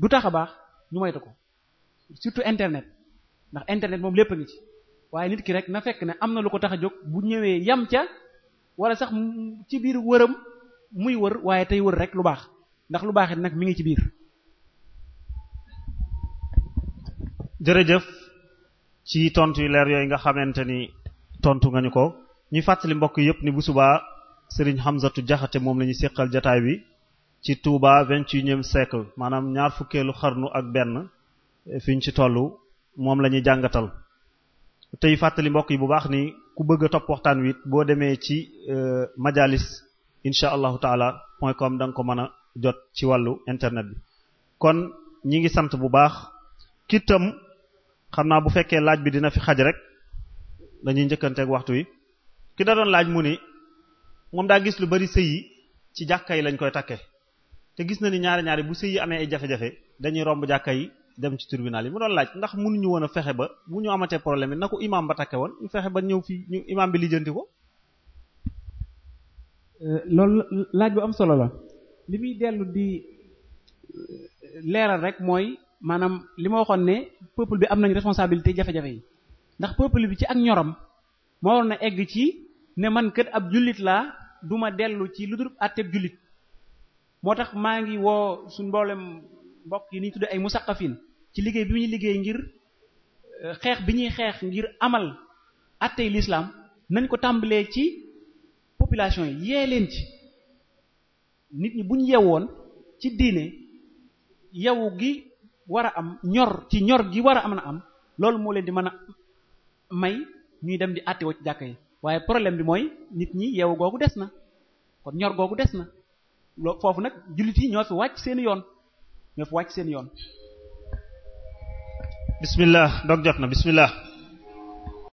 du tax a baax ñu moytu ko surtout internet ndax internet moom lépp a ngi ci waaye nit ki rek na fekk ne am na lu ko tax a jóg bu ñëwee yam ca wala sax ci biir wëram muy wër waaye tey wër rek lu baax ndax lu baax nag mi ngi ci biir. jërëjëf ci tontu yu leer yooyu nga xamante ni tontu nga ñu ko ñuy fàttali mbokk yépp ni bu subaa Serigne Hamzatu Jaxate moom la ñu seqal jataay bi ci Touba 21e siècle maanaam ñaar fukkeelu xarnu ak benn. fi ñu ci tollu moom la ñuy jàngatal tey fàttali mbokk yi bu baax ni ku bëgg a topp waxtaan wit boo demee ci euh, majalis incha allahu taala point com da nga ko mën a jot ci wàllu internet bi kon ñi ngi sant bu baax kitam xam naa bu fekkee laaj bi dina fi xaj rek dañuy njëkkanteeg waxtu wi ki da doon laaj mu ni moom daa gis lu bari sëy yi ci jàkka yi lañ koy takke te gis na ni ñaari ñaari bu sëy yi amee ay jafe-jafe dañuy romb jàkka yi dem ci tribunal yi mu doon laaj ndax mënuñu woon a fexe ba bu ñu amatee problème yi na ko imaam ba takke woon ñu fexe ba ñëw fii ñu imaam bi lijjanti ko. Euh, loolu laaj bu am solo la li muy dellu di euh, leeral rek mooy maanaam li ma waxoon ne peuple bi am nañu responsabilité jafe-jafe yi ndax peuple bi ci ak ñorom moo waroon a egg ci ne man kët ab jullit laa du ma dellu ci lu dul àtteeb jullit moo tax maa ngi woo suñ mboolem mbokk yi ni ñu tuddee ay musaqafin ci liggéey bi ñuy liggéey ngir euh, xeex bi ñuy xeex ngir amal attey l'islam nañ ko tàmbalee ci population yi yee leen ci nit ñi buñ ñu woon ci diine yewu gi war a am ñor ci ñor gi war a am na am loolu moo leen di mën a may ñuy dem di àttewoo ci jàkka waaye problème bi mooy nit ñi yeewu googu des na kon ñor googu des na loo foofu nag jullit yi ñoo fi wàcc seeni yoon ñoo fi wàcc seen yoon bismillah dog jot na bismillah